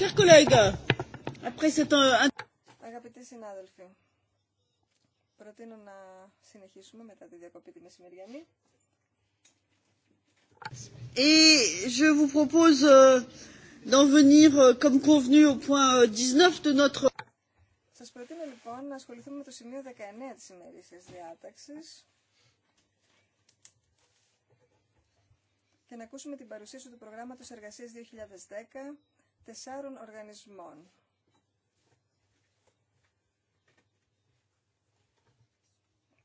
Euh, Αγαπητοί συνάδελφοι, προτείνω να συνεχίσουμε μετά τη διακοπή τη μεσημεριανή. Et je vous propose euh, d'en venir, euh, comme convenu, au point 19 de notre. Σας προτείνω λοιπόν να ασχοληθούμε με το σημείο 19 τη ημερήσια διάταξη. και να ακούσουμε την παρουσίαση του προγράμματο Εργασία 2010 τεσσάρων οργανισμών.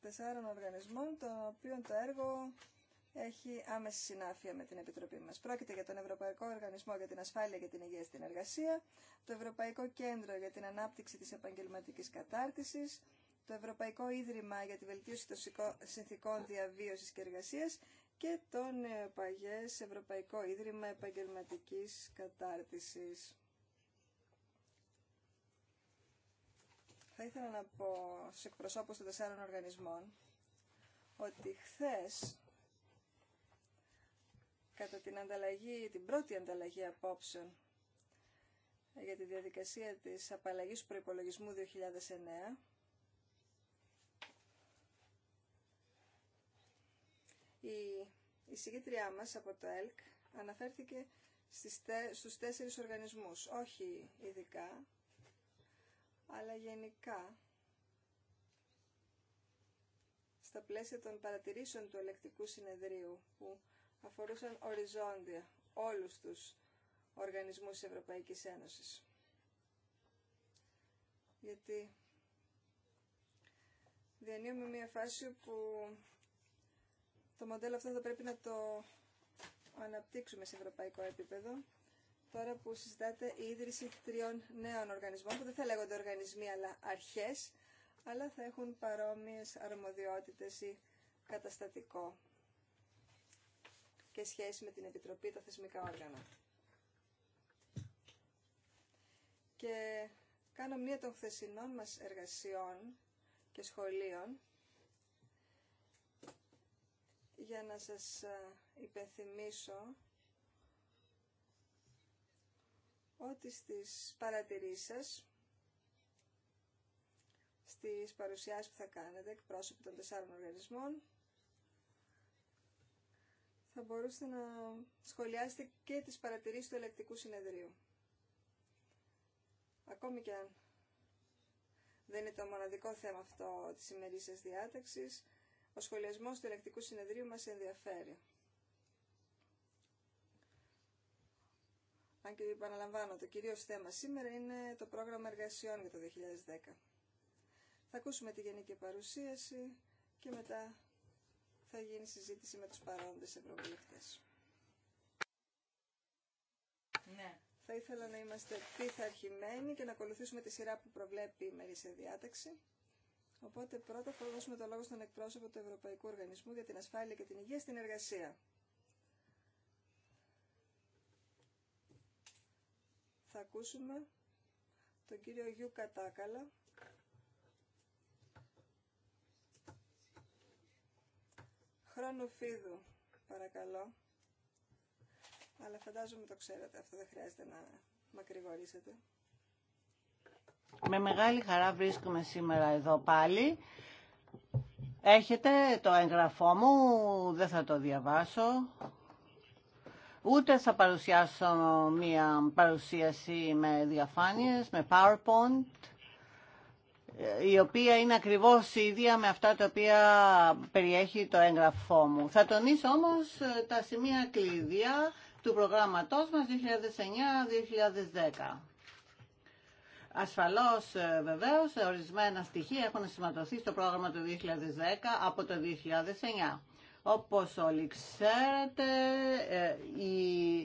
Τεσσάρων οργανισμών, το οποίο το έργο έχει άμεση συνάφεια με την Επιτροπή μας. Πρόκειται για τον Ευρωπαϊκό Οργανισμό για την Ασφάλεια και την Υγεία στην Εργασία, το Ευρωπαϊκό Κέντρο για την Ανάπτυξη της Επαγγελματικής Κατάρτισης, το Ευρωπαϊκό Ίδρυμα για τη Βελτίωση των Συνθηκών Διαβίωσης και Εργασίας και το ε, Παγές Ευρωπαϊκό Ίδρυμα Επαγγελματικής Κατάρτισης. Θα ήθελα να πω σε εκπροσώπους των τεσσάρων οργανισμών ότι χθες κατά την ανταλλαγή, την πρώτη ανταλλαγή απόψεων για τη διαδικασία της απαλλαγής προϋπολογισμού 2009 Η, εισηγήτριά μας από το ΕΛΚ αναφέρθηκε στις, στους τέσσερις οργανισμούς, όχι ειδικά, αλλά γενικά. Στα πλαίσια των παρατηρήσεων του ελεκτικού συνεδρίου που αφορούσαν οριζόντια όλους τους οργανισμούς της Ευρωπαϊκής Ένωσης. Γιατί διανύουμε μια φάση που το μοντέλο αυτό θα πρέπει να το αναπτύξουμε σε ευρωπαϊκό επίπεδο. Τώρα που συζητάτε η ίδρυση τριών νέων οργανισμών, που δεν θα λέγονται οργανισμοί αλλά αρχές, αλλά θα έχουν παρόμοιες αρμοδιότητες ή καταστατικό και σχέση με την Επιτροπή, τα θεσμικά όργανα. Και κάνω μία των χθεσινών μας εργασιών και σχολείων για να σας ε, υπενθυμίσω ότι στις παρατηρήσεις σας, στις παρουσιάσεις που θα κάνετε εκπρόσωποι των τεσσάρων οργανισμών, θα μπορούσατε να σχολιάσετε και τις παρατηρήσεις του ελεκτικού συνεδρίου. Ακόμη και αν δεν είναι το μοναδικό θέμα αυτό της ημερήσιας διάταξης, ο σχολιασμός του ελεκτικού συνεδρίου μας ενδιαφέρει. Αν και επαναλαμβάνω, το κυρίως θέμα σήμερα είναι το πρόγραμμα εργασιών για το 2010. Θα ακούσουμε τη γενική παρουσίαση και μετά θα γίνει συζήτηση με τους παρόντες ευρωβουλευτές. Ναι. Θα ήθελα να είμαστε πειθαρχημένοι και να ακολουθήσουμε τη σειρά που προβλέπει η μερίσια διάταξη. Οπότε πρώτα θα δώσουμε το λόγο στον εκπρόσωπο του Ευρωπαϊκού Οργανισμού για την Ασφάλεια και την Υγεία στην Εργασία. Θα ακούσουμε τον κύριο Γιού Κατάκαλα, Χρόνου φίδου, παρακαλώ. Αλλά φαντάζομαι το ξέρετε, αυτό δεν χρειάζεται να μακρηγορήσετε. Με μεγάλη χαρά βρίσκομαι σήμερα εδώ πάλι. Έχετε το εγγραφό μου, δεν θα το διαβάσω. Ούτε θα παρουσιάσω μία παρουσίαση με διαφάνειες, με PowerPoint, η οποία είναι ακριβώς ίδια με αυτά τα οποία περιέχει το έγγραφό μου. Θα τονίσω όμως τα σημεία κλειδιά του προγράμματός μας 2009-2010. Ασφαλώς ε, βεβαίω, ορισμένα στοιχεία έχουν σηματωθεί στο πρόγραμμα του 2010 από το 2009. Όπως όλοι ξέρετε, ε, οι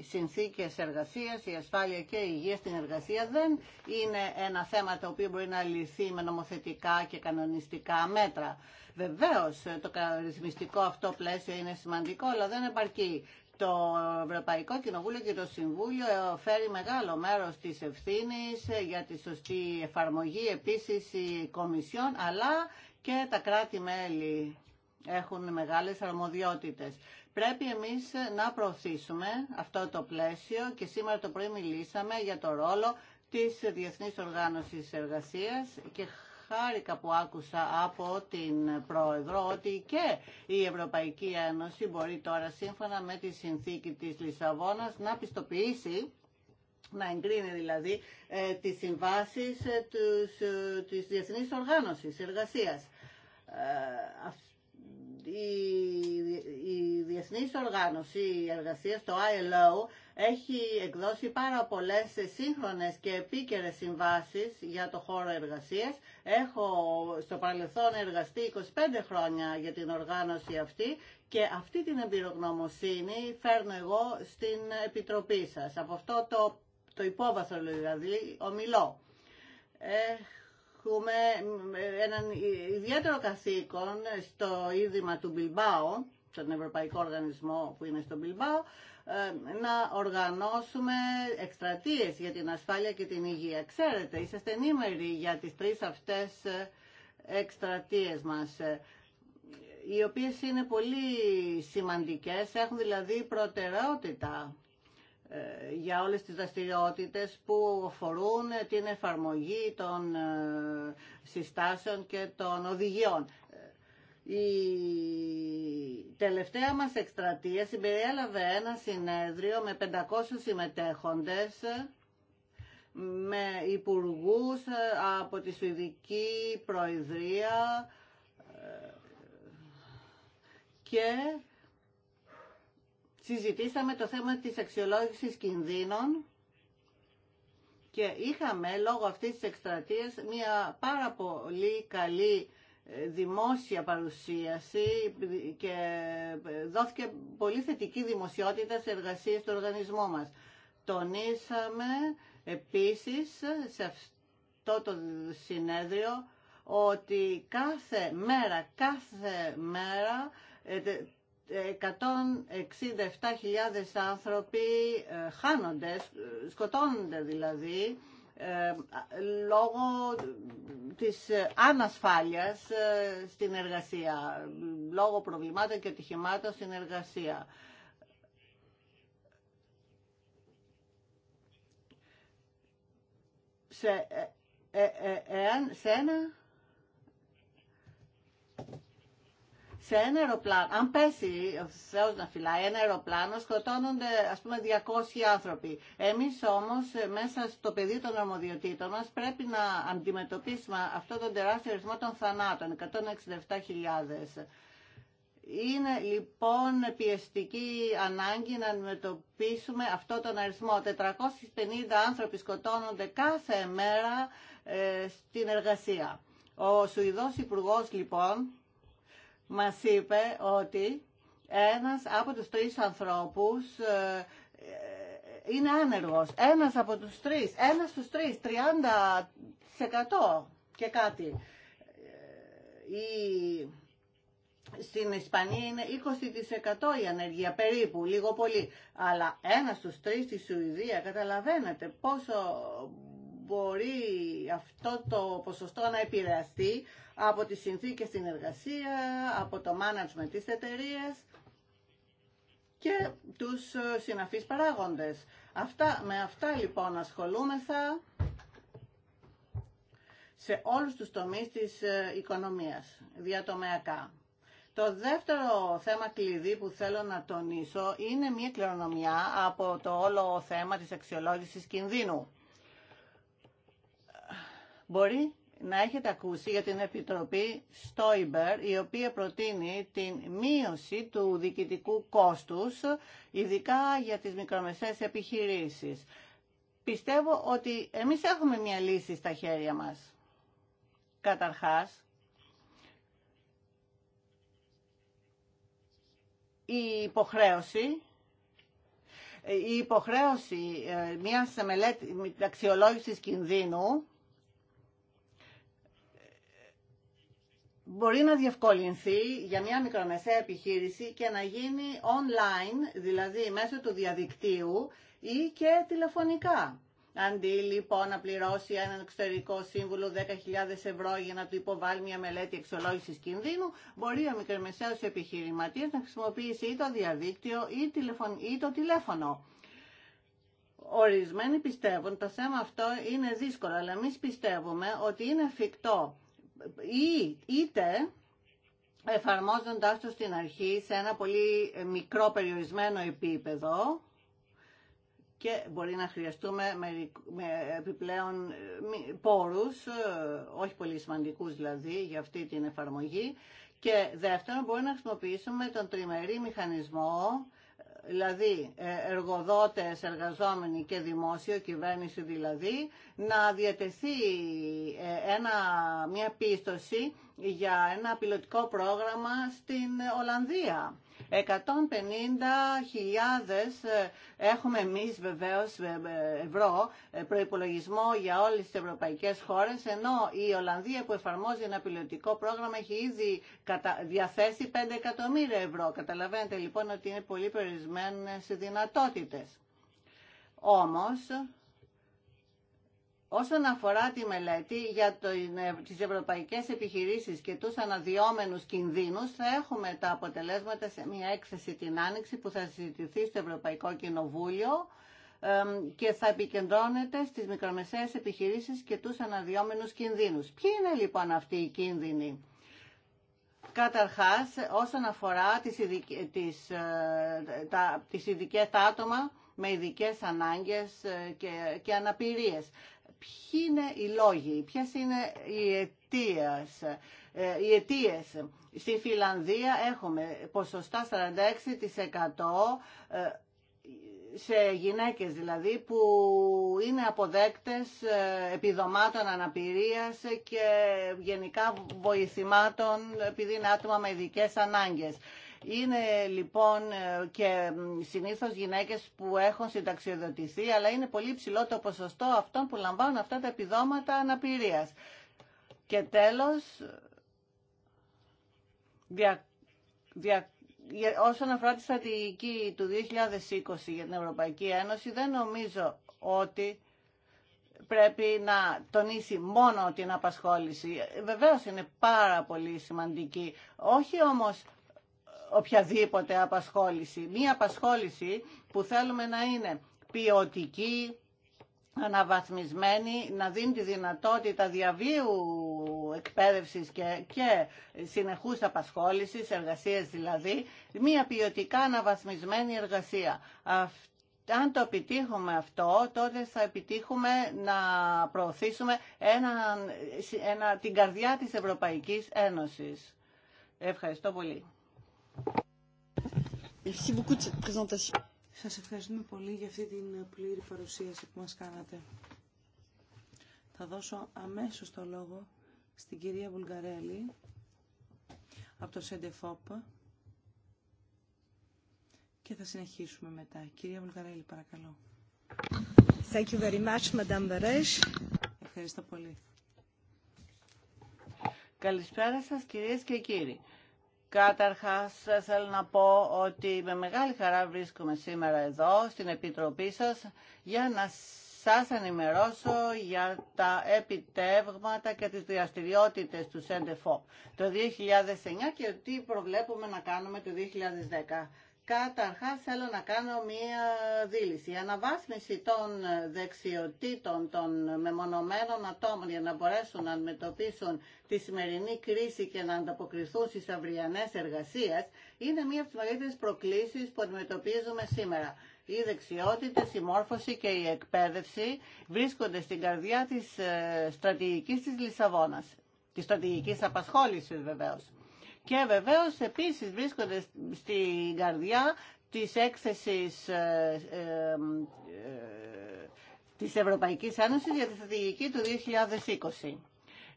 συνθήκες εργασίας, η ασφάλεια και η υγεία στην εργασία δεν είναι ένα θέμα το οποίο μπορεί να λυθεί με νομοθετικά και κανονιστικά μέτρα. Βεβαίως ε, το ρυθμιστικό αυτό πλαίσιο είναι σημαντικό, αλλά δεν επαρκεί το Ευρωπαϊκό Κοινοβούλιο και το Συμβούλιο φέρει μεγάλο μέρος της ευθύνης για τη σωστή εφαρμογή επίσης η Κομισιόν αλλά και τα κράτη-μέλη έχουν μεγάλες αρμοδιότητες. Πρέπει εμείς να προωθήσουμε αυτό το πλαίσιο και σήμερα το πρωί μιλήσαμε για το ρόλο της Διεθνής Οργάνωσης Εργασίας και χάρηκα που άκουσα από την Πρόεδρο ότι και η Ευρωπαϊκή Ένωση μπορεί τώρα σύμφωνα με τη συνθήκη της Λισαβόνας να πιστοποιήσει να εγκρίνει δηλαδή ε, τις συμβάσεις ε, τους, ε, της Διεθνής Οργάνωσης Εργασίας. Ε, η Διεθνής Οργάνωση Εργασίας, το ILO, έχει εκδώσει πάρα πολλές σύγχρονες και επίκαιρες συμβάσεις για το χώρο εργασίας. Έχω στο παρελθόν εργαστεί 25 χρόνια για την οργάνωση αυτή και αυτή την εμπειρογνωμοσύνη φέρνω εγώ στην Επιτροπή σας. Από αυτό το, το υπόβαθρο δηλαδή ομιλώ. Ε, έχουμε έναν ιδιαίτερο καθήκον στο Ίδρυμα του Μπιλμπάου, στον Ευρωπαϊκό Οργανισμό που είναι στο Μπιλμπάου, ε, να οργανώσουμε εκστρατείες για την ασφάλεια και την υγεία. Ξέρετε, είσαστε ενήμεροι για τις τρεις αυτές εκστρατείες μας ε, οι οποίες είναι πολύ σημαντικές, έχουν δηλαδή προτεραιότητα ε, για όλες τις δραστηριότητε που αφορούν την εφαρμογή των ε, συστάσεων και των οδηγιών. Η τελευταία μας εκστρατεία συμπεριέλαβε ένα συνέδριο με 500 συμμετέχοντες με υπουργούς ε, από τη Σουηδική Προεδρία και συζητήσαμε το θέμα της αξιολόγησης κινδύνων και είχαμε λόγω αυτής της εκστρατείας μια πάρα πολύ καλή ε, δημόσια παρουσίαση και ε, δόθηκε πολύ θετική δημοσιότητα σε εργασίες του οργανισμού μας. Τονίσαμε επίσης σε αυτό το συνέδριο ότι κάθε μέρα, κάθε μέρα ε, 167.000 άνθρωποι ε, χάνονται, σκοτώνονται δηλαδή, ε, λόγω της ανασφάλειας ε, στην εργασία, λόγω προβλημάτων και ατυχημάτων στην εργασία. Σε, ε, σε ένα αεροπλάνο, αν πέσει ο Θεός να φυλάει ένα αεροπλάνο, σκοτώνονται ας πούμε 200 άνθρωποι. Εμείς όμως ε, μέσα στο πεδίο των αρμοδιοτήτων μας πρέπει να αντιμετωπίσουμε αυτό τον τεράστιο αριθμό των θανάτων, 167.000. Είναι λοιπόν πιεστική ανάγκη να αντιμετωπίσουμε αυτό τον αριθμό. 450 άνθρωποι σκοτώνονται κάθε μέρα ε, στην εργασία. Ο Σουηδός Υπουργός λοιπόν μα είπε ότι ένας από τους τρεις ανθρώπους ε, ε, είναι άνεργος. Ένας από τους τρεις, ένας στους τρεις, 30% και κάτι. Ε, η... Στην Ισπανία είναι 20% η ανεργία, περίπου, λίγο πολύ. Αλλά ένας στους τρεις στη Σουηδία, καταλαβαίνετε πόσο μπορεί αυτό το ποσοστό να επηρεαστεί από τις συνθήκες στην εργασία, από το management της εταιρεία και τους ε, συναφείς παράγοντες. Αυτά, με αυτά λοιπόν ασχολούμεθα σε όλους τους τομείς της ε, οικονομίας, διατομεακά. Το δεύτερο θέμα κλειδί που θέλω να τονίσω είναι μια κληρονομιά από το όλο θέμα της αξιολόγησης κινδύνου. Μπορεί να έχετε ακούσει για την Επιτροπή Στόιμπερ, η οποία προτείνει την μείωση του διοικητικού κόστους, ειδικά για τις μικρομεσαίες επιχειρήσεις. Πιστεύω ότι εμείς έχουμε μια λύση στα χέρια μας. Καταρχάς, η υποχρέωση η υποχρέωση ε, μιας μελέτης αξιολόγησης κινδύνου μπορεί να διευκολυνθεί για μια μικρομεσαία επιχείρηση και να γίνει online, δηλαδή μέσω του διαδικτύου ή και τηλεφωνικά. Αντί λοιπόν να πληρώσει έναν εξωτερικό σύμβουλο 10.000 ευρώ για να του υποβάλει μια μελέτη εξολόγηση κινδύνου, μπορεί ο μικρομεσαίο επιχειρηματία να χρησιμοποιήσει ή το διαδίκτυο ή το τηλέφωνο. Ορισμένοι πιστεύουν το θέμα αυτό είναι δύσκολο, αλλά εμεί πιστεύουμε ότι είναι εφικτό ή, είτε εφαρμόζοντάς του στην αρχή σε ένα πολύ μικρό περιορισμένο επίπεδο και μπορεί να χρειαστούμε με επιπλέον πόρους, ε, όχι πολύ σημαντικούς δηλαδή, για αυτή την εφαρμογή. Και δεύτερον, μπορεί να χρησιμοποιήσουμε τον τριμερή μηχανισμό δηλαδή ε, εργοδότες, εργαζόμενοι και δημόσιο, κυβέρνηση δηλαδή, να διατεθεί ε, ένα, μια πίστοση για ένα πιλωτικό πρόγραμμα στην Ολλανδία. 150.000 ε, έχουμε εμείς βεβαίως ε, ε, ευρώ προϋπολογισμό για όλες τις ευρωπαϊκές χώρες, ενώ η Ολλανδία που εφαρμόζει ένα πιλωτικό πρόγραμμα έχει ήδη διαθέσει 5 εκατομμύρια ευρώ. Καταλαβαίνετε λοιπόν ότι είναι πολύ περιορισμένες δυνατότητες. Όμως, Όσον αφορά τη μελέτη για το, ε, τις ευρωπαϊκές επιχειρήσεις και τους αναδυόμενους κινδύνους, θα έχουμε τα αποτελέσματα σε μια έκθεση την Άνοιξη που θα συζητηθεί στο Ευρωπαϊκό Κοινοβούλιο και θα επικεντρώνεται στις μικρομεσαίες επιχειρήσεις και τους αναδυόμενους κινδύνους. Ποιοι είναι λοιπόν αυτοί οι κίνδυνοι. Καταρχάς, όσον αφορά τις, ε, τα, ειδικές, άτομα με ειδικές ανάγκες ε, και, και αναπηρίες ποιοι είναι οι λόγοι, ποιε είναι οι αιτίες. Ε, οι αιτίες. Στη Φιλανδία έχουμε ποσοστά 46% ε, σε γυναίκες δηλαδή που είναι αποδέκτες ε, επιδομάτων αναπηρίας και γενικά βοηθημάτων επειδή είναι άτομα με ειδικέ ανάγκες. Είναι λοιπόν ε, και συνήθως γυναίκες που έχουν συνταξιοδοτηθεί, αλλά είναι πολύ ψηλό το ποσοστό αυτών που λαμβάνουν αυτά τα επιδόματα αναπηρίας. Και τέλος, δια, δια, όσον αφορά τη στρατηγική του 2020 για την Ευρωπαϊκή Ένωση, δεν νομίζω ότι πρέπει να τονίσει μόνο την απασχόληση. Βεβαίως είναι πάρα πολύ σημαντική. Όχι όμως οποιαδήποτε απασχόληση. Μία απασχόληση που θέλουμε να είναι ποιοτική, αναβαθμισμένη, να δίνει τη δυνατότητα διαβίου εκπαίδευσης και, και συνεχούς απασχόλησης, εργασίες δηλαδή, μια ποιοτικά αναβαθμισμένη εργασία. Αν το επιτύχουμε αυτό, τότε θα επιτύχουμε να προωθήσουμε ένα, ένα την καρδιά της Ευρωπαϊκής Ένωσης. Ευχαριστώ πολύ. Σας ευχαριστούμε πολύ για αυτή την πλήρη παρουσίαση που μας κάνατε. Θα δώσω αμέσως το λόγο στην κυρία Βουλγαρέλη από το ΣΕΝΤΕΦΟΠ και θα συνεχίσουμε μετά. Κυρία Βουλγαρέλη, παρακαλώ. Thank you very much, Ευχαριστώ πολύ. Καλησπέρα σας κυρίες και κύριοι. Καταρχάς θέλω να πω ότι με μεγάλη χαρά βρίσκομαι σήμερα εδώ στην Επιτροπή σας για να σας ενημερώσω για τα επιτεύγματα και τις δραστηριότητες του ΣΕΝΤΕΦΟ το 2009 και τι προβλέπουμε να κάνουμε το 2010. Καταρχάς θέλω να κάνω μία δήληση. Η αναβάθμιση των δεξιοτήτων των μεμονωμένων ατόμων για να μπορέσουν να αντιμετωπίσουν τη σημερινή κρίση και να ανταποκριθούν στις αυριανές εργασίες είναι μία από τις μεγαλύτερες προκλήσεις που αντιμετωπίζουμε σήμερα. Οι δεξιότητες, η μόρφωση και η εκπαίδευση βρίσκονται στην καρδιά της ε, στρατηγικής της Λισαβόνας, της στρατηγικής απασχόλησης βεβαίως. Και βεβαίως επίσης βρίσκονται στην καρδιά της έκθεσης τη Ευρωπαϊκή Ένωση της Ευρωπαϊκής Ένωσης για τη στρατηγική του 2020.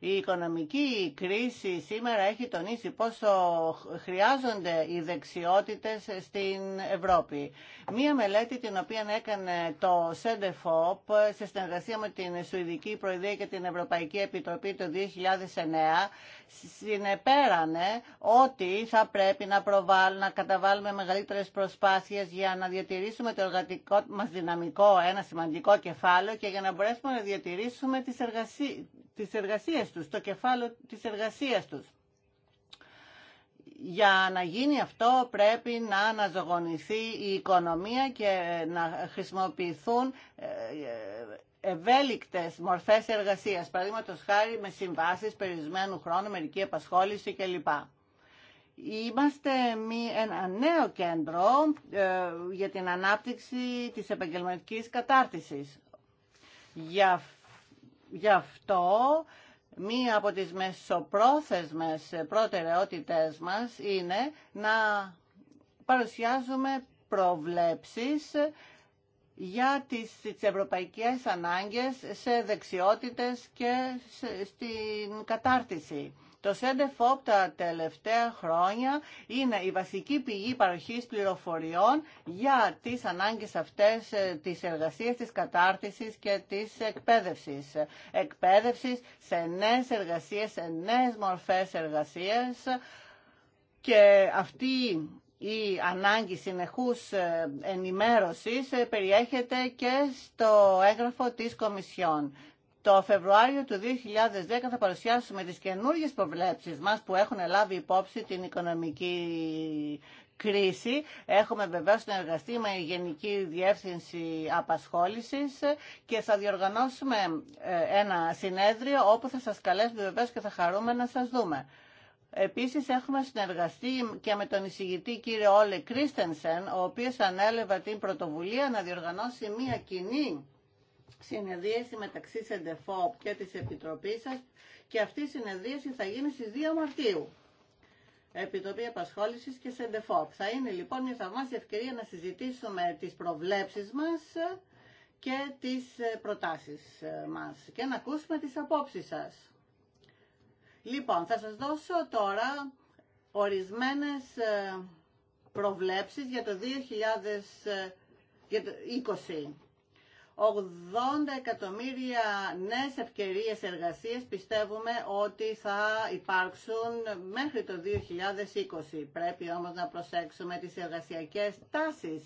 Η οικονομική κρίση σήμερα έχει τονίσει πόσο χρειάζονται οι δεξιότητες στην Ευρώπη. Μία μελέτη την οποία έκανε το ΣΕΝΤΕΦΟΠ σε συνεργασία με την Σουηδική Προεδρία και την Ευρωπαϊκή Επιτροπή το 2009 συνεπέρανε ότι θα πρέπει να, προβάλλ, να καταβάλουμε μεγαλύτερες προσπάθειες για να διατηρήσουμε το εργατικό μας δυναμικό, ένα σημαντικό κεφάλαιο και για να μπορέσουμε να διατηρήσουμε τις, εργασί... τις εργασίες τους, το κεφάλαιο της εργασίας τους. Για να γίνει αυτό πρέπει να αναζωογονηθεί η οικονομία και ε, να χρησιμοποιηθούν ε, ε, ευέλικτες μορφές εργασίας, παραδείγματο χάρη με συμβάσεις περιορισμένου χρόνου, μερική επασχόληση κλπ. Είμαστε ένα νέο κέντρο για την ανάπτυξη της επαγγελματικής κατάρτισης. Γι' αυτό μία από τις μεσοπρόθεσμες προτεραιότητές μας είναι να παρουσιάζουμε προβλέψεις για τις, τις ευρωπαϊκές ανάγκες σε δεξιότητες και στην κατάρτιση. Το ΣΕΝΤΕΦΟΠ τα τελευταία χρόνια είναι η βασική πηγή παροχής πληροφοριών για τις ανάγκες αυτές ε, της εργασίας, της κατάρτισης και της εκπαίδευσης. Εκπαίδευσης σε νέες εργασίες, σε νέες μορφές εργασίες και αυτή η ανάγκη συνεχούς ε, ενημέρωσης ε, περιέχεται και στο έγγραφο της Κομισιόν. Το Φεβρουάριο του 2010 θα παρουσιάσουμε τις καινούργιες προβλέψεις μας που έχουν λάβει υπόψη την οικονομική κρίση. Έχουμε βεβαίω συνεργαστεί με η Γενική Διεύθυνση Απασχόλησης και θα διοργανώσουμε ε, ένα συνέδριο όπου θα σας καλέσουμε βεβαίω και θα χαρούμε να σας δούμε. Επίσης έχουμε συνεργαστεί και με τον εισηγητή κύριο Όλε Κρίστενσεν, ο οποίος ανέλευε την πρωτοβουλία να διοργανώσει μια κοινή συνεδρίαση μεταξύ ΣΕΝΤΕΦΟΠ και της Επιτροπής σας και αυτή η συνεδρίαση θα γίνει στις 2 Μαρτίου. Επιτροπή Απασχόλησης και ΣΕΝΤΕΦΟΠ. Θα είναι λοιπόν μια θαυμάσια ευκαιρία να συζητήσουμε τις προβλέψεις μας και τις προτάσεις μας και να ακούσουμε τις απόψεις σας. Λοιπόν, θα σας δώσω τώρα ορισμένες ε, προβλέψεις για το 2020. 80 εκατομμύρια νέες ευκαιρίες εργασίας πιστεύουμε ότι θα υπάρξουν μέχρι το 2020. Πρέπει όμως να προσέξουμε τις εργασιακές τάσεις.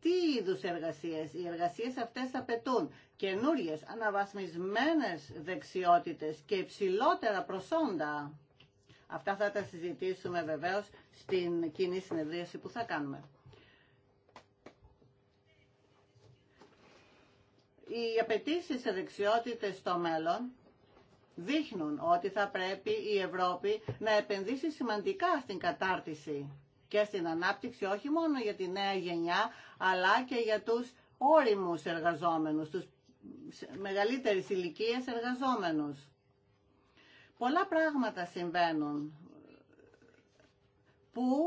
Τι είδους εργασίες. Οι εργασίες αυτές απαιτούν καινούριε, αναβασμισμένες δεξιότητες και υψηλότερα προσόντα. Αυτά θα τα συζητήσουμε βεβαίως στην κοινή συνεδρίαση που θα κάνουμε. Οι απαιτήσει σε δεξιότητες στο μέλλον δείχνουν ότι θα πρέπει η Ευρώπη να επενδύσει σημαντικά στην κατάρτιση και στην ανάπτυξη όχι μόνο για τη νέα γενιά αλλά και για τους όριμους εργαζόμενους, τους μεγαλύτερης ηλικίας εργαζόμενους. Πολλά πράγματα συμβαίνουν που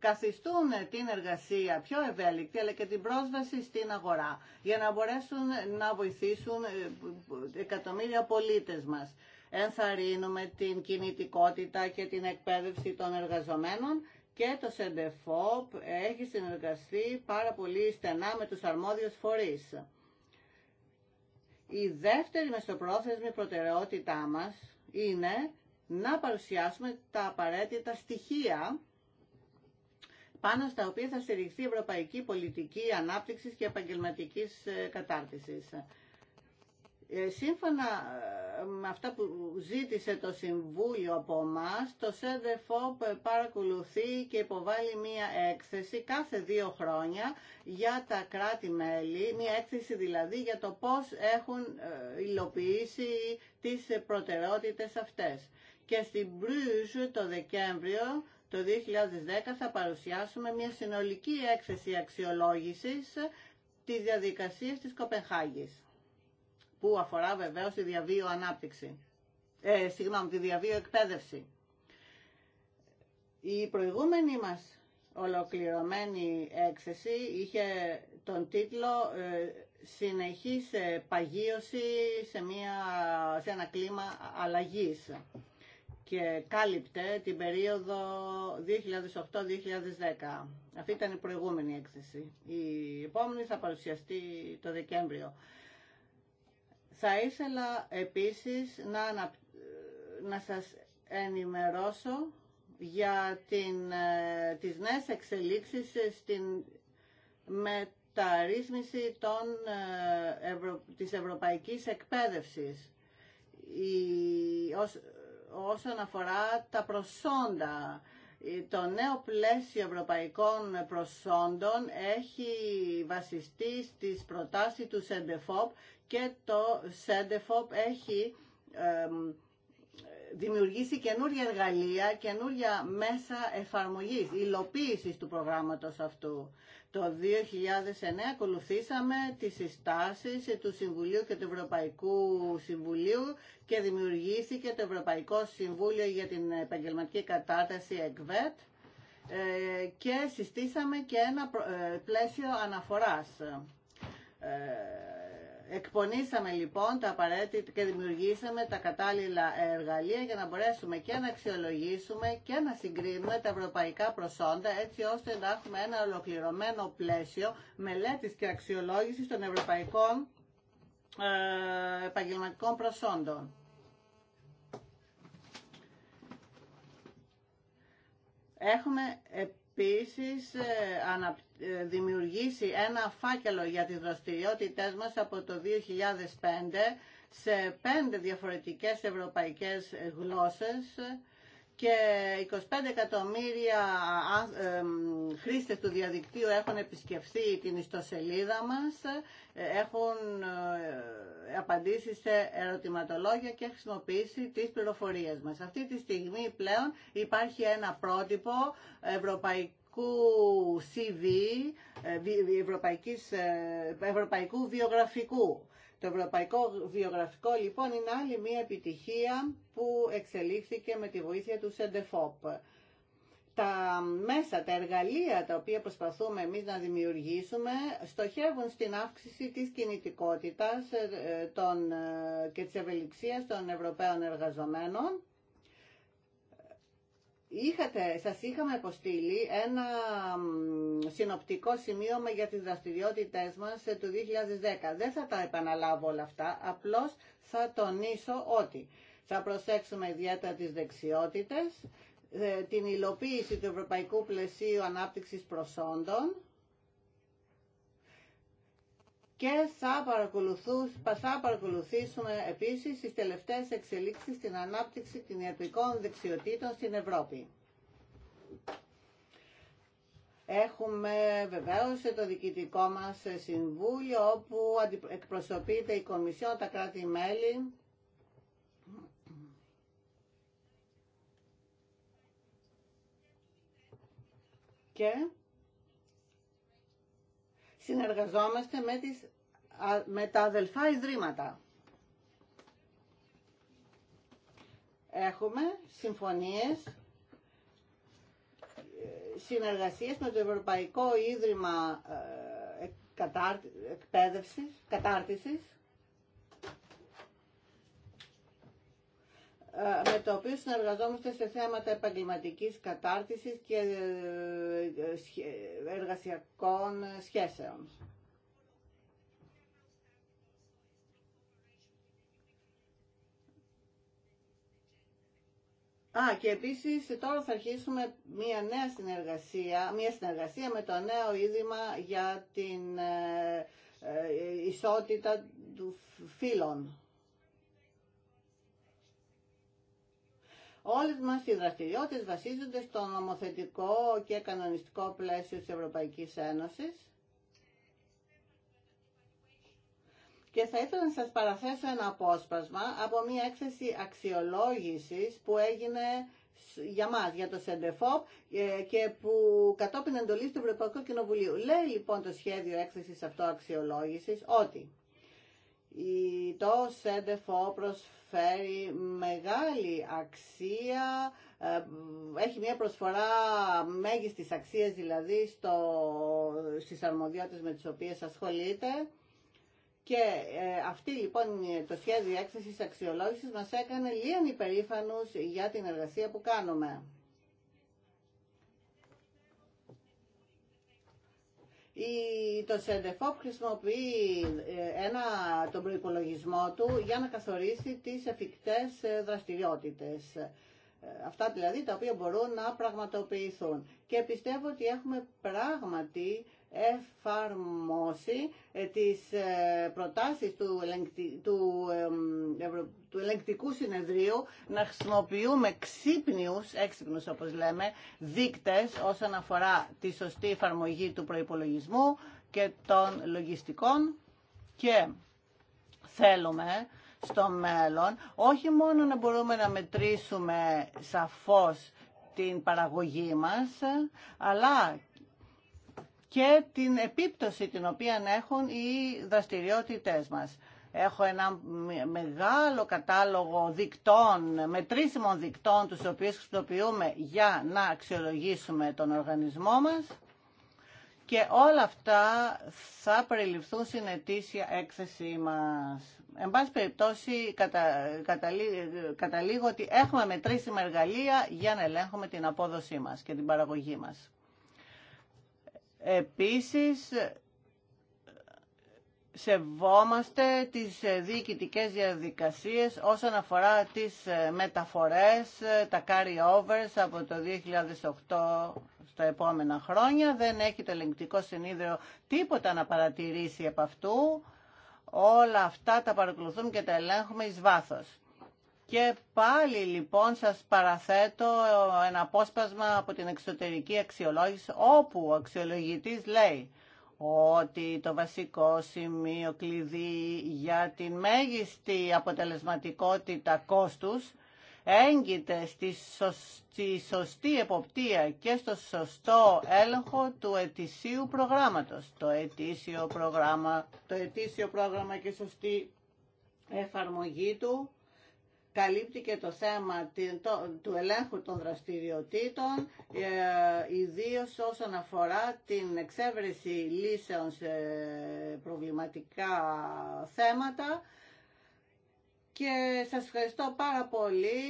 καθιστούν την εργασία πιο ευέλικτη αλλά και την πρόσβαση στην αγορά για να μπορέσουν να βοηθήσουν ε, εκατομμύρια πολίτες μας. Ενθαρρύνουμε την κινητικότητα και την εκπαίδευση των εργαζομένων και το ΣΕΝΤΕΦΟΠ έχει συνεργαστεί πάρα πολύ στενά με τους αρμόδιους φορείς. Η δεύτερη μεσοπρόθεσμη προτεραιότητά μας είναι να παρουσιάσουμε τα απαραίτητα στοιχεία πάνω στα οποία θα στηριχθεί η ευρωπαϊκή πολιτική ανάπτυξης και επαγγελματικής ε, κατάρτισης. Ε, σύμφωνα ε, με αυτά που ζήτησε το Συμβούλιο από εμά, το ΣΕΔΕΦΟΠ παρακολουθεί και υποβάλλει μία έκθεση κάθε δύο χρόνια για τα κράτη-μέλη, μία έκθεση δηλαδή για το πώς έχουν υλοποιήσει τις προτεραιότητες αυτές. Και στην Μπρούζ το Δεκέμβριο το 2010 θα παρουσιάσουμε μια συνολική έκθεση αξιολόγησης της διαδικασίας της Κοπενχάγης, που αφορά βεβαίως τη διαβίω ανάπτυξη, ε, τη διαβίω εκπαίδευση. Η προηγούμενη μας ολοκληρωμένη έκθεση είχε τον τίτλο ε, «Συνεχής παγίωση σε, μια, σε ένα κλίμα αλλαγής» και κάλυπτε την περίοδο 2008-2010. Αυτή ήταν η προηγούμενη έκθεση. Η επόμενη θα παρουσιαστεί το Δεκέμβριο. Θα ήθελα επίσης να, να σας ενημερώσω για την, ε, τις νέες εξελίξεις στην μεταρρύθμιση των, ε, Ευρω... της ευρωπαϊκής εκπαίδευσης. Η, όσον αφορά τα προσόντα. Το νέο πλαίσιο ευρωπαϊκών προσόντων έχει βασιστεί στις προτάσεις του ΣΕΝΤΕΦΟΠ και το ΣΕΝΤΕΦΟΠ έχει δημιουργήσει καινούργια εργαλεία, καινούργια μέσα εφαρμογής, υλοποίησης του προγράμματος αυτού. Το 2009 ακολουθήσαμε τις συστάσεις του Συμβουλίου και του Ευρωπαϊκού Συμβουλίου και δημιουργήθηκε το Ευρωπαϊκό Συμβούλιο για την Επαγγελματική κατάταση ΕΚΒΕΤ ε, και συστήσαμε και ένα ε, πλαίσιο αναφοράς ε, Εκπονήσαμε λοιπόν τα απαραίτητα και δημιουργήσαμε τα κατάλληλα εργαλεία για να μπορέσουμε και να αξιολογήσουμε και να συγκρίνουμε τα ευρωπαϊκά προσόντα έτσι ώστε να έχουμε ένα ολοκληρωμένο πλαίσιο μελέτης και αξιολόγησης των ευρωπαϊκών ε, επαγγελματικών προσόντων. Έχουμε επίσης ε, αναπτύξει ε, δημιουργήσει ένα φάκελο για τις δραστηριότητες μας από το 2005 σε πέντε διαφορετικές ευρωπαϊκές γλώσσες και 25 εκατομμύρια ε, χρήστες του διαδικτύου έχουν επισκεφθεί την ιστοσελίδα μας, ε, έχουν απαντήσει σε ερωτηματολόγια και χρησιμοποιήσει τις πληροφορίες μας. Αυτή τη στιγμή πλέον υπάρχει ένα πρότυπο ευρωπαϊκό που CV, ε, ευρωπαϊκής, ε, ευρωπαϊκού βιογραφικού. Το ευρωπαϊκό βιογραφικό λοιπόν είναι άλλη μια επιτυχία που εξελίχθηκε με τη βοήθεια του ΣΕΝΤΕΦΟΠ. Τα μέσα, τα εργαλεία τα οποία προσπαθούμε εμείς να δημιουργήσουμε στοχεύουν στην αύξηση της κινητικότητας ε, των, και της ευελιξίας των Ευρωπαίων εργαζομένων Είχατε, σας είχαμε αποστείλει ένα συνοπτικό σημείωμα για τις δραστηριότητες μας ε, του 2010. Δεν θα τα επαναλάβω όλα αυτά, απλώς θα τονίσω ότι θα προσέξουμε ιδιαίτερα τις δεξιότητες, ε, την υλοποίηση του Ευρωπαϊκού Πλαισίου Ανάπτυξης Προσόντων, και θα, θα παρακολουθήσουμε επίσης τις τελευταίες εξελίξεις στην ανάπτυξη των ιατρικών δεξιοτήτων στην Ευρώπη. Έχουμε βεβαίως το διοικητικό μας συμβούλιο όπου εκπροσωπείται η Κομισιόν, τα κράτη-μέλη και συνεργαζόμαστε με, τις, με τα αδελφά ιδρύματα. Έχουμε συμφωνίες, συνεργασίες με το Ευρωπαϊκό Ίδρυμα ε, Εκπαίδευσης, Κατάρτισης Ε, με το οποίο συνεργαζόμαστε σε θέματα επαγγελματικής κατάρτισης και ε, εργασιακών σχέσεων. Α, και επίσης τώρα θα αρχίσουμε μια νέα συνεργασία, μια συνεργασία με το νέο Ίδρυμα για την ε, ισότητα του φύλων. Όλες μας οι δραστηριότητες βασίζονται στο νομοθετικό και κανονιστικό πλαίσιο της Ευρωπαϊκής Ένωσης. Και θα ήθελα να σας παραθέσω ένα απόσπασμα από μια έκθεση αξιολόγησης που έγινε για μας, για το ΣΕΝΤΕΦΟΠ ε, και που κατόπιν εντολή του Ευρωπαϊκού Κοινοβουλίου. Λέει λοιπόν το σχέδιο έκθεσης αυτό αξιολόγηση, ότι το ΣΕΝΤΕΦΟ προσφέρει φέρει μεγάλη αξία, ε, έχει μια προσφορά μέγιστης αξίας δηλαδή στο, στις αρμοδιότητες με τις οποίες ασχολείται και ε, αυτή λοιπόν το σχέδιο έκθεσης αξιολόγησης μας έκανε λίγαν υπερήφανους για την εργασία που κάνουμε. το ΣΕΝΤΕΦΟΠ χρησιμοποιεί ε, ένα, τον προϋπολογισμό του για να καθορίσει τις εφικτές ε, δραστηριότητες. Ε, αυτά δηλαδή τα οποία μπορούν να πραγματοποιηθούν. Και πιστεύω ότι έχουμε πράγματι εφαρμόσει ε, τις ε, προτάσεις του, του, ελεγκτικού συνεδρίου να χρησιμοποιούμε ξύπνιους, έξυπνους όπως λέμε, δείκτες όσον αφορά τη σωστή εφαρμογή του προϋπολογισμού και των λογιστικών και θέλουμε στο μέλλον όχι μόνο να μπορούμε να μετρήσουμε σαφώς την παραγωγή μας, αλλά και την επίπτωση την οποία έχουν οι δραστηριότητές μας. Έχω ένα μεγάλο κατάλογο δικτών, μετρήσιμων δικτών, τους οποίους χρησιμοποιούμε για να αξιολογήσουμε τον οργανισμό μας και όλα αυτά θα περιληφθούν στην ετήσια έκθεσή μας. Εν πάση περιπτώσει, κατα, καταλήγω ότι έχουμε μετρήσιμα εργαλεία για να ελέγχουμε την απόδοσή μας και την παραγωγή μας. Επίσης, σεβόμαστε τις διοικητικές διαδικασίες όσον αφορά τις μεταφορές, τα carry-overs από το 2008 στα επόμενα χρόνια. Δεν έχει το ελεγκτικό συνείδριο τίποτα να παρατηρήσει από αυτού. Όλα αυτά τα παρακολουθούμε και τα ελέγχουμε εις βάθος. Και πάλι λοιπόν σας παραθέτω ένα απόσπασμα από την εξωτερική αξιολόγηση όπου ο αξιολογητής λέει ότι το βασικό σημείο κλειδί για την μέγιστη αποτελεσματικότητα κόστους έγκυται στη σωστή εποπτεία και στο σωστό έλεγχο του ετησίου προγράμματος. Το ετήσιο πρόγραμμα, το ετήσιο πρόγραμμα και σωστή εφαρμογή του καλύπτει και το θέμα του ελέγχου των δραστηριοτήτων, ε, ιδίω όσον αφορά την εξέβρεση λύσεων σε προβληματικά θέματα. Και σας ευχαριστώ πάρα πολύ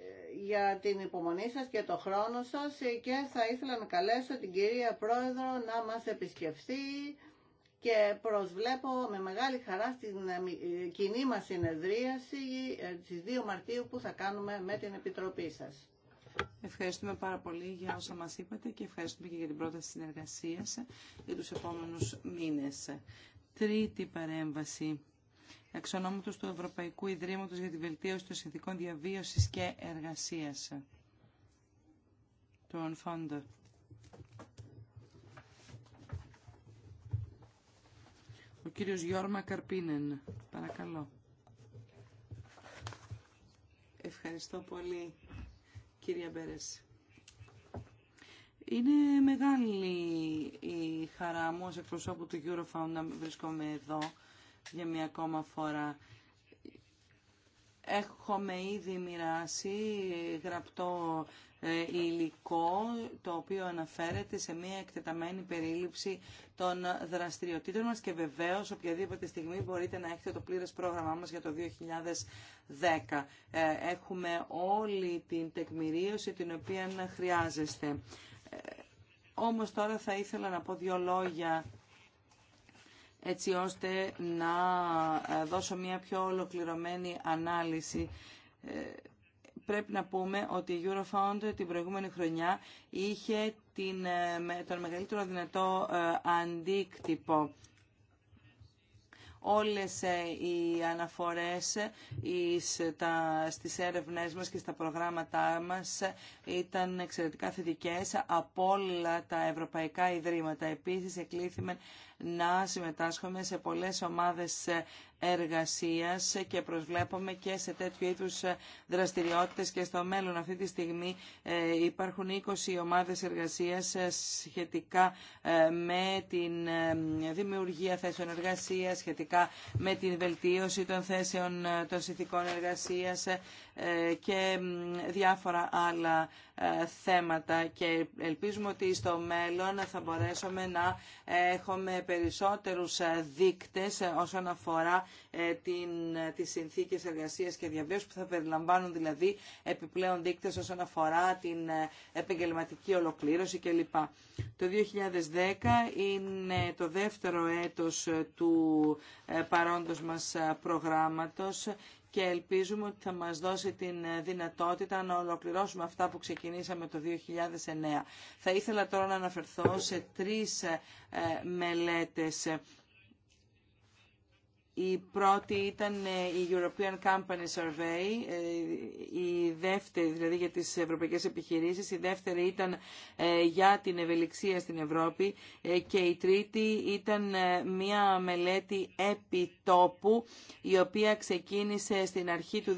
ε, για την υπομονή σας και το χρόνο σας και θα ήθελα να καλέσω την κυρία Πρόεδρο να μας επισκεφθεί και προσβλέπω με μεγάλη χαρά στην ε, ε, κοινή μας συνεδρίαση ε, στις 2 Μαρτίου που θα κάνουμε με την Επιτροπή σας. Ευχαριστούμε πάρα πολύ για όσα μας είπατε και ευχαριστούμε και για την πρόταση συνεργασία για τους επόμενους μήνες. Τρίτη παρέμβαση. Εξ του Ευρωπαϊκού Ιδρύματος για τη Βελτίωση των Συνθηκών Διαβίωσης και Εργασίας. Τον Ο κύριος Γιώρμα Καρπίνεν. Παρακαλώ. Ευχαριστώ πολύ, κύριε Μπέρες. Είναι μεγάλη η χαρά μου ως εκπροσώπου του Eurofound να βρίσκομαι εδώ για μια ακόμα φορά. Έχουμε ήδη μοιράσει γραπτό ε, υλικό το οποίο αναφέρεται σε μια εκτεταμένη περίληψη των δραστηριοτήτων μας και βεβαίως οποιαδήποτε στιγμή μπορείτε να έχετε το πλήρες πρόγραμμά μας για το 2010. Ε, έχουμε όλη την τεκμηρίωση την οποία χρειάζεστε. Ε, όμως τώρα θα ήθελα να πω δύο λόγια έτσι ώστε να ε, δώσω μια πιο ολοκληρωμένη ανάλυση. Ε, πρέπει να πούμε ότι η Eurofound την προηγούμενη χρονιά είχε την, ε, τον μεγαλύτερο δυνατό αντίκτυπο όλες οι αναφορές στις έρευνές μας και στα προγράμματά μας ήταν εξαιρετικά θετικές από όλα τα ευρωπαϊκά ιδρύματα. Επίσης, εκλήθημε να συμμετάσχουμε σε πολλές ομάδες εργασίας και προσβλέπουμε και σε τέτοιου είδους δραστηριότητες και στο μέλλον. Αυτή τη στιγμή ε, υπάρχουν 20 ομάδες εργασίας ε, σχετικά ε, με την δημιουργία θέσεων εργασίας, σχετικά με την βελτίωση των θέσεων των συνθηκών εργασίας, ε, και διάφορα άλλα ε, θέματα και ελπίζουμε ότι στο μέλλον θα μπορέσουμε να έχουμε περισσότερους ε, δείκτες όσον αφορά την, τις συνθήκες εργασίας και διαβίωσης που θα περιλαμβάνουν δηλαδή επιπλέον δείκτες όσον αφορά την επεγγελματική ολοκλήρωση κλπ. Το 2010 είναι το δεύτερο έτος του παρόντος μας προγράμματος και ελπίζουμε ότι θα μας δώσει την ε, δυνατότητα να ολοκληρώσουμε αυτά που ξεκινήσαμε το 2009. Θα ήθελα τώρα να αναφερθώ σε τρεις ε, ε, μελέτες η πρώτη ήταν ε, η European Company Survey, ε, η δεύτερη, δηλαδή για τις ευρωπαϊκές επιχειρήσεις, η δεύτερη ήταν ε, για την ευελιξία στην Ευρώπη και η τρίτη ήταν μια μελέτη επιτόπου, η οποία ξεκίνησε στην αρχή του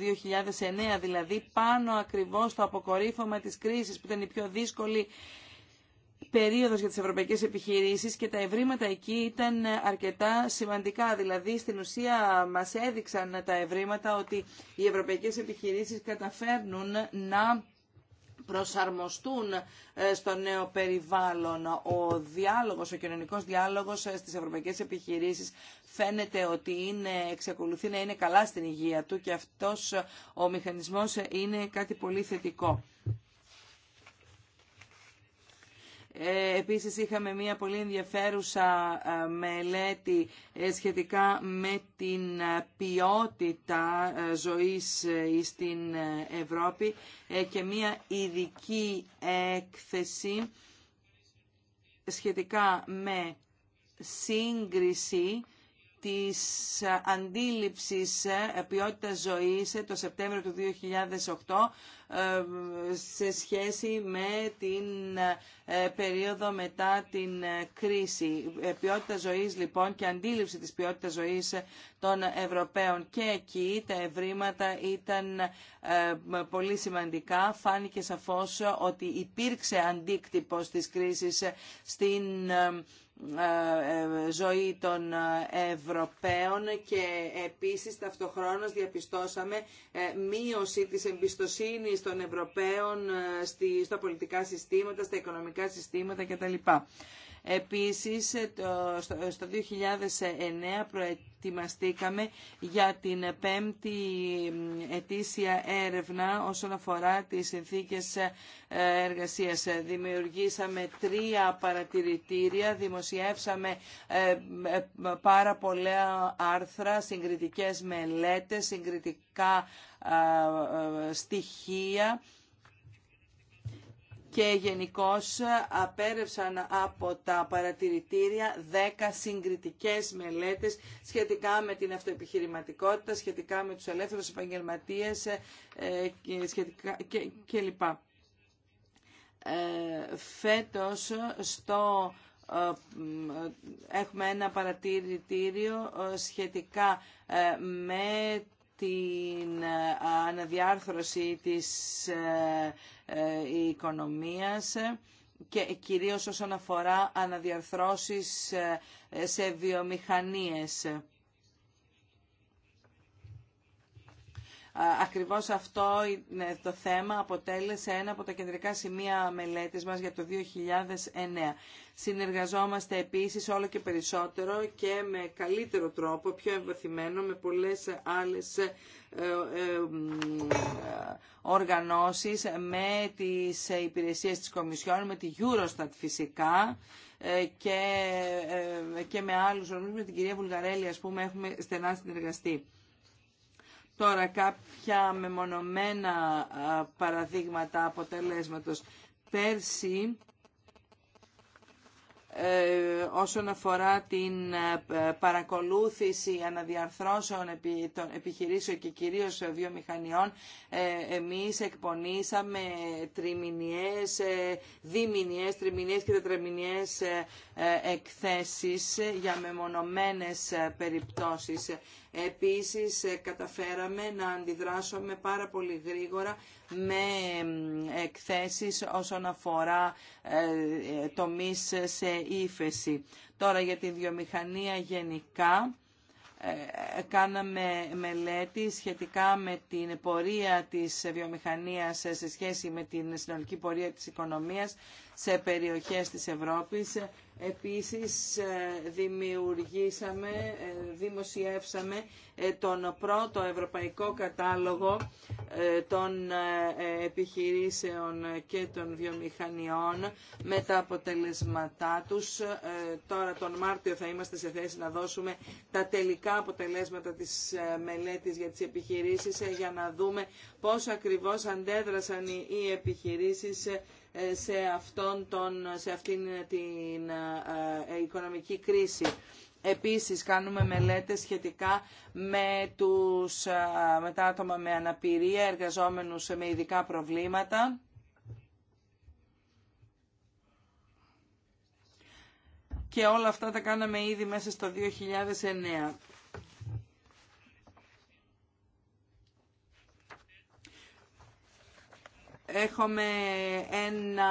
2009, δηλαδή πάνω ακριβώς στο αποκορύφωμα της κρίσης, που ήταν η πιο δύσκολη περίοδος για τις ευρωπαϊκές επιχειρήσεις και τα ευρήματα εκεί ήταν αρκετά σημαντικά. Δηλαδή, στην ουσία μας έδειξαν τα ευρήματα ότι οι ευρωπαϊκές επιχειρήσεις καταφέρνουν να προσαρμοστούν ε, στο νέο περιβάλλον. Ο διάλογος, ο κοινωνικός διάλογος ε, στις ευρωπαϊκές επιχειρήσεις φαίνεται ότι είναι, εξακολουθεί να είναι καλά στην υγεία του και αυτός ε, ο μηχανισμός είναι κάτι πολύ θετικό. Ε, επίσης είχαμε μια πολύ ενδιαφέρουσα ε, μελέτη ε, σχετικά με την ποιότητα ζωής στην Ευρώπη και μια ειδική έκθεση σχετικά με σύγκριση της αντίληψης ε, ποιότητας ζωής ε, το Σεπτέμβριο του 2008 ε, σε σχέση με την περίοδο μετά την κρίση. Ποιότητα ζωής λοιπόν και αντίληψη της ποιότητας ζωής των Ευρωπαίων και εκεί τα ευρήματα ήταν πολύ σημαντικά. Φάνηκε σαφώς ότι υπήρξε αντίκτυπος της κρίσης στην ε, ε, ζωή των ε, Ευρωπαίων και επίσης ταυτοχρόνως διαπιστώσαμε μείωση της εμπιστοσύνης των Ευρωπαίων στα πολιτικά συστήματα, στα οικονομικά συστήματα κτλ. Επίσης, στο 2009 προετοιμαστήκαμε για την πέμπτη ετήσια έρευνα όσον αφορά τις συνθήκες ε, εργασίας. Δημιουργήσαμε τρία παρατηρητήρια, δημοσιεύσαμε ε, ε, πάρα πολλά άρθρα, συγκριτικές μελέτες, συγκριτικά στοιχεία και γενικώ απέρευσαν από τα παρατηρητήρια 10 συγκριτικέ μελέτες σχετικά με την αυτοεπιχειρηματικότητα, σχετικά με του ελεύθερου επαγγελματίες κλπ. Ε, και, ε, φέτος στο ε, έχουμε ένα παρατηρητήριο σχετικά με την αναδιάρθρωση της ε, οικονομίας και κυρίως όσον αφορά αναδιαρθρώσεις ε, σε βιομηχανίες. Ακριβώς αυτό το θέμα αποτέλεσε ένα από τα κεντρικά σημεία μελέτης μας για το 2009. Συνεργαζόμαστε επίσης όλο και περισσότερο και με καλύτερο τρόπο, πιο εμβαθυμένο, με πολλές άλλες ε, ε, οργανώσεις, με τις υπηρεσίες της Κομισιόν, με τη Eurostat φυσικά ε, και, και με άλλους οργανισμούς, με την κυρία Βουλγαρέλη ας πούμε έχουμε στενά συνεργαστεί. Τώρα κάποια μεμονωμένα παραδείγματα αποτελέσματος. Πέρσι, ε, όσον αφορά την ε, παρακολούθηση αναδιαρθρώσεων επιχειρήσεων και κυρίως βιομηχανιών, ε, εμείς εκπονήσαμε τριμηνιές, διμηνιές, τριμηνιές και τετραμηνιές εκθέσεις για μεμονωμένες περιπτώσεις Επίσης ε, καταφέραμε να αντιδράσουμε πάρα πολύ γρήγορα με εκθέσεις όσον αφορά ε, ε, τομείς σε ύφεση. Τώρα για τη βιομηχανία γενικά κάναμε μελέτη σχετικά με την πορεία της βιομηχανίας σε σχέση με την συνολική πορεία της οικονομίας σε περιοχές της Ευρώπης. Επίσης ε, δημιουργήσαμε, ε, δημοσιεύσαμε ε, τον πρώτο ευρωπαϊκό κατάλογο των επιχειρήσεων και των βιομηχανιών με τα αποτελεσματά τους. Τώρα τον Μάρτιο θα είμαστε σε θέση να δώσουμε τα τελικά αποτελέσματα της μελέτης για τις επιχειρήσεις για να δούμε πώς ακριβώς αντέδρασαν οι επιχειρήσεις σε, αυτόν σε αυτήν την ε, ε, οικονομική κρίση. Επίσης κάνουμε μελέτες σχετικά με, τους, ε, με τα άτομα με αναπηρία, εργαζόμενους με ειδικά προβλήματα. Και όλα αυτά τα κάναμε ήδη μέσα στο 2009. έχουμε ένα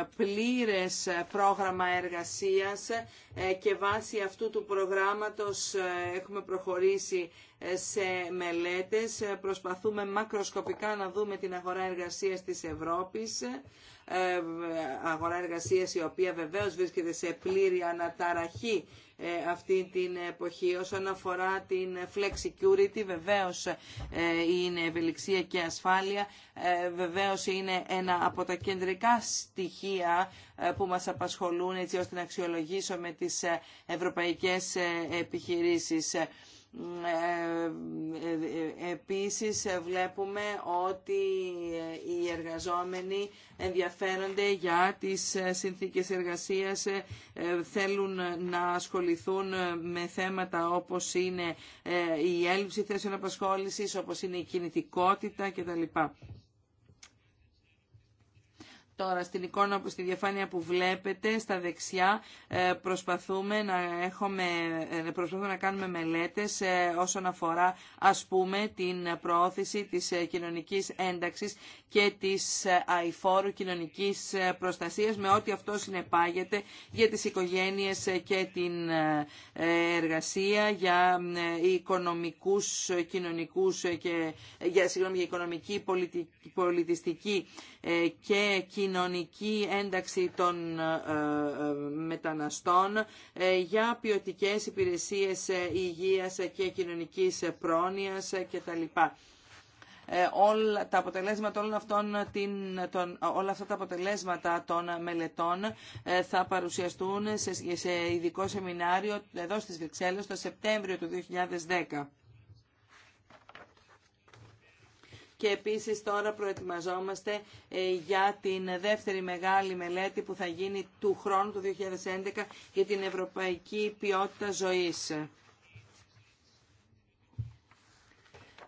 ε, πλήρες πρόγραμμα εργασίας ε, και βάσει αυτού του προγράμματος ε, έχουμε προχωρήσει σε μελέτες. Προσπαθούμε μακροσκοπικά να δούμε την αγορά εργασίας της Ευρώπης ε, αγορά εργασία η οποία βεβαίως βρίσκεται σε πλήρη αναταραχή ε, αυτή την εποχή. Όσον αφορά την flex security, βεβαίως ε, είναι ευελιξία και ασφάλεια, βεβαίως είναι ένα από τα κεντρικά στοιχεία που μας απασχολούν έτσι ώστε να αξιολογήσουμε τις ευρωπαϊκές επιχειρήσεις. Ε, ε, επίσης βλέπουμε ότι οι εργαζόμενοι ενδιαφέρονται για τις συνθήκες εργασίας, ε, θέλουν να ασχοληθούν με θέματα όπως είναι η έλλειψη θέσεων απασχόλησης, όπως είναι η κινητικότητα κτλ. Τώρα στην εικόνα, στη διαφάνεια που βλέπετε στα δεξιά ε, προσπαθούμε να, έχουμε, ε, προσπαθούμε να κάνουμε μελέτες ε, όσον αφορά ας πούμε την προώθηση της κοινωνικής ένταξης και της αηφόρου κοινωνικής προστασίας με ό,τι αυτό συνεπάγεται για τις οικογένειες και την εργασία, για οικονομικούς, κοινωνικούς και για, για οικονομική πολιτιστική ε, και κοινωνική ένταξη των ε, ε, μεταναστών για ποιοτικές υπηρεσίες υγείας και κοινωνικής πρόνοιας κτλ. Όλα τα αποτελέσματα όλων αυτών, την, τον όλα αυτά τα αποτελέσματα των μελετών θα παρουσιαστούν σε, ειδικό σεμινάριο εδώ στις Βρυξέλλες το Σεπτέμβριο του 2010. και επίσης τώρα προετοιμαζόμαστε ε, για την δεύτερη μεγάλη μελέτη που θα γίνει του χρόνου του 2011 για την ευρωπαϊκή ποιότητα ζωής.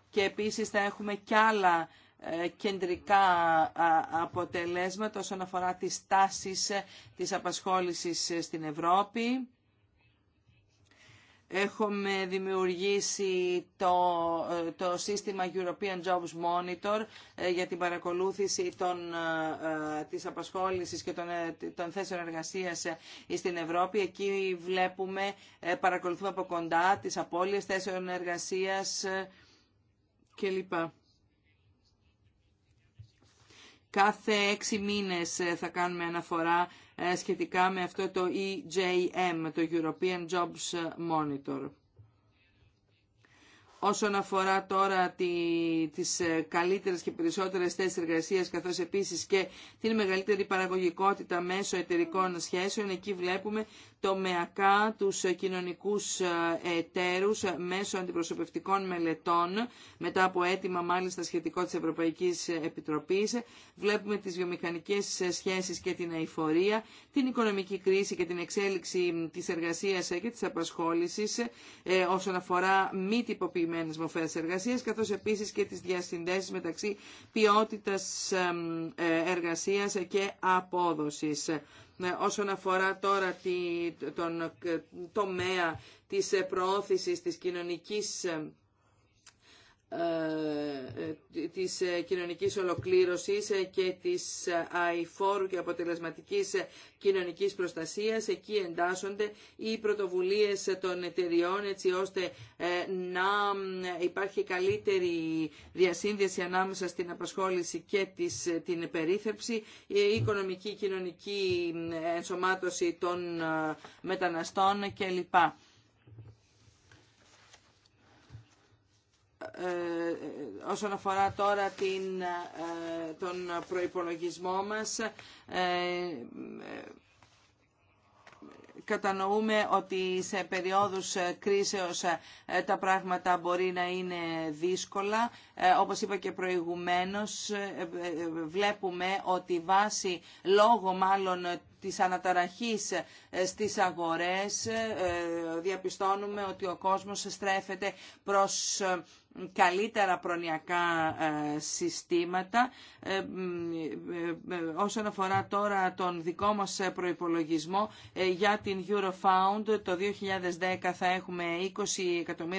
Και επίσης θα έχουμε κι άλλα ε, κεντρικά αποτελέσματα όσον αφορά τις τάσεις ε, της απασχόλησης στην Ευρώπη Έχουμε δημιουργήσει το, το σύστημα European Jobs Monitor ε, για την παρακολούθηση των, ε, ε, της απασχόλησης και των, των θέσεων εργασίας στην Ευρώπη. Εκεί βλέπουμε, παρακολουθούμε από κοντά τις απώλειες θέσεων εργασίας κλπ. Κάθε έξι μήνες ε, θα κάνουμε αναφορά ε, σχετικά με αυτό το EJM, το European Jobs Monitor. Όσον αφορά τώρα τη, τις ε, καλύτερες και περισσότερες θέσεις εργασίας, καθώς επίσης και την μεγαλύτερη παραγωγικότητα μέσω εταιρικών σχέσεων, εκεί βλέπουμε τομεακά τους κοινωνικούς ε, εταίρους ε, μέσω αντιπροσωπευτικών μελετών, μετά από αίτημα μάλιστα σχετικό της Ευρωπαϊκής Επιτροπής. Βλέπουμε τις βιομηχανικές ε, σχέσεις και την αηφορία, την οικονομική κρίση και την εξέλιξη της εργασίας και της απασχόλησης όσον αφορά μη τυποποιημένες μορφές εργασίας, καθώς επίσης και τις διασυνδέσεις μεταξύ ποιότητας εργασίας και απόδοσης. Ναι, όσον αφορά τώρα τον τομέα της προώθησης της κοινωνικής ε, ε, ε, της ε, κοινωνικής ολοκλήρωσης και της αηφόρου και αποτελεσματικής κοινωνικής προστασίας. Εκεί εντάσσονται οι πρωτοβουλίες των εταιριών έτσι ώστε να υπάρχει καλύτερη διασύνδεση ανάμεσα στην απασχόληση και την περίθεψη, η οικονομική κοινωνική ενσωμάτωση των μεταναστών κλπ. Ε, όσον αφορά τώρα την, ε, τον προϋπολογισμό μας, ε, κατανοούμε ότι σε περιόδους κρίσεως τα πράγματα μπορεί να είναι δύσκολα. Όπως είπα και προηγουμένως, βλέπουμε ότι βάσει λόγω μάλλον της αναταραχής στις αγορές διαπιστώνουμε ότι ο κόσμος στρέφεται προς καλύτερα προνοιακά ε, συστήματα. Ε, ε, όσον αφορά τώρα τον δικό μας προϋπολογισμό για την Eurofound, το 2010 θα έχουμε 20.340.000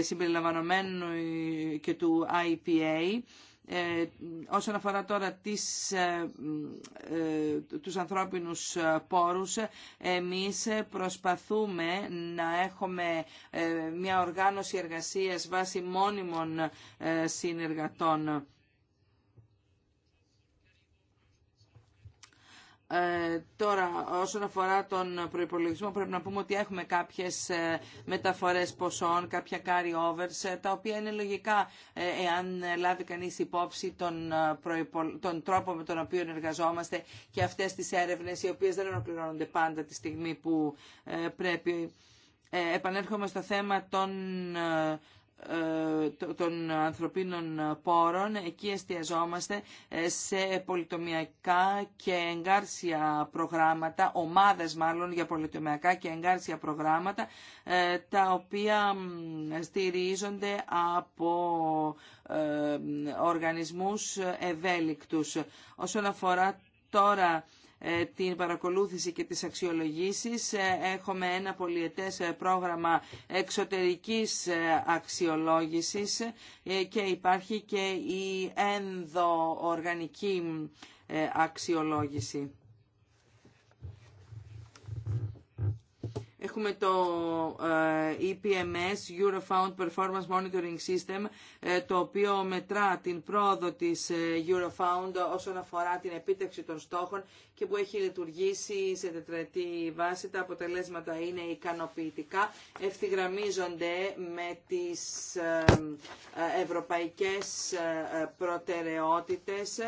συμπεριλαμβανομένου και του IPA ε, όσον αφορά τώρα τις, ε, ε, τους ανθρώπινους πόρους, εμείς προσπαθούμε να έχουμε μια οργάνωση εργασίας βάσει μόνιμων συνεργατών. Ε, τώρα, όσον αφορά τον προϋπολογισμό, πρέπει να πούμε ότι έχουμε κάποιες ε, μεταφορές ποσών, κάποια κάποια carry-overs, ε, τα οποία είναι λογικά εάν λάβει κανείς υπόψη τον, προϋπο, τον τρόπο με τον οποίο εργαζόμαστε και αυτές τις έρευνες, οι οποίες δεν ολοκληρώνονται πάντα τη στιγμή που πρέπει. επανέρχομαι στο θέμα των ε, των ανθρωπίνων πόρων. Εκεί εστιαζόμαστε ε, σε πολυτομιακά και εγκάρσια προγράμματα, ομάδες μάλλον για πολυτομιακά και εγκάρσια προγράμματα, ε, τα οποία στηρίζονται από οργανισμούς ευέλικτους. Όσον αφορά τώρα ε, την παρακολούθηση και τις αξιολογήσεις. Ε, έχουμε ένα πολιετές ε, πρόγραμμα εξωτερικής αξιολόγησης και υπάρχει και η ενδοοργανική αξιολόγηση. Έχουμε το ε, EPMS, Eurofound Performance Monitoring System, ε, το οποίο μετρά την πρόοδο της ε, Eurofound όσον αφορά την επίτευξη των στόχων και που έχει λειτουργήσει σε τετραετή βάση. Τα αποτελέσματα είναι ικανοποιητικά, ευθυγραμμίζονται με τις ευρωπαϊκές προτεραιότητες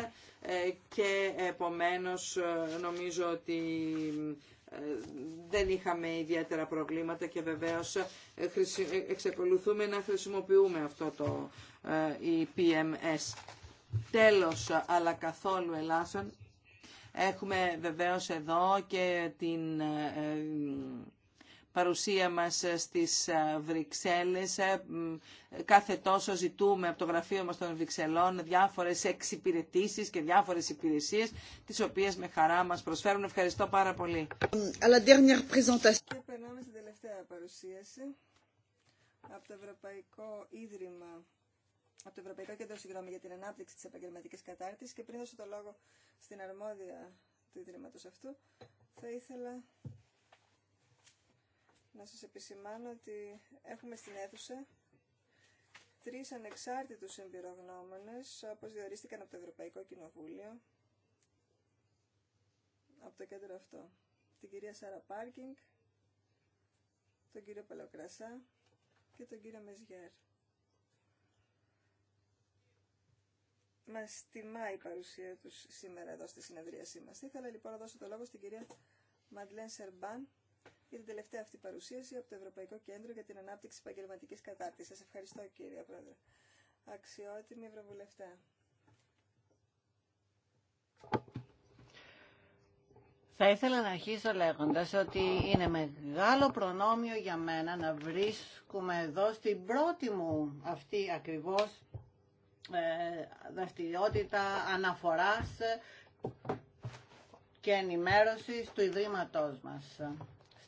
και επομένως νομίζω ότι δεν είχαμε ιδιαίτερα προβλήματα και βεβαίως ε, ε, εξεκολουθούμε να χρησιμοποιούμε αυτό το ε, PMS. Τέλος, αλλά καθόλου Ελλάσσον, έχουμε βεβαίως εδώ και την παρουσία μας στις ε, Βρυξέλλες. Ε, κάθε τόσο ζητούμε από το γραφείο μας των Βρυξελών διάφορες εξυπηρετήσεις και διάφορες υπηρεσίες, τις οποίες με χαρά μας προσφέρουν. Ευχαριστώ πάρα πολύ. Ε, και περνάμε στην τελευταία παρουσίαση από το Ευρωπαϊκό Ίδρυμα από το Ευρωπαϊκό Κέντρο Συγγνώμη για την Ανάπτυξη της Επαγγελματικής Κατάρτισης και πριν δώσω το λόγο στην αρμόδια του Ιδρύματος αυτού, θα ήθελα να σας επισημάνω ότι έχουμε στην αίθουσα τρεις ανεξάρτητους εμπειρογνώμονες, όπως διορίστηκαν από το Ευρωπαϊκό Κοινοβούλιο, από το κέντρο αυτό. Την κυρία Σάρα Πάρκινγκ, τον κύριο Παλοκρασά και τον κύριο Μεζιέρ. Μας τιμά η παρουσία τους σήμερα εδώ στη συνεδρίασή μας. Ήθελα λοιπόν να δώσω το λόγο στην κυρία Μαντλέν Σερμπάν, για την τελευταία αυτή παρουσίαση από το Ευρωπαϊκό Κέντρο για την Ανάπτυξη Επαγγελματική Κατάρτισης. Σα ευχαριστώ, κύριε Πρόεδρε. Αξιότιμη Ευρωβουλευτά. Θα ήθελα να αρχίσω λέγοντας ότι είναι μεγάλο προνόμιο για μένα να βρίσκουμε εδώ στην πρώτη μου αυτή ακριβώς ε, δραστηριότητα αναφοράς και ενημέρωσης του Ιδρύματός μας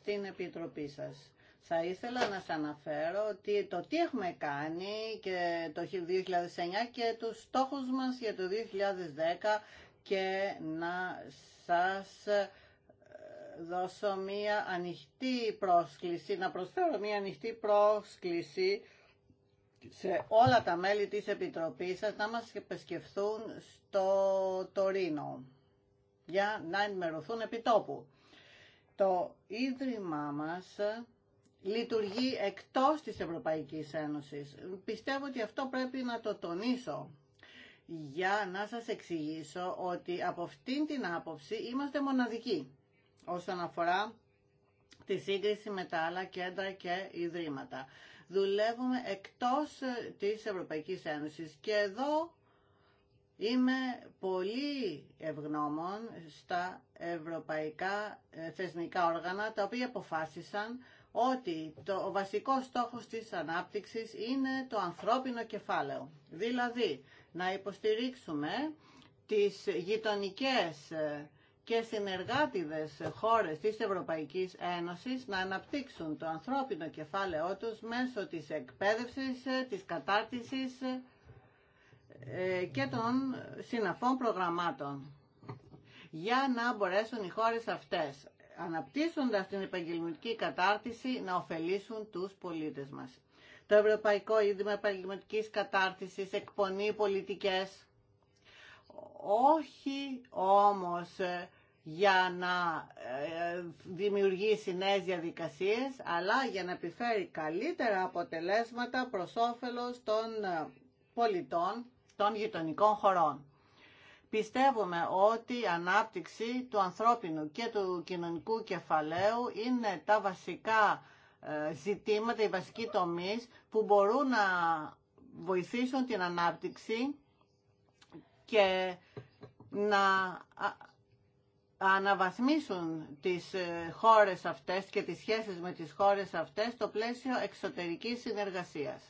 στην Επιτροπή σας. Θα ήθελα να σας αναφέρω ότι το τι έχουμε κάνει και το 2009 και τους στόχους μας για το 2010 και να σας ε, δώσω μία ανοιχτή πρόσκληση, να προσφέρω μία ανοιχτή πρόσκληση σε όλα τα μέλη της Επιτροπής σας να μας επισκεφθούν στο Τωρίνο για να ενημερωθούν επί τόπου το Ίδρυμά μας λειτουργεί εκτός της Ευρωπαϊκής Ένωσης. Πιστεύω ότι αυτό πρέπει να το τονίσω για να σας εξηγήσω ότι από αυτήν την άποψη είμαστε μοναδικοί όσον αφορά τη σύγκριση με τα άλλα κέντρα και ιδρύματα. Δουλεύουμε εκτός της Ευρωπαϊκής Ένωσης και εδώ Είμαι πολύ ευγνώμων στα ευρωπαϊκά ε, θεσμικά όργανα τα οποία αποφάσισαν ότι το, ο βασικός στόχος της ανάπτυξης είναι το ανθρώπινο κεφάλαιο. Δηλαδή, να υποστηρίξουμε τις γειτονικές ε, και συνεργάτιδες χώρες της Ευρωπαϊκής Ένωσης να αναπτύξουν το ανθρώπινο κεφάλαιό τους μέσω της εκπαίδευσης, ε, της κατάρτισης ε, και των συναφών προγραμμάτων για να μπορέσουν οι χώρες αυτές αναπτύσσοντας την επαγγελματική κατάρτιση να ωφελήσουν τους πολίτες μας. Το Ευρωπαϊκό Ίδρυμα Επαγγελματική Κατάρτισης εκπονεί πολιτικές, όχι όμως ε, για να ε, δημιουργήσει νέες διαδικασίες, αλλά για να επιφέρει καλύτερα αποτελέσματα προς όφελος των πολιτών των γειτονικών χωρών. Πιστεύουμε ότι η ανάπτυξη του ανθρώπινου και του κοινωνικού κεφαλαίου είναι τα βασικά ε, ζητήματα, οι βασικοί τομείς που μπορούν να βοηθήσουν την ανάπτυξη και να αναβαθμίσουν τις ε, χώρες αυτές και τις σχέσεις με τις χώρες αυτές στο πλαίσιο εξωτερικής συνεργασίας.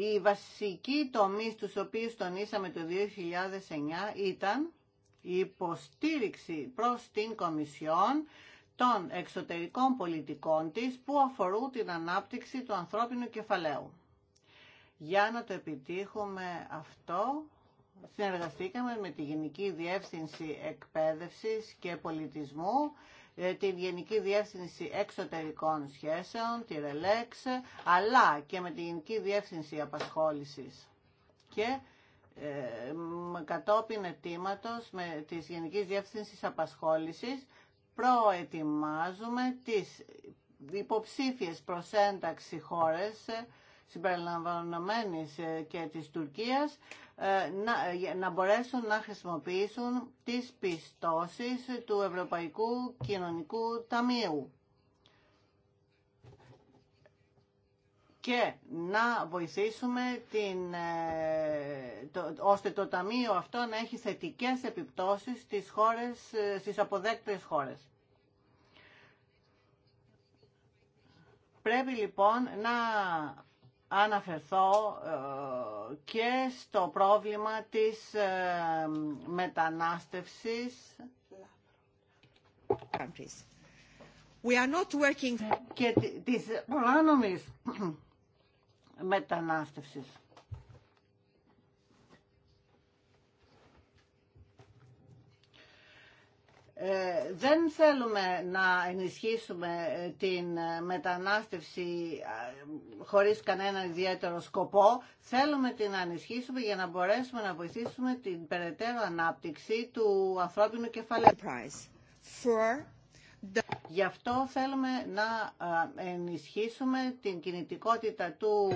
Η βασική τομή τους οποίους τονίσαμε το 2009 ήταν η υποστήριξη προς την Κομισιόν των εξωτερικών πολιτικών της που αφορούν την ανάπτυξη του ανθρώπινου κεφαλαίου. Για να το επιτύχουμε αυτό, συνεργαστήκαμε με τη Γενική Διεύθυνση Εκπαίδευσης και Πολιτισμού ε, την Γενική Διεύθυνση Εξωτερικών Σχέσεων, τη ΡΕΛΕΞ, αλλά και με τη Γενική Διεύθυνση Απασχόλησης. Και ε, κατόπιν ετήματος με, της Γενικής Διεύθυνσης Απασχόλησης προετοιμάζουμε τις υποψήφιες προσένταξη χώρες ε, συμπεριλαμβανομένης ε, και της Τουρκίας ε, να, να μπορέσουν να χρησιμοποιήσουν τις πιστώσεις του Ευρωπαϊκού Κοινωνικού Ταμείου και να βοηθήσουμε την, ε, το, ώστε το Ταμείο αυτό να έχει θετικές επιπτώσεις στις, χώρες, στις αποδέκτες χώρες. Πρέπει λοιπόν να αναφερθώ ε, και στο πρόβλημα της ε, μετανάστευσης We are not working... και της παράνομης μετανάστευσης. Ε, δεν θέλουμε να ενισχύσουμε ε, την ε, μετανάστευση χωρίς κανένα ιδιαίτερο σκοπό. Θέλουμε την να ενισχύσουμε για να μπορέσουμε να βοηθήσουμε την περαιτέρω ανάπτυξη του ανθρώπινου κεφαλαίου. Γι' αυτό θέλουμε να ενισχύσουμε την κινητικότητα του,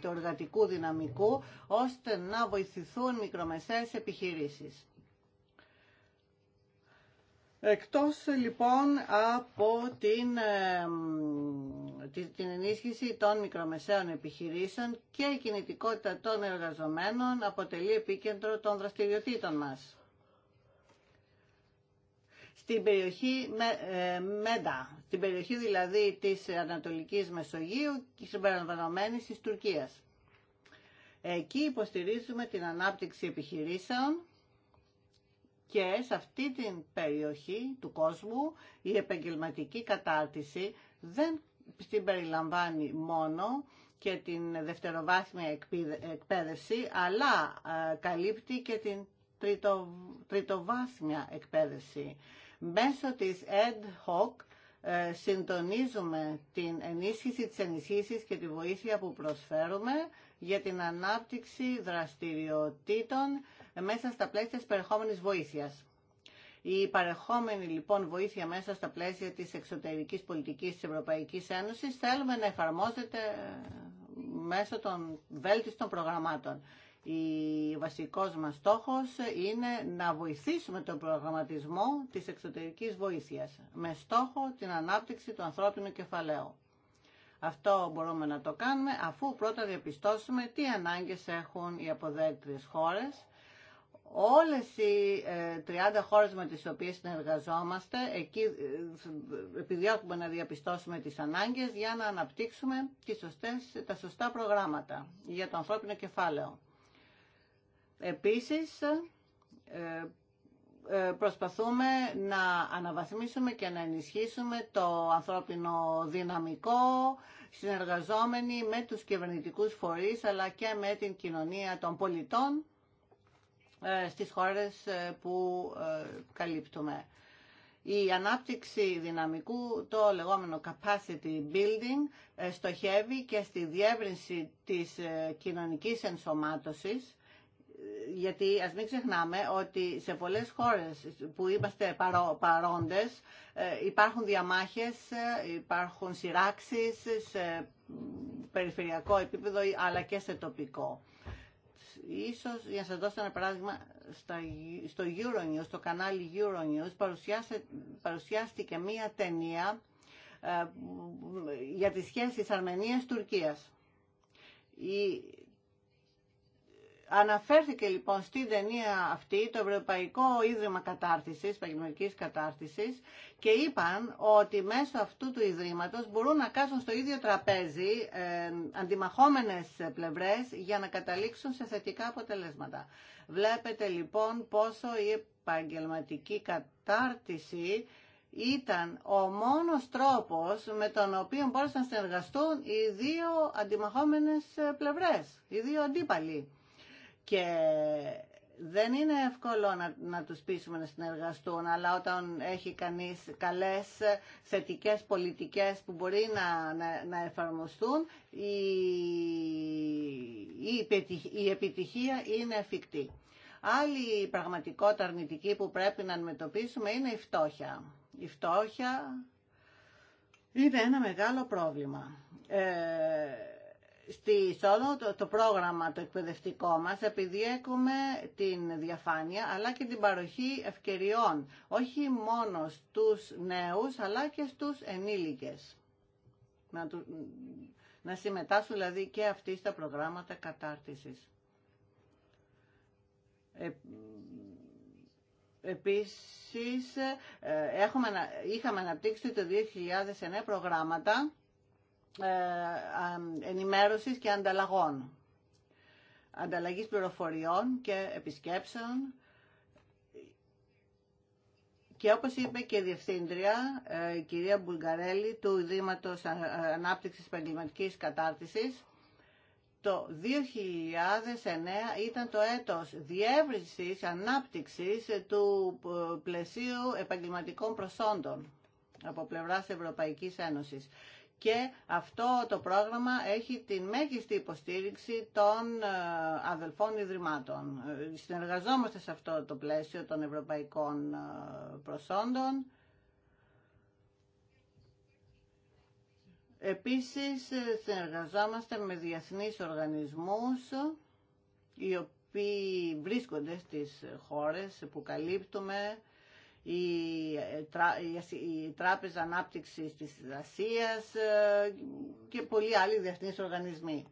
του εργατικού δυναμικού ώστε να βοηθηθούν μικρομεσαίες επιχειρήσεις. Εκτός λοιπόν από την, την ενίσχυση των μικρομεσαίων επιχειρήσεων και η κινητικότητα των εργαζομένων αποτελεί επίκεντρο των δραστηριοτήτων μας. Στην περιοχή ε, Μέντα, την περιοχή δηλαδή της Ανατολικής Μεσογείου και συμπεριλαμβανομένης της Τουρκίας. Εκεί υποστηρίζουμε την ανάπτυξη επιχειρήσεων και σε αυτή την περιοχή του κόσμου η επαγγελματική κατάρτιση δεν την περιλαμβάνει μόνο και την δευτεροβάθμια εκπαίδευση, αλλά ε, καλύπτει και την τριτο, τριτοβάθμια εκπαίδευση. Μέσω της ad hoc ε, συντονίζουμε την ενίσχυση της ενισχύσης και τη βοήθεια που προσφέρουμε για την ανάπτυξη δραστηριοτήτων μέσα στα πλαίσια της περιεχόμενης βοήθειας. Η παρεχόμενη λοιπόν βοήθεια μέσα στα πλαίσια της εξωτερικής πολιτικής της Ευρωπαϊκής Ένωσης θέλουμε να εφαρμόζεται ε, μέσω των βέλτιστων προγραμμάτων. Ο βασικός μας στόχος είναι να βοηθήσουμε τον προγραμματισμό της εξωτερικής βοήθειας με στόχο την ανάπτυξη του ανθρώπινου κεφαλαίου. Αυτό μπορούμε να το κάνουμε αφού πρώτα διαπιστώσουμε τι ανάγκες έχουν οι αποδέκτριες χώρες όλες οι 30 ε, χώρες με τις οποίες συνεργαζόμαστε, εκεί ε, επιδιώκουμε να διαπιστώσουμε τις ανάγκες για να αναπτύξουμε τα σωστά προγράμματα για το ανθρώπινο κεφάλαιο. Επίσης, ε, προσπαθούμε να αναβαθμίσουμε και να ενισχύσουμε το ανθρώπινο δυναμικό, συνεργαζόμενοι με τους κυβερνητικούς φορείς, αλλά και με την κοινωνία των πολιτών, ε, στις χώρες ε, που ε, καλύπτουμε. Η ανάπτυξη δυναμικού, το λεγόμενο capacity building, στοχεύει και στη διεύρυνση της κοινωνικής ενσωμάτωσης, γιατί ας μην ξεχνάμε ότι σε πολλές χώρες που είμαστε παρόντες υπάρχουν διαμάχες, υπάρχουν σειράξεις σε περιφερειακό επίπεδο αλλά και σε τοπικό. Ίσως, για να σας δώσω ένα παράδειγμα, στο Euronews, στο κανάλι Euronews, παρουσιάστηκε μία ταινία ε, για τις σχέσεις Αρμενίας-Τουρκίας. Η Αναφέρθηκε λοιπόν στην ταινία αυτή το Ευρωπαϊκό Ίδρυμα Κατάρτισης, Επαγγελματική Κατάρτισης και είπαν ότι μέσω αυτού του Ιδρύματος μπορούν να κάσουν στο ίδιο τραπέζι ε, αντιμαχόμενες πλευρές για να καταλήξουν σε θετικά αποτελέσματα. Βλέπετε λοιπόν πόσο η επαγγελματική κατάρτιση ήταν ο μόνος τρόπος με τον οποίο μπόρεσαν να συνεργαστούν οι δύο αντιμαχόμενες πλευρές, οι δύο αντίπαλοι και δεν είναι εύκολο να, να τους πείσουμε να συνεργαστούν, αλλά όταν έχει κανείς καλές θετικές πολιτικές που μπορεί να, να, εφαρμοστούν, η, η, η επιτυχία είναι εφικτή. Άλλη πραγματικότητα αρνητική που πρέπει να αντιμετωπίσουμε είναι η φτώχεια. Η φτώχεια είναι ένα μεγάλο πρόβλημα. Ε, στη το, πρόγραμμα το εκπαιδευτικό μας επιδιέκουμε την διαφάνεια αλλά και την παροχή ευκαιριών όχι μόνο στους νέους αλλά και στους ενήλικες να, του, να συμμετάσχουν δηλαδή και αυτοί στα προγράμματα κατάρτισης. Ε, επίσης ε, έχουμε, είχαμε αναπτύξει το 2009 προγράμματα ε, ενημέρωσης και ανταλλαγών. Ανταλλαγής πληροφοριών και επισκέψεων. Και όπως είπε και η Διευθύντρια, ε, η κυρία Μπουλγαρέλη, του Ιδρύματος Ανάπτυξης Επαγγελματικής Κατάρτισης, το 2009 ήταν το έτος διεύρυνσης, ανάπτυξης του ε, πλαισίου επαγγελματικών προσόντων από πλευράς Ευρωπαϊκής Ένωσης και αυτό το πρόγραμμα έχει την μέγιστη υποστήριξη των ε, αδελφών ιδρυμάτων. Ε, συνεργαζόμαστε σε αυτό το πλαίσιο των ευρωπαϊκών ε, προσόντων. Επίσης συνεργαζόμαστε με διεθνείς οργανισμούς οι οποίοι βρίσκονται στις χώρες που καλύπτουμε η Τράπεζα Ανάπτυξης της Ασίας ε, και πολλοί άλλοι διεθνείς οργανισμοί.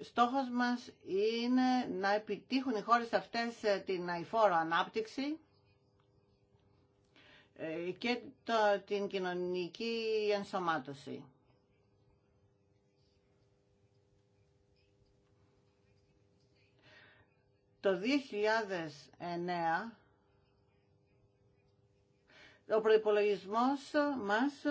Στόχος μας είναι να επιτύχουν οι χώρες αυτές ε, την αηφόρο ανάπτυξη ε, και την κοινωνική ενσωμάτωση. Το 2009 ο προϋπολογισμός μας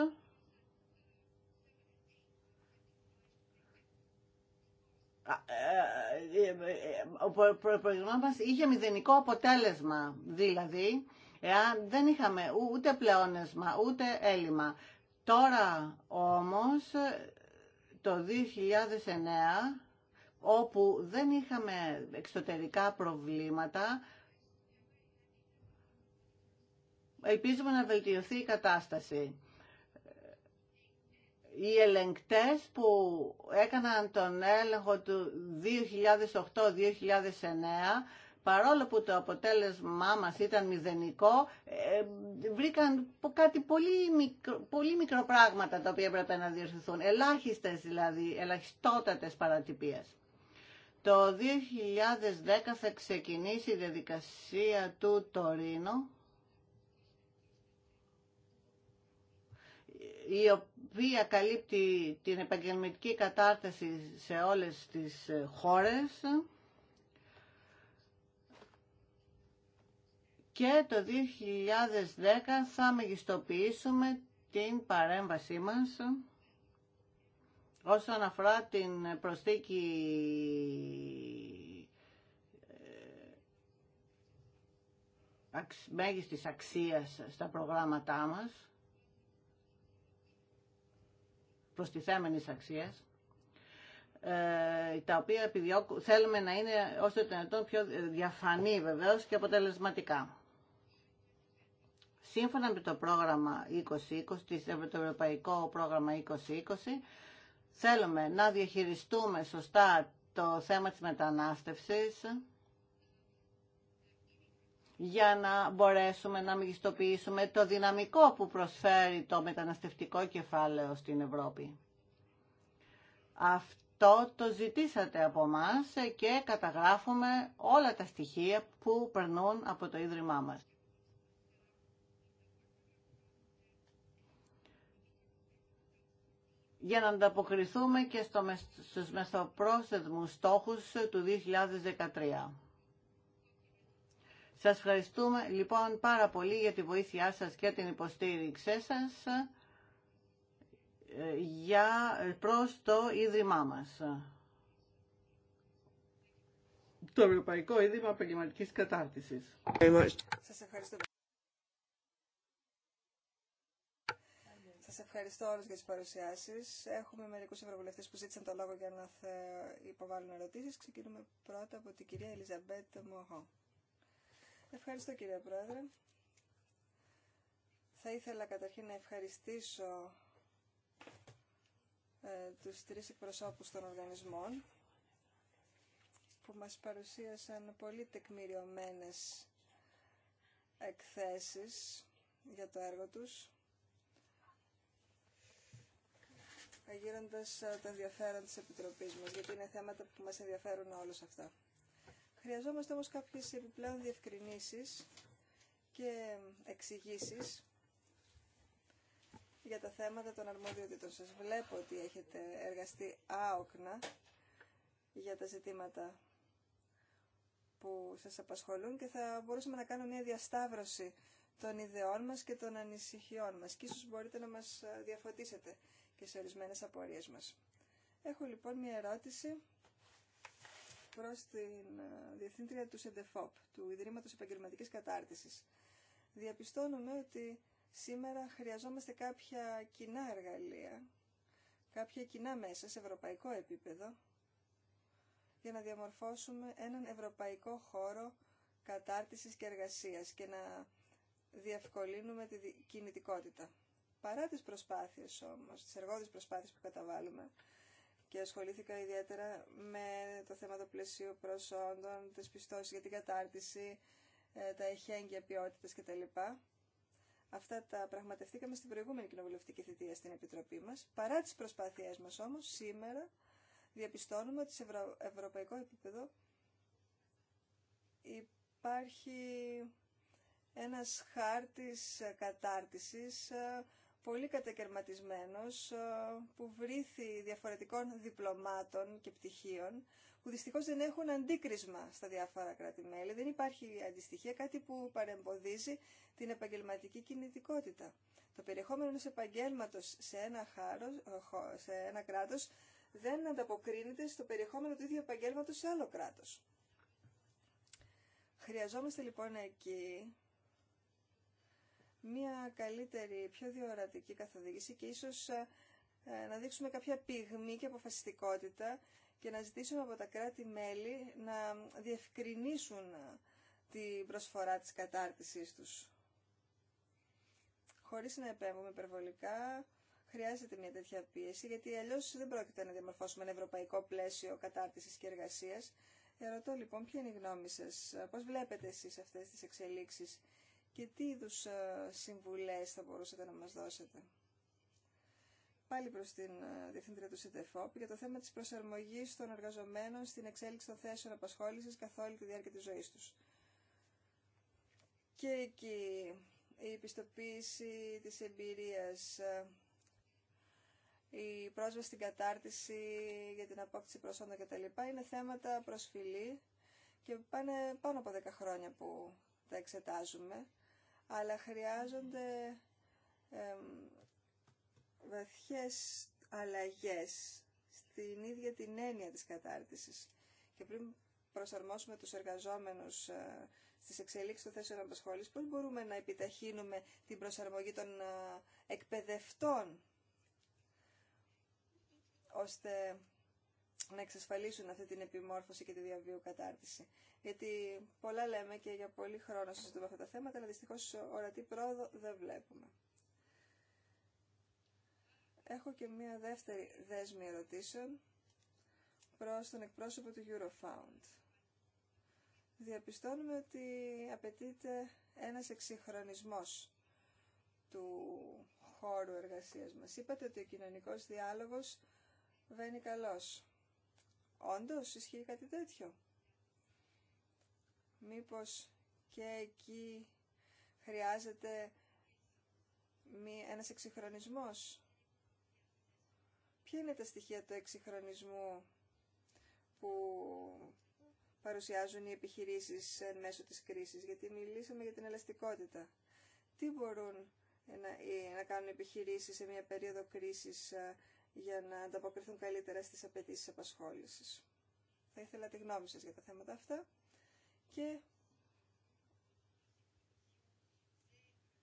ε, ε, ο προϋπολογισμός μας είχε μηδενικό αποτέλεσμα, δηλαδή εάν δεν είχαμε ούτε πλεόνεσμα ούτε έλλειμμα. Τώρα όμως το 2009 όπου δεν είχαμε εξωτερικά προβλήματα, ελπίζουμε να βελτιωθεί η κατάσταση. Οι ελεγκτές που έκαναν τον έλεγχο του 2008-2009, παρόλο που το αποτέλεσμά μας ήταν μηδενικό, ε, βρήκαν κάτι πολύ, μικρο, πολύ πράγματα τα οποία έπρεπε να διορθωθούν, ελάχιστες δηλαδή, ελαχιστότατες παρατυπίες. Το 2010 θα ξεκινήσει η διαδικασία του Τωρίνο, η οποία καλύπτει την επαγγελματική κατάρτιση σε όλες τις χώρες και το 2010 θα μεγιστοποιήσουμε την παρέμβασή μας Όσον αφορά την προσθήκη ε, μέγιστης αξίας στα προγράμματά μας, προστιθέμενης αξίας, ε, τα οποία θέλουμε να είναι όσο το δυνατόν πιο διαφανή βεβαίως και αποτελεσματικά. Σύμφωνα με το πρόγραμμα 2020, το Ευρωπαϊκό Πρόγραμμα 2020, θέλουμε να διαχειριστούμε σωστά το θέμα της μετανάστευσης για να μπορέσουμε να μεγιστοποιήσουμε το δυναμικό που προσφέρει το μεταναστευτικό κεφάλαιο στην Ευρώπη. Αυτό το ζητήσατε από μας και καταγράφουμε όλα τα στοιχεία που περνούν από το Ίδρυμά μας. για να ανταποκριθούμε και στο, στους μεσοπρόθεσμους στόχους του 2013. Σας ευχαριστούμε λοιπόν πάρα πολύ για τη βοήθειά σας και την υποστήριξή σας ε, για, προς το Ίδρυμά μας. Το Ευρωπαϊκό Ίδρυμα Επαγγελματικής Κατάρτισης. Σας ευχαριστώ όλους για τις παρουσιάσεις. Έχουμε μερικούς ευρωβουλευτές που ζήτησαν το λόγο για να υποβάλουν ερωτήσεις. Ξεκινούμε πρώτα από την κυρία Ελιζαμπέτ Μοχό. Ευχαριστώ κύριε Πρόεδρε. Θα ήθελα καταρχήν να ευχαριστήσω ε, τους τρεις εκπροσώπους των οργανισμών που μας παρουσίασαν πολύ τεκμηριωμένες εκθέσεις για το έργο τους Ε, γύροντα ε, το ενδιαφέρον τη επιτροπή μας, γιατί είναι θέματα που μας ενδιαφέρουν όλου αυτά. Χρειαζόμαστε όμως κάποιε επιπλέον διευκρινήσεις και εξηγήσει για τα θέματα των αρμοδιοτήτων. Σας βλέπω ότι έχετε εργαστεί άοκνα για τα ζητήματα που σας απασχολούν και θα μπορούσαμε να κάνουμε μια διασταύρωση των ιδεών μας και των ανησυχιών μας και ίσως μπορείτε να μας ε, διαφωτίσετε και σε ορισμένε απορίε μα. Έχω λοιπόν μια ερώτηση προς την ε, Διευθύντρια του ΣΕΝΤΕΦΟΠ, του Ιδρύματος Επαγγελματική Κατάρτισης. Διαπιστώνουμε ότι σήμερα χρειαζόμαστε κάποια κοινά εργαλεία, κάποια κοινά μέσα σε ευρωπαϊκό επίπεδο, για να διαμορφώσουμε έναν ευρωπαϊκό χώρο κατάρτισης και εργασίας και να διευκολύνουμε τη κινητικότητα. Παρά τις προσπάθειες όμως, τις προσπάθειες που καταβάλουμε και ασχολήθηκα ιδιαίτερα με το θέμα του πλαισίου προσόντων, τις πιστώσεις για την κατάρτιση, ε, τα εχέγγυα ποιότητα κτλ. Αυτά τα πραγματευτήκαμε στην προηγούμενη κοινοβουλευτική θητεία στην Επιτροπή μας. Παρά τις προσπάθειές μας όμως, σήμερα διαπιστώνουμε ότι σε ευρωπαϊκό επίπεδο υπάρχει ένας χάρτης κατάρτισης ε, πολύ κατακαιρματισμένος ε, που βρήθη διαφορετικών διπλωμάτων και πτυχίων που δυστυχώς δεν έχουν αντίκρισμα στα διάφορα κράτη-μέλη. Δεν υπάρχει αντιστοιχεία, κάτι που παρεμποδίζει την επαγγελματική κινητικότητα. Το περιεχόμενο ενός επαγγέλματος σε ένα, χάρος, ε, σε ένα κράτος δεν ανταποκρίνεται στο περιεχόμενο του ίδιου επαγγέλματος σε άλλο κράτος. Χρειαζόμαστε λοιπόν εκεί μια καλύτερη, πιο διορατική καθοδήγηση και ίσως ε, ε, να δείξουμε κάποια πυγμή και αποφασιστικότητα και να ζητήσουμε από τα κράτη-μέλη να διευκρινίσουν ε, την προσφορά της κατάρτισής τους. Χωρίς να επέμβουμε υπερβολικά, χρειάζεται μια τέτοια πίεση, γιατί αλλιώς δεν πρόκειται να διαμορφώσουμε ένα ευρωπαϊκό πλαίσιο κατάρτισης και εργασίας. Ερωτώ λοιπόν ποια είναι η γνώμη σας, πώς βλέπετε εσείς αυτές τις εξελίξεις και τι είδου ε, συμβουλές θα μπορούσατε να μας δώσετε. Πάλι προς την ε, Διευθύντρια του ΣΥΤΕΦΟΠ για το θέμα της προσαρμογής των εργαζομένων στην εξέλιξη των θέσεων απασχόλησης καθ' όλη τη διάρκεια της ζωής τους. Και εκεί η επιστοποίηση της εμπειρίας, ε, η πρόσβαση στην κατάρτιση για την απόκτηση προσόντων κτλ. είναι θέματα προσφυλή και πάνε πάνω από 10 χρόνια που τα εξετάζουμε αλλά χρειάζονται βαθιές αλλαγές στην ίδια την έννοια της κατάρτισης. Και πριν προσαρμόσουμε τους εργαζόμενους ε, στις εξελίξεις των θέσεων απασχόλης, πώς μπορούμε να επιταχύνουμε την προσαρμογή των ε, εκπαιδευτών, ώστε να εξασφαλίσουν αυτή την επιμόρφωση και τη διαβίου κατάρτιση. Γιατί πολλά λέμε και για πολύ χρόνο συζητούμε αυτά τα θέματα, αλλά δυστυχώ ορατή πρόοδο δεν βλέπουμε. Έχω και μία δεύτερη δέσμη ερωτήσεων προς τον εκπρόσωπο του Eurofound. Διαπιστώνουμε ότι απαιτείται ένας εξυγχρονισμός του χώρου εργασίας μας. Είπατε ότι ο κοινωνικός διάλογος βαίνει καλός. Όντως ισχύει κάτι τέτοιο. Μήπως και εκεί χρειάζεται ένας εξυγχρονισμός. Ποια είναι τα στοιχεία του εξυγχρονισμού που παρουσιάζουν οι επιχειρήσεις μέσω της κρίσης, γιατί μιλήσαμε για την ελαστικότητα. Τι μπορούν να, να κάνουν επιχειρήσεις σε μια περίοδο κρίσης ε, για να ανταποκριθούν καλύτερα στις απαιτήσεις απασχόλησης. Θα ήθελα τη γνώμη σας για τα θέματα αυτά και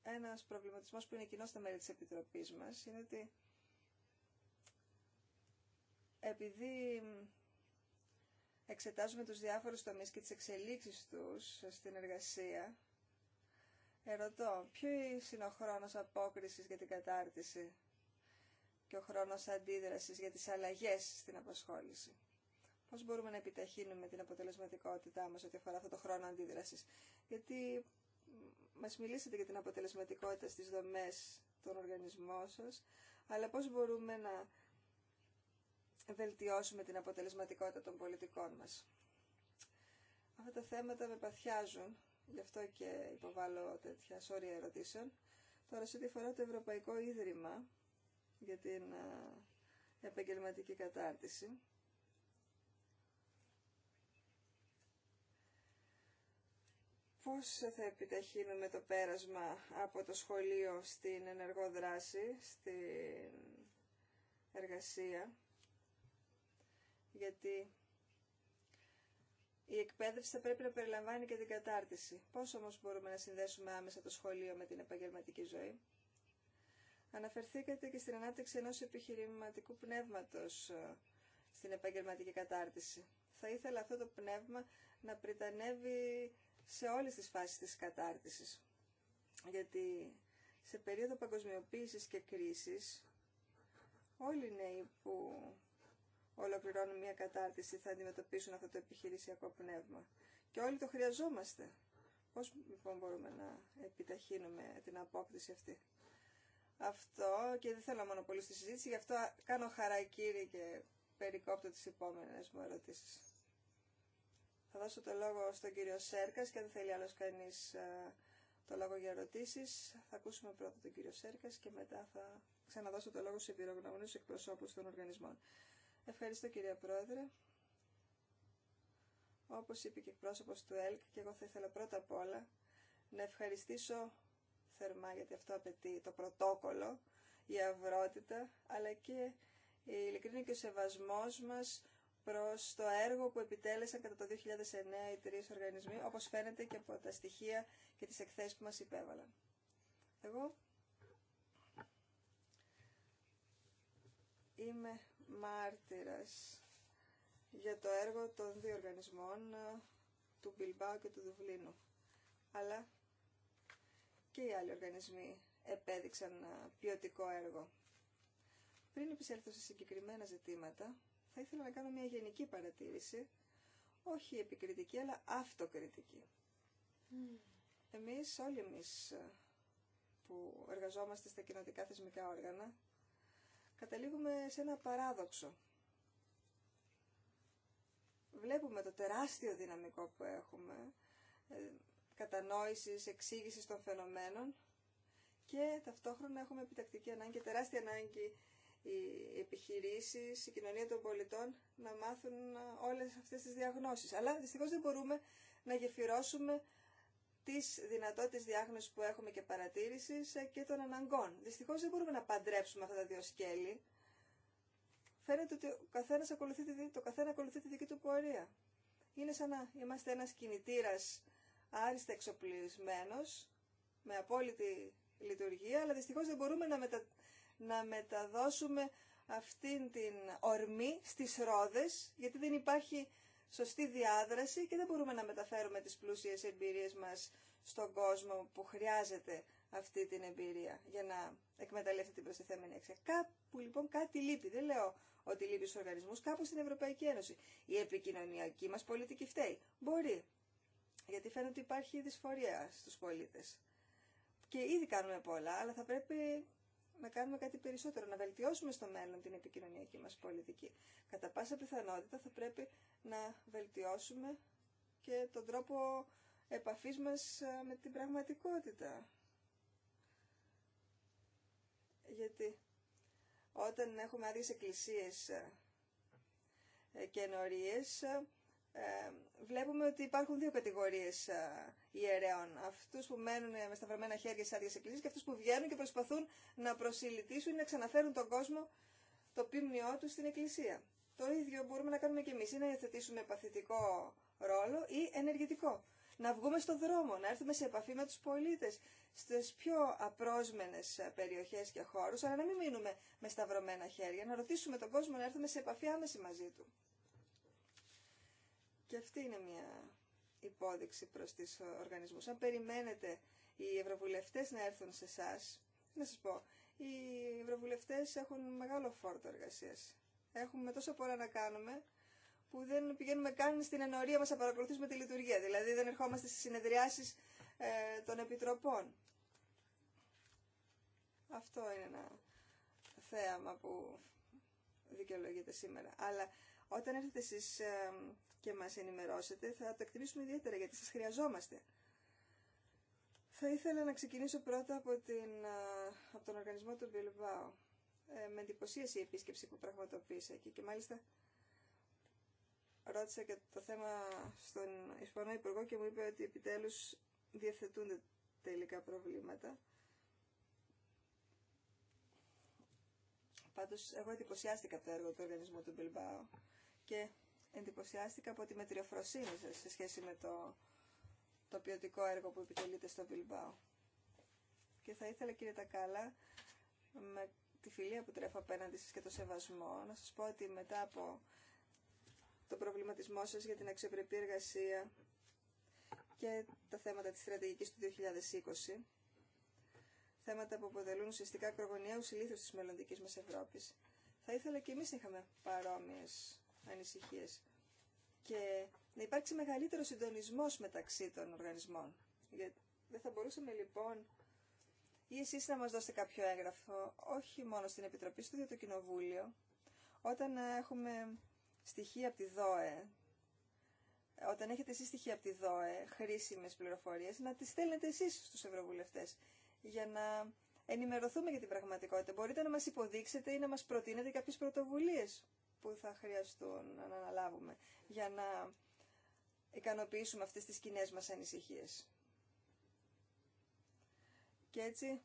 ένας προβληματισμός που είναι κοινό στα μέλη της Επιτροπής μας είναι ότι επειδή εξετάζουμε τους διάφορους τομείς και τις εξελίξεις τους στην εργασία, ερωτώ, ποιο είναι ο χρόνος απόκρισης για την κατάρτιση και ο χρόνος αντίδρασης για τις αλλαγές στην απασχόληση. Πώς μπορούμε να επιταχύνουμε την αποτελεσματικότητά μας ό,τι αφορά αυτό το χρόνο αντίδρασης. Γιατί μας μιλήσατε για την αποτελεσματικότητα στις δομές των οργανισμών σας, αλλά πώς μπορούμε να βελτιώσουμε την αποτελεσματικότητα των πολιτικών μας. Αυτά τα θέματα με παθιάζουν, γι' αυτό και υποβάλλω τέτοια σώρια ερωτήσεων. Τώρα, σε ό,τι αφορά το Ευρωπαϊκό Ίδρυμα για την ε, επαγγελματική κατάρτιση. Πώς θα επιταχύνουμε το πέρασμα από το σχολείο στην ενεργό δράση, στην εργασία, γιατί η εκπαίδευση θα πρέπει να περιλαμβάνει και την κατάρτιση. Πώς όμως μπορούμε να συνδέσουμε άμεσα το σχολείο με την επαγγελματική ζωή. Αναφερθήκατε και στην ανάπτυξη ενός επιχειρηματικού πνεύματος ε, στην επαγγελματική κατάρτιση. Θα ήθελα αυτό το πνεύμα να πριτανεύει σε όλες τις φάσεις της κατάρτισης. Γιατί σε περίοδο παγκοσμιοποίησης και κρίσης, όλοι οι νέοι που ολοκληρώνουν μια κατάρτιση θα αντιμετωπίσουν αυτό το επιχειρησιακό πνεύμα. Και όλοι το χρειαζόμαστε. Πώς λοιπόν μπορούμε να επιταχύνουμε την απόκτηση αυτή αυτό και δεν θέλω μόνο πολύ στη συζήτηση, γι' αυτό κάνω χαρακτήρι και περικόπτω τις επόμενες μου ερωτήσεις. Θα δώσω το λόγο στον κύριο Σέρκας και αν θέλει άλλος κανείς ε, το λόγο για ερωτήσεις. Θα ακούσουμε πρώτα τον κύριο Σέρκας και μετά θα ξαναδώσω το λόγο σε εμπειρογνωμονούς εκπροσώπους των οργανισμών. Ευχαριστώ κύριε Πρόεδρε. Όπως είπε και εκπρόσωπος του ΕΛΚ και εγώ θα ήθελα πρώτα απ' όλα να ευχαριστήσω θερμά, γιατί αυτό απαιτεί το πρωτόκολλο, η αυρότητα, αλλά και η ειλικρίνη και ο σεβασμός μας προς το έργο που επιτέλεσαν κατά το 2009 οι τρεις οργανισμοί, όπως φαίνεται και από τα στοιχεία και τις εκθέσεις που μας υπέβαλαν. Εγώ είμαι μάρτυρας για το έργο των δύο οργανισμών, του Μπιλμπάου και του Δουβλίνου. Αλλά και οι άλλοι οργανισμοί επέδειξαν ποιοτικό έργο. Πριν επισέλθω σε συγκεκριμένα ζητήματα, θα ήθελα να κάνω μια γενική παρατήρηση, όχι επικριτική, αλλά αυτοκριτική. Mm. Εμείς, όλοι εμείς που εργαζόμαστε στα κοινοτικά θεσμικά όργανα, καταλήγουμε σε ένα παράδοξο. Βλέπουμε το τεράστιο δυναμικό που έχουμε, ε, κατανόησης, εξήγησης των φαινομένων και ταυτόχρονα έχουμε επιτακτική ανάγκη, τεράστια ανάγκη οι επιχειρήσεις, η κοινωνία των πολιτών να μάθουν όλες αυτές τις διαγνώσεις. Αλλά δυστυχώς δεν μπορούμε να γεφυρώσουμε τις δυνατότητες διάγνωσης που έχουμε και παρατήρησης και των αναγκών. Δυστυχώς δεν μπορούμε να παντρέψουμε αυτά τα δύο σκέλη. Φαίνεται ότι το καθένα ακολουθεί τη δική του πορεία. Είναι σαν να είμαστε ένας κινητήρας άριστα εξοπλισμένος, με απόλυτη λειτουργία, αλλά δυστυχώς δεν μπορούμε να, να μεταδώσουμε αυτήν την ορμή στις ρόδες, γιατί δεν υπάρχει σωστή διάδραση και δεν μπορούμε να μεταφέρουμε τις πλούσιες εμπειρίες μας στον κόσμο που χρειάζεται αυτή την εμπειρία για να εκμεταλλεύεται την προστιθέμενη αξία. Κάπου λοιπόν κάτι λείπει. Δεν λέω ότι λείπει στου οργανισμού, κάπου στην Ευρωπαϊκή Ένωση. Η επικοινωνιακή μα πολιτική φταίει. Μπορεί. Γιατί φαίνεται ότι υπάρχει δυσφορία στους πολίτες. Και ήδη κάνουμε πολλά, αλλά θα πρέπει να κάνουμε κάτι περισσότερο, να βελτιώσουμε στο μέλλον την επικοινωνιακή μας πολιτική. Κατά πάσα πιθανότητα θα πρέπει να βελτιώσουμε και τον τρόπο επαφής μας ε, με την πραγματικότητα. Γιατί όταν έχουμε άδειες εκκλησίες ε, ε, και ενορίες, βλέπουμε ότι υπάρχουν δύο κατηγορίες ε, ιερέων. Αυτούς που μένουν ε, με σταυρωμένα χέρια στι άδειες εκκλησίες και αυτούς που βγαίνουν και προσπαθούν να προσιλητήσουν ή να ξαναφέρουν τον κόσμο το πίμνιό του στην εκκλησία. Το ίδιο μπορούμε να κάνουμε και εμείς, ή να υιοθετήσουμε παθητικό ρόλο ή ενεργητικό. Να βγούμε στον δρόμο, να έρθουμε σε επαφή με τους πολίτες, στις πιο απρόσμενες ε, περιοχές και χώρους, αλλά να μην μείνουμε με σταυρωμένα χέρια, να ρωτήσουμε τον κόσμο να έρθουμε σε επαφή άμεση μαζί του. Και αυτή είναι μια υπόδειξη προς τις οργανισμούς. Αν περιμένετε οι ευρωβουλευτές να έρθουν σε εσά, να σας πω, οι ευρωβουλευτές έχουν μεγάλο φόρτο εργασίας. Έχουμε τόσο πολλά να κάνουμε που δεν πηγαίνουμε καν στην ενορία μας να παρακολουθήσουμε τη λειτουργία. Δηλαδή δεν ερχόμαστε στις συνεδριάσεις ε, των επιτροπών. Αυτό είναι ένα θέαμα που δικαιολογείται σήμερα. Αλλά όταν έρθετε εσείς ε, και μας ενημερώσετε θα το εκτιμήσουμε ιδιαίτερα γιατί σας χρειαζόμαστε. Θα ήθελα να ξεκινήσω πρώτα από, την, ε, από τον οργανισμό του Βελβάο με εντυπωσίασε η επίσκεψη που πραγματοποίησα εκεί και μάλιστα ρώτησα και το θέμα στον Ισπανό Υπουργό και μου είπε ότι επιτέλους διευθετούνται τελικά προβλήματα. Πάντως εγώ εντυπωσιάστηκα από το έργο του οργανισμού του Μπιλμπάου και εντυπωσιάστηκα από τη μετριοφροσύνη σας σε σχέση με το, το ποιοτικό έργο που επιτελείται στο Βιλμπάο. Και θα ήθελα κύριε Τακάλα, με τη φιλία που τρέφω απέναντι σας και το σεβασμό, να σας πω ότι μετά από το προβληματισμό σας για την αξιοπρεπή εργασία και τα θέματα της στρατηγικής του 2020, θέματα που αποτελούν ουσιαστικά ακρογωνία ηλίθους της μελλοντικής μας Ευρώπης. Θα ήθελα και εμείς είχαμε παρόμοιες ανησυχίες και να υπάρξει μεγαλύτερο συντονισμός μεταξύ των οργανισμών. Δεν θα μπορούσαμε λοιπόν ή εσείς να μας δώσετε κάποιο έγγραφο, όχι μόνο στην Επιτροπή, στο ίδιο το Κοινοβούλιο, όταν έχουμε στοιχεία από τη ΔΟΕ, όταν έχετε εσείς στοιχεία από τη ΔΟΕ, χρήσιμες πληροφορίες, να τις στέλνετε εσείς στους Ευρωβουλευτές, για να ενημερωθούμε για την πραγματικότητα. Μπορείτε να μας υποδείξετε ή να μας προτείνετε κάποιες πρωτοβουλίες που θα χρειαστούν να αναλάβουμε για να ικανοποιήσουμε αυτές τις κοινέ μας ανησυχίες. Και έτσι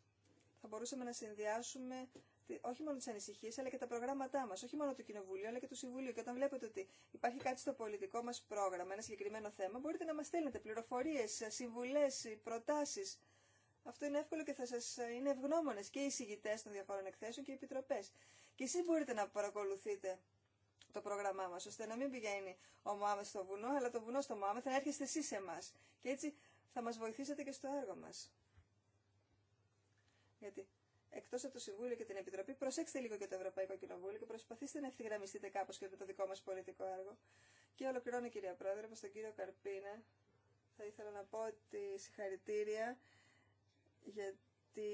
θα μπορούσαμε να συνδυάσουμε όχι μόνο τις ανησυχίες αλλά και τα προγράμματά μας, όχι μόνο του Κοινοβουλίου αλλά και του Συμβουλίου. Και όταν βλέπετε ότι υπάρχει κάτι στο πολιτικό μας πρόγραμμα, ένα συγκεκριμένο θέμα, μπορείτε να μας στέλνετε πληροφορίες, συμβουλές, προτάσεις. Αυτό είναι εύκολο και θα σας είναι ευγνώμονες και οι συγητές των διαφόρων εκθέσεων και οι επιτροπές. Και εσείς μπορείτε να παρακολουθείτε το πρόγραμμά μα ώστε να μην πηγαίνει ο Μωάμεθ στο βουνό, αλλά το βουνό στο Μωάμεθ θα έρχεστε εσείς σε εμά. Και έτσι θα μα βοηθήσετε και στο έργο μα. Γιατί εκτό από το Συμβούλιο και την Επιτροπή, προσέξτε λίγο και το Ευρωπαϊκό Κοινοβούλιο και προσπαθήστε να ευθυγραμμιστείτε κάπω και με το δικό μα πολιτικό έργο. Και ολοκληρώνω, κυρία Πρόεδρε, προ τον κύριο Καρπίνα. Θα ήθελα να πω ότι συγχαρητήρια γιατί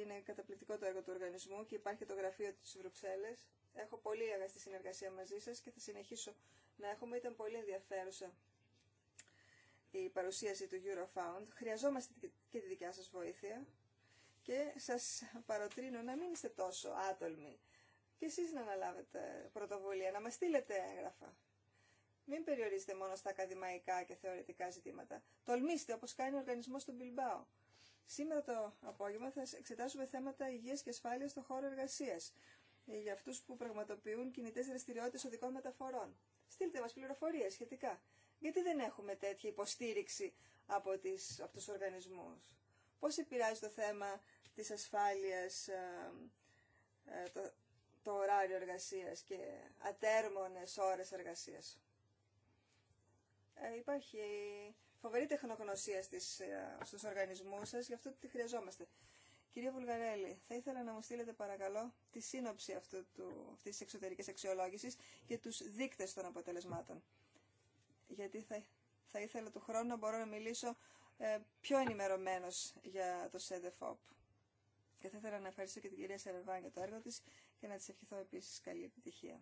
είναι καταπληκτικό το έργο του οργανισμού και υπάρχει το γραφείο τη Βρυξέλλες Έχω πολύ αγαστή συνεργασία μαζί σας και θα συνεχίσω να έχουμε. Ήταν πολύ ενδιαφέρουσα η παρουσίαση του Eurofound. Χρειαζόμαστε και τη δικιά σας βοήθεια και σας παροτρύνω να μην είστε τόσο άτολμοι και εσείς να αναλάβετε πρωτοβουλία, να μας στείλετε έγγραφα. Μην περιορίζετε μόνο στα ακαδημαϊκά και θεωρητικά ζητήματα. Τολμήστε, όπως κάνει ο οργανισμός του Μπιλμπάου. Σήμερα το απόγευμα θα εξετάσουμε θέματα υγείας και ασφάλειας στον χώρο εργασίας. Ε, για αυτούς που πραγματοποιούν κινητές δραστηριότητες οδικών μεταφορών. Στείλτε μας πληροφορίες σχετικά. Γιατί δεν έχουμε τέτοια υποστήριξη από, τις, από τους οργανισμούς. Πώς επηρεάζει το θέμα της ασφάλειας, ε, ε, το, το ωράριο εργασίας και ατέρμονες ώρες εργασίας. Ε, υπάρχει φοβερή τεχνογνωσία στις, στους οργανισμούς σας, γι' αυτό τη χρειαζόμαστε. Κυρία Βουλγαρέλη, θα ήθελα να μου στείλετε παρακαλώ τη σύνοψη αυτού του, αυτής της εξωτερικής αξιολόγησης και τους δείκτες των αποτελεσμάτων. Γιατί θα, θα ήθελα του χρόνου να μπορώ να μιλήσω ε, πιο ενημερωμένος για το ΣΕΔΕΦΟΠ. Και θα ήθελα να ευχαριστήσω και την κυρία Σερεβάν για το έργο της και να της ευχηθώ επίσης καλή επιτυχία.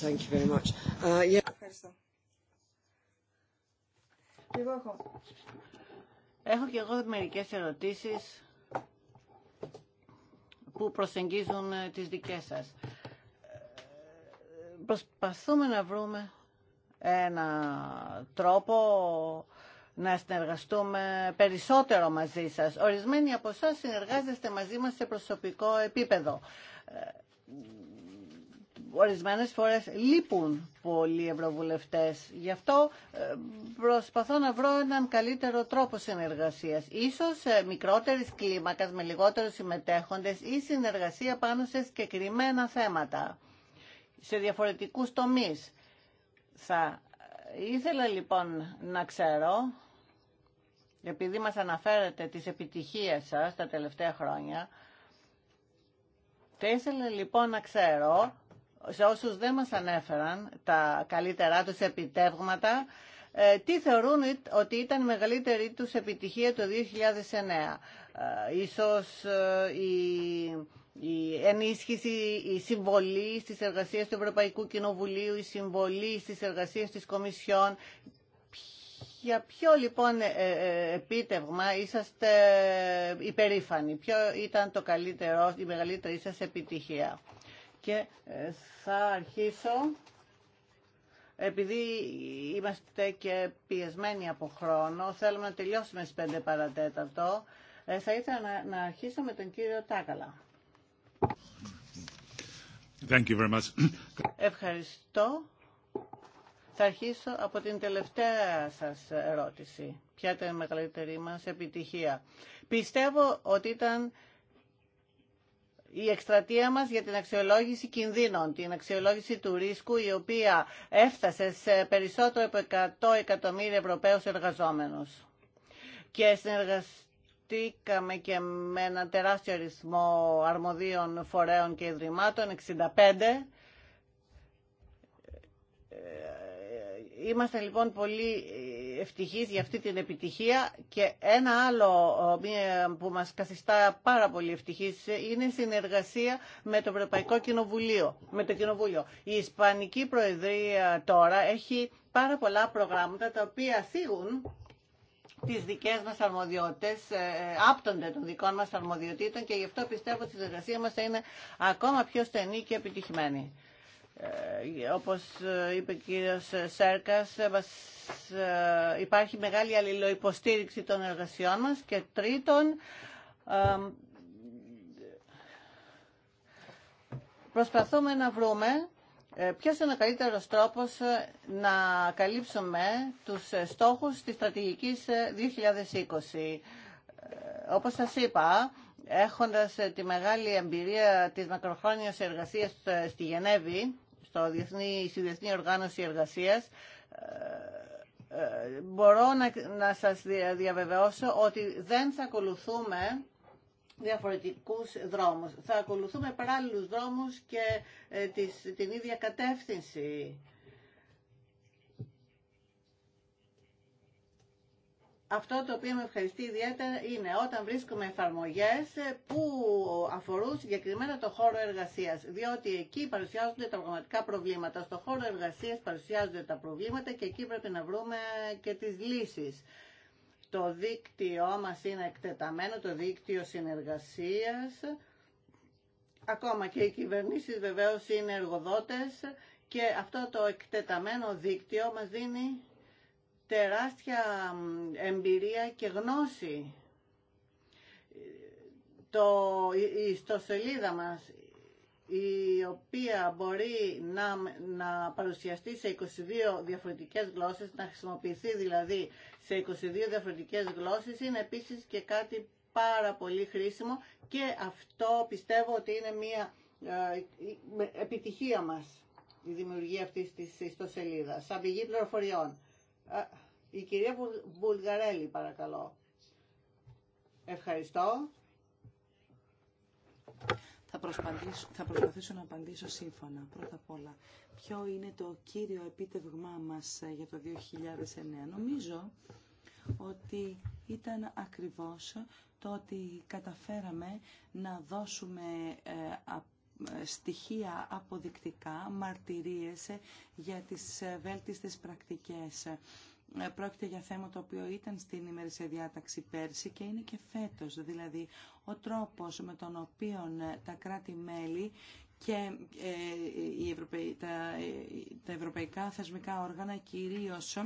Thank you very much. Uh, Ευχαριστώ. Έχω και εγώ μερικές ερωτήσεις που προσεγγίζουν ε, τις δικές σας. Προσπαθούμε να βρούμε ένα τρόπο να συνεργαστούμε περισσότερο μαζί σας. Ορισμένοι από εσά συνεργάζεστε μαζί μας σε προσωπικό επίπεδο. Ε, ορισμένες φορές λείπουν πολλοί ευρωβουλευτές. Γι' αυτό ε, προσπαθώ να βρω έναν καλύτερο τρόπο συνεργασίας. Ίσως ε, μικρότερης κλίμακας με λιγότερους συμμετέχοντες ή συνεργασία πάνω σε συγκεκριμένα θέματα, σε διαφορετικούς τομείς. Θα ε, ήθελα λοιπόν να ξέρω, επειδή μας αναφέρετε τις επιτυχίες σας τα τελευταία χρόνια, θα ήθελα λοιπόν να ξέρω σε όσους δεν μας ανέφεραν τα καλύτερά τους επιτεύγματα, ε, τι θεωρούν ότι ήταν η μεγαλύτερη τους επιτυχία το 2009. Ε, ίσως ε, η, ενίσχυση, η συμβολή στις εργασίες του Ευρωπαϊκού Κοινοβουλίου, η συμβολή στις εργασίες της Κομισιόν. Για ποιο λοιπόν επίτευγμα είσαστε υπερήφανοι, ποιο ήταν το καλύτερο, η μεγαλύτερη σας επιτυχία και ε, θα αρχίσω επειδή είμαστε και πιεσμένοι από χρόνο, θέλουμε να τελειώσουμε στις 5 παρατέταρτο, ε, θα ήθελα να, να αρχίσω με τον κύριο Τάκαλα. Thank you very much. Ευχαριστώ. Θα αρχίσω από την τελευταία σας ερώτηση. Ποια ήταν η μεγαλύτερη μας επιτυχία. Πιστεύω ότι ήταν η εκστρατεία μας για την αξιολόγηση κινδύνων, την αξιολόγηση του ρίσκου, η οποία έφτασε σε περισσότερο από 100 εκατομμύρια Ευρωπαίους εργαζόμενους. Και συνεργαστήκαμε και με ένα τεράστιο αριθμό αρμοδίων φορέων και ιδρυμάτων, 65, ε, ε, Είμαστε λοιπόν πολύ ευτυχής για αυτή την επιτυχία και ένα άλλο που μας καθιστά πάρα πολύ ευτυχής είναι η συνεργασία με το Ευρωπαϊκό Κοινοβουλίο, με το Κοινοβούλιο. Η Ισπανική Προεδρία τώρα έχει πάρα πολλά προγράμματα τα οποία θίγουν τις δικές μας αρμοδιότητες, ε, ε, άπτονται των δικών μας αρμοδιοτήτων και γι' αυτό πιστεύω ότι η συνεργασία μας θα είναι ακόμα πιο στενή και επιτυχημένη. Ε, όπως ε, είπε ο κύριος Σέρκας, ε, υπάρχει μεγάλη αλληλοϊποστήριξη των εργασιών μας και τρίτον, προσπαθούμε να βρούμε ποιος είναι ο καλύτερος τρόπος να καλύψουμε τους στόχους της στρατηγικής 2020. Όπως σας είπα, έχοντας τη μεγάλη εμπειρία της μακροχρόνιας εργασίας στη Γενέβη, στο Διεθνή, στη Διεθνή Οργάνωση Εργασίας ε, ε, μπορώ να, να σας διαβεβαιώσω ότι δεν θα ακολουθούμε διαφορετικούς δρόμους. Θα ακολουθούμε παράλληλους δρόμους και ε, την ίδια κατεύθυνση. αυτό το οποίο με ευχαριστεί ιδιαίτερα είναι όταν βρίσκουμε εφαρμογές που αφορούν συγκεκριμένα το χώρο εργασίας, διότι εκεί παρουσιάζονται τα πραγματικά προβλήματα. Στο χώρο εργασίας παρουσιάζονται τα προβλήματα και εκεί πρέπει να βρούμε και τις λύσεις. Το δίκτυό μας είναι εκτεταμένο, το δίκτυο συνεργασίας. Ακόμα και οι κυβερνήσεις βεβαίως είναι εργοδότες και αυτό το εκτεταμένο δίκτυο μας δίνει τεράστια εμπειρία και γνώση. Το, η ιστοσελίδα μας η οποία μπορεί να, να παρουσιαστεί σε 22 διαφορετικές γλώσσες, να χρησιμοποιηθεί δηλαδή σε 22 διαφορετικές γλώσσες, είναι επίσης και κάτι πάρα πολύ χρήσιμο και αυτό πιστεύω ότι είναι μια ε, επιτυχία μας η δημιουργία αυτής της ιστοσελίδας, σαν πηγή πληροφοριών. Ε, η κυρία Βουλγαρέλη, παρακαλώ. Ευχαριστώ. Θα προσπαθήσω, θα προσπαθήσω να απαντήσω σύμφωνα. Πρώτα απ' όλα, ποιο είναι το κύριο επίτευγμά μας ε, για το 2009. Νομίζω ότι ήταν ακριβώς το ότι καταφέραμε να δώσουμε ε, στοιχεία αποδεικτικά, μαρτυρίες για τις βέλτιστες πρακτικές. Πρόκειται για θέμα το οποίο ήταν στην ημερησία διάταξη πέρσι και είναι και φέτος, δηλαδή ο τρόπος με τον οποίο τα κράτη-μέλη και ε, ε, τα ευρωπαϊκά θεσμικά όργανα κυρίως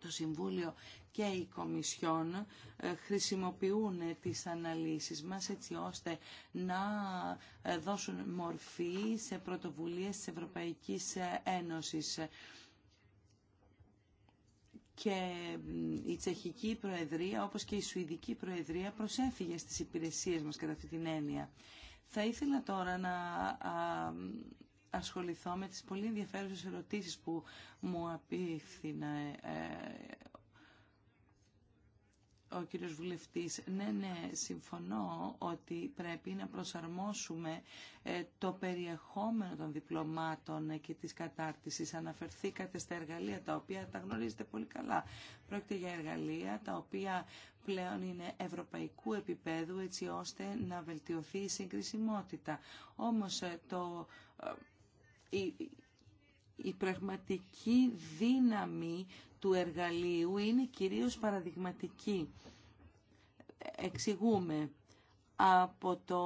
το Συμβούλιο και οι Κομισιόν ε, χρησιμοποιούν τις αναλύσεις μας έτσι ώστε να ε, δώσουν μορφή σε πρωτοβουλίες της Ευρωπαϊκής ε, Ένωσης και η Τσεχική Προεδρία όπως και η Σουηδική Προεδρία προσέφυγε στις υπηρεσίες μας κατά αυτή την έννοια. Θα ήθελα τώρα να ασχοληθώ με τις πολύ ενδιαφέρουσες ερωτήσεις που μου ε, ο κύριος Βουλευτής. Ναι, ναι, συμφωνώ ότι πρέπει να προσαρμόσουμε ε, το περιεχόμενο των διπλωμάτων ε, και της κατάρτισης. Αναφερθήκατε στα εργαλεία τα οποία τα γνωρίζετε πολύ καλά. Πρόκειται για εργαλεία τα οποία πλέον είναι ευρωπαϊκού επίπεδου έτσι ώστε να βελτιωθεί η συγκρισιμότητα. Όμως ε, το η πραγματική δύναμη του εργαλείου είναι κυρίως παραδειγματική. Εξηγούμε από το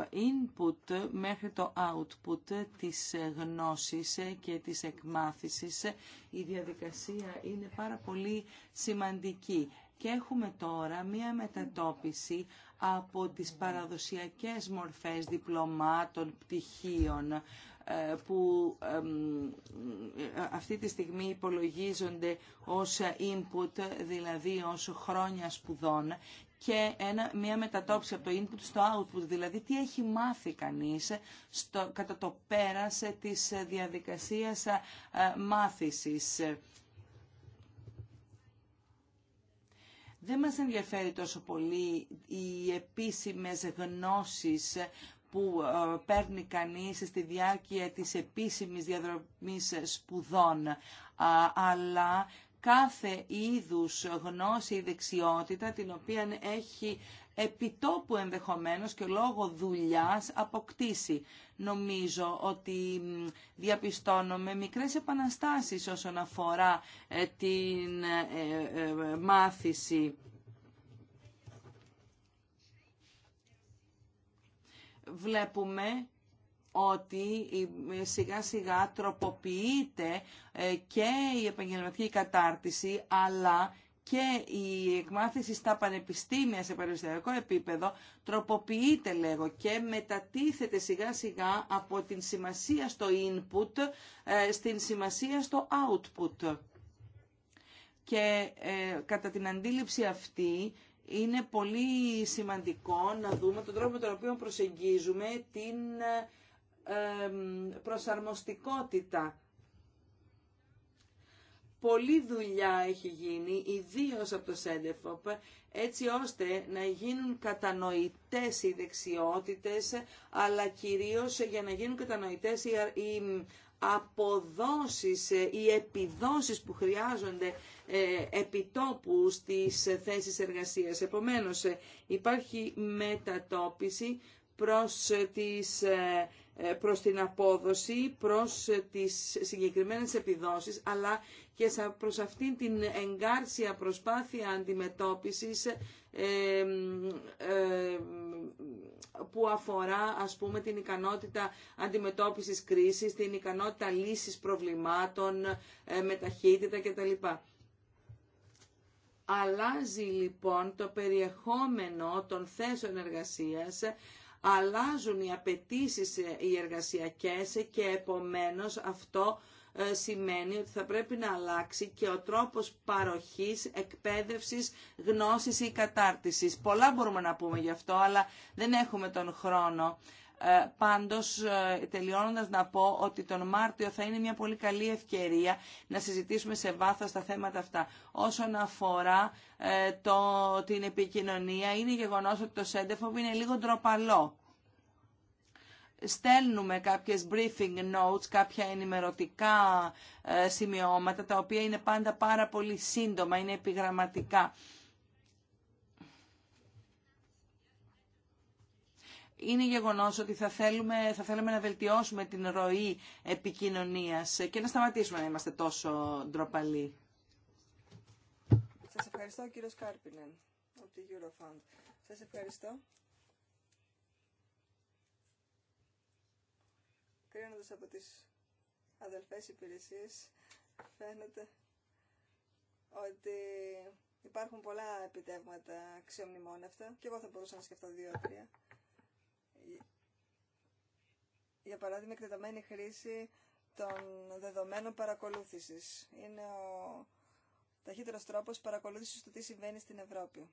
input μέχρι το output της γνώσης και της εκμάθησης η διαδικασία είναι πάρα πολύ σημαντική. Και έχουμε τώρα μία μετατόπιση από τις παραδοσιακές μορφές διπλωμάτων, πτυχίων ε, που αυτή τη στιγμή υπολογίζονται ως input, δηλαδή ως χρόνια σπουδών και ένα, μια μετατόπιση από το input στο output, δηλαδή τι έχει μάθει κανείς στο, κατά το πέρασε της διαδικασίας ε, μάθησης. Δεν μας ενδιαφέρει τόσο πολύ οι επίσημες γνώσεις που ε, παίρνει κανείς στη διάρκεια της επίσημης διαδρομής σπουδών, αλλά κάθε είδους γνώση ή δεξιότητα την οποία έχει επιτόπου ενδεχομένως και λόγω δουλειάς αποκτήσει. Νομίζω ότι διαπιστώνουμε μικρές επαναστάσεις όσον αφορά ε, την ε, μάθηση βλέπουμε ότι σιγά σιγά τροποποιείται ε, και η επαγγελματική κατάρτιση αλλά και η εκμάθηση στα πανεπιστήμια σε περιοριστικό επίπεδο τροποποιείται λέγω και μετατίθεται σιγά σιγά από την σημασία στο input ε, στην σημασία στο output. Και ε, κατά την αντίληψη αυτή είναι πολύ σημαντικό να δούμε τον τρόπο με τον οποίο προσεγγίζουμε την ε, προσαρμοστικότητα. Πολύ δουλειά έχει γίνει, ιδίως από το ΣΕΝΤΕΦΟΠ, έτσι ώστε να γίνουν κατανοητές οι δεξιότητες, αλλά κυρίως για να γίνουν κατανοητές οι αποδόσεις ή ε, επιδόσεις που χρειάζονται ε, επιτόπου στις ε, θέσεις εργασίας. Επομένως, υπάρχει μετατόπιση προς, τις, προς την απόδοση, προς τις συγκεκριμένες επιδόσεις, αλλά και προς αυτήν την εγκάρσια προσπάθεια αντιμετώπισης που αφορά ας πούμε την ικανότητα αντιμετώπισης κρίσης, την ικανότητα λύσης προβλημάτων ε, με ταχύτητα κτλ. Αλλάζει λοιπόν το περιεχόμενο των θέσεων εργασίας, αλλάζουν οι απαιτήσει ε, οι εργασιακές και επομένως αυτό ε, σημαίνει ότι θα πρέπει να αλλάξει και ο τρόπος παροχής, εκπαίδευσης, γνώσης ή κατάρτισης. Πολλά μπορούμε να πούμε γι' αυτό, αλλά δεν έχουμε τον χρόνο. Ε, πάντως, ε, τελειώνοντας να πω ότι τον Μάρτιο θα είναι μια πολύ καλή ευκαιρία να συζητήσουμε σε βάθος τα θέματα αυτά. Όσον αφορά το, την επικοινωνία, είναι γεγονός ότι το Σέντεφοβ είναι λίγο ντροπαλό στέλνουμε κάποιες briefing notes, κάποια ενημερωτικά ε, σημειώματα, τα οποία είναι πάντα πάρα πολύ σύντομα, είναι επιγραμματικά. είναι γεγονός ότι θα θέλουμε, θα θέλουμε να βελτιώσουμε την ροή επικοινωνίας και να σταματήσουμε να είμαστε τόσο ντροπαλοί. Σας ευχαριστώ κύριο Σκάρπινεν από Σας ευχαριστώ. κρίνοντας από τις αδελφές υπηρεσίες, φαίνεται ότι υπάρχουν πολλά επιτεύγματα αξιομνημόνευτα και εγώ θα μπορούσα να σκεφτώ δύο-τρία. Για παράδειγμα, εκτεταμένη χρήση των δεδομένων παρακολούθησης. Είναι ο ταχύτερος τρόπος παρακολούθησης του τι συμβαίνει στην Ευρώπη.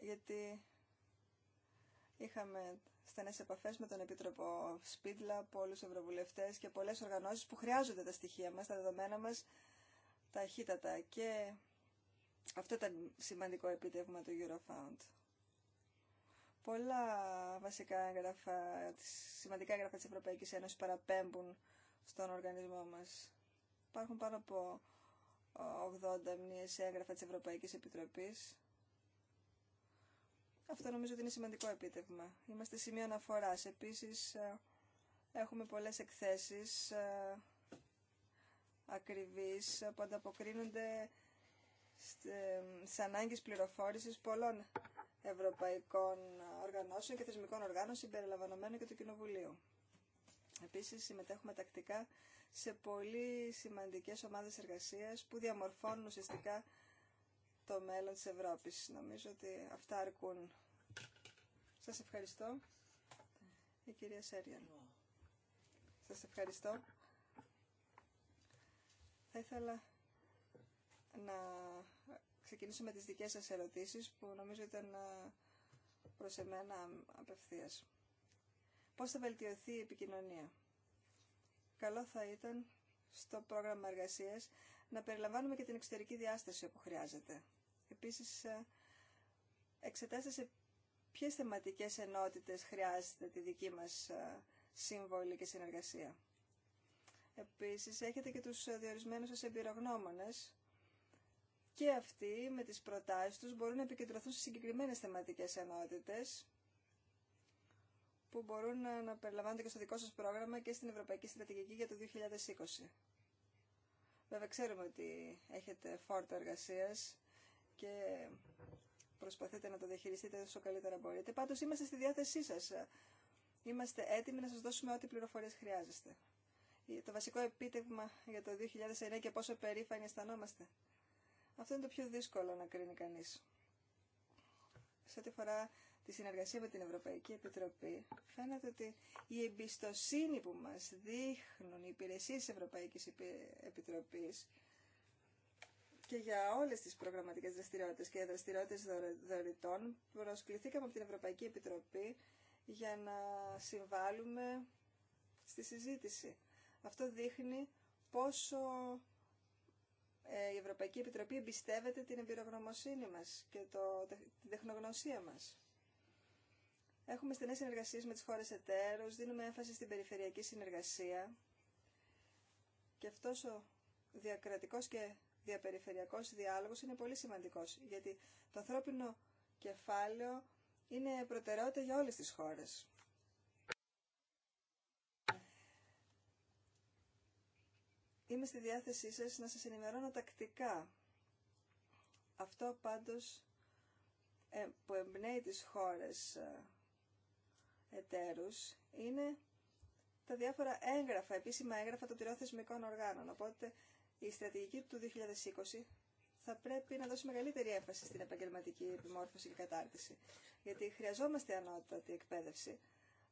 Γιατί είχαμε στενέ επαφέ με τον Επίτροπο Σπίτλα, από όλου του Ευρωβουλευτέ και πολλέ οργανώσει που χρειάζονται τα στοιχεία μα, τα δεδομένα μα ταχύτατα. Και αυτό ήταν σημαντικό επίτευγμα του Eurofound. Πολλά βασικά έγγραφα, σημαντικά έγγραφα της Ευρωπαϊκής Ένωσης παραπέμπουν στον οργανισμό μας. Υπάρχουν πάνω από 80 ε, μνήες έγγραφα της Ευρωπαϊκής Επιτροπής αυτό νομίζω ότι είναι σημαντικό επίτευγμα. Είμαστε σημείο αναφορά. Επίσης, ε, έχουμε πολλές εκθέσεις ε, ακριβεί ε, που ανταποκρίνονται στι ανάγκε πληροφόρηση πολλών ευρωπαϊκών οργανώσεων και θεσμικών οργάνων συμπεριλαμβανομένων και του Κοινοβουλίου. Επίσης, συμμετέχουμε τακτικά σε πολύ σημαντικέ ομάδε εργασία που διαμορφώνουν ουσιαστικά το μέλλον της Ευρώπης. Νομίζω ότι αυτά αρκούν. Σας ευχαριστώ. Η κυρία Σέριαν. Σας ευχαριστώ. Θα ήθελα να ξεκινήσω με τις δικές σας ερωτήσεις που νομίζω ήταν προς εμένα απευθείας. Πώς θα βελτιωθεί η επικοινωνία. Καλό θα ήταν στο πρόγραμμα εργασίας να περιλαμβάνουμε και την εξωτερική διάσταση όπου χρειάζεται. Επίσης, ε, σε ποιες θεματικές ενότητες χρειάζεται τη δική μας ε, σύμβολη και συνεργασία. Επίσης, έχετε και τους ε, διορισμένους σας εμπειρογνώμονες και αυτοί με τις προτάσεις τους μπορούν να επικεντρωθούν σε συγκεκριμένες θεματικές ενότητες που μπορούν να, να περιλαμβάνονται και στο δικό σας πρόγραμμα και στην Ευρωπαϊκή Στρατηγική για το 2020. Βέβαια, ξέρουμε ότι έχετε φόρτο εργασίας και προσπαθείτε να το διαχειριστείτε όσο καλύτερα μπορείτε. Πάντως είμαστε στη διάθεσή σας. Είμαστε έτοιμοι να σας δώσουμε ό,τι πληροφορίες χρειάζεστε. Το βασικό επίτευγμα για το 2009 και πόσο περήφανοι αισθανόμαστε. Αυτό είναι το πιο δύσκολο να κρίνει κανεί. Σε ό,τι αφορά τη συνεργασία με την Ευρωπαϊκή Επιτροπή, φαίνεται ότι η εμπιστοσύνη που μας δείχνουν οι υπηρεσίες της Ευρωπαϊκής Επιτροπής και για όλες τις προγραμματικές δραστηριότητες και δραστηριότητες δωρητών προσκληθήκαμε από την Ευρωπαϊκή Επιτροπή για να συμβάλλουμε στη συζήτηση. Αυτό δείχνει πόσο ε, η Ευρωπαϊκή Επιτροπή εμπιστεύεται την εμπειρογνωμοσύνη μας και το, την τεχνογνωσία μας. Έχουμε στενές συνεργασίες με τις χώρες εταίρους, δίνουμε έμφαση στην περιφερειακή συνεργασία και αυτός ο διακρατικός και διαπεριφερειακός διάλογος είναι πολύ σημαντικός, γιατί το ανθρώπινο κεφάλαιο είναι προτεραιότητα για όλες τις χώρες. Είμαι στη διάθεσή σας να σας ενημερώνω τακτικά. Αυτό πάντως ε, που εμπνέει τις χώρες ε, εταίρους είναι τα διάφορα έγγραφα, επίσημα έγγραφα των τριώθεσμικών οργάνων. Οπότε η στρατηγική του 2020 θα πρέπει να δώσει μεγαλύτερη έμφαση στην επαγγελματική επιμόρφωση και κατάρτιση. Γιατί χρειαζόμαστε ανώτατη εκπαίδευση,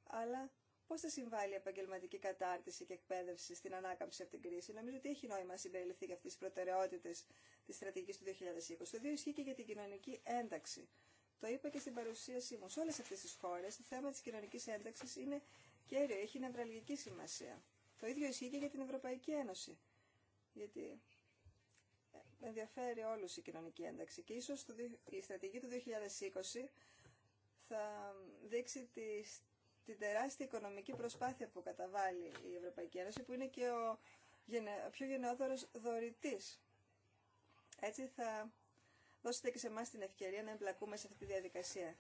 αλλά πώς θα συμβάλλει η επαγγελματική κατάρτιση και εκπαίδευση στην ανάκαμψη από την κρίση. Νομίζω ότι έχει νόημα να συμπεριληφθεί και αυτές τις προτεραιότητες της στρατηγικής του 2020. Το ίδιο ισχύει και για την κοινωνική ένταξη. Το είπα και στην παρουσίασή μου. Σε όλες αυτές τις χώρες το θέμα της κοινωνικής ένταξης είναι κέριο, έχει νευραλγική σημασία. Το ίδιο ισχύει και για την Ευρωπαϊκή Ένωση γιατί ε, ενδιαφέρει όλους η κοινωνική ένταξη και ίσως η στρατηγική του 2020 θα δείξει τη την τεράστια οικονομική προσπάθεια που καταβάλει η Ευρωπαϊκή Ένωση που είναι και ο πιο γενναιόδωρος δωρητής. Έτσι θα δώσετε και σε εμά την ευκαιρία να εμπλακούμε σε αυτή τη διαδικασία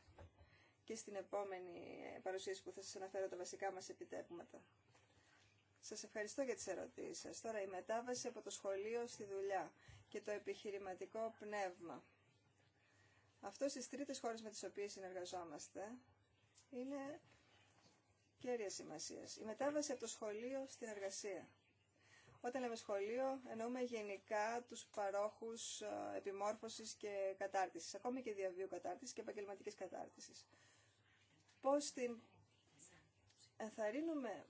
και στην επόμενη παρουσίαση που θα σας αναφέρω τα βασικά μας επιτεύγματα. Σας ευχαριστώ για τις ερωτήσεις σας. Τώρα η μετάβαση από το σχολείο στη δουλειά και το επιχειρηματικό πνεύμα. Αυτό στις τρίτες χώρες με τις οποίες συνεργαζόμαστε είναι κέρια σημασία. Η μετάβαση από το σχολείο στην εργασία. Όταν λέμε σχολείο, εννοούμε γενικά τους παρόχους ε, επιμόρφωσης και κατάρτισης, ακόμη και διαβίου κατάρτισης και επαγγελματική κατάρτισης. Πώς την ενθαρρύνουμε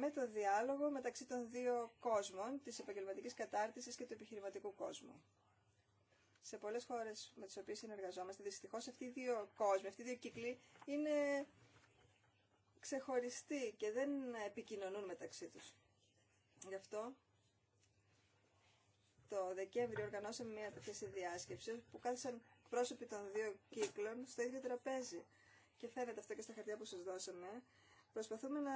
με το διάλογο μεταξύ των δύο κόσμων, της επαγγελματικής κατάρτισης και του επιχειρηματικού κόσμου. Σε πολλές χώρες με τις οποίες συνεργαζόμαστε, δυστυχώς αυτοί οι δύο κόσμοι, αυτοί οι δύο κύκλοι είναι ξεχωριστοί και δεν επικοινωνούν μεταξύ τους. Γι' αυτό το Δεκέμβριο οργανώσαμε μια τέτοια συνδιάσκεψη που κάθισαν πρόσωποι των δύο κύκλων στο ίδιο τραπέζι. Και φαίνεται αυτό και στα χαρτιά που σας δώσαμε, Προσπαθούμε να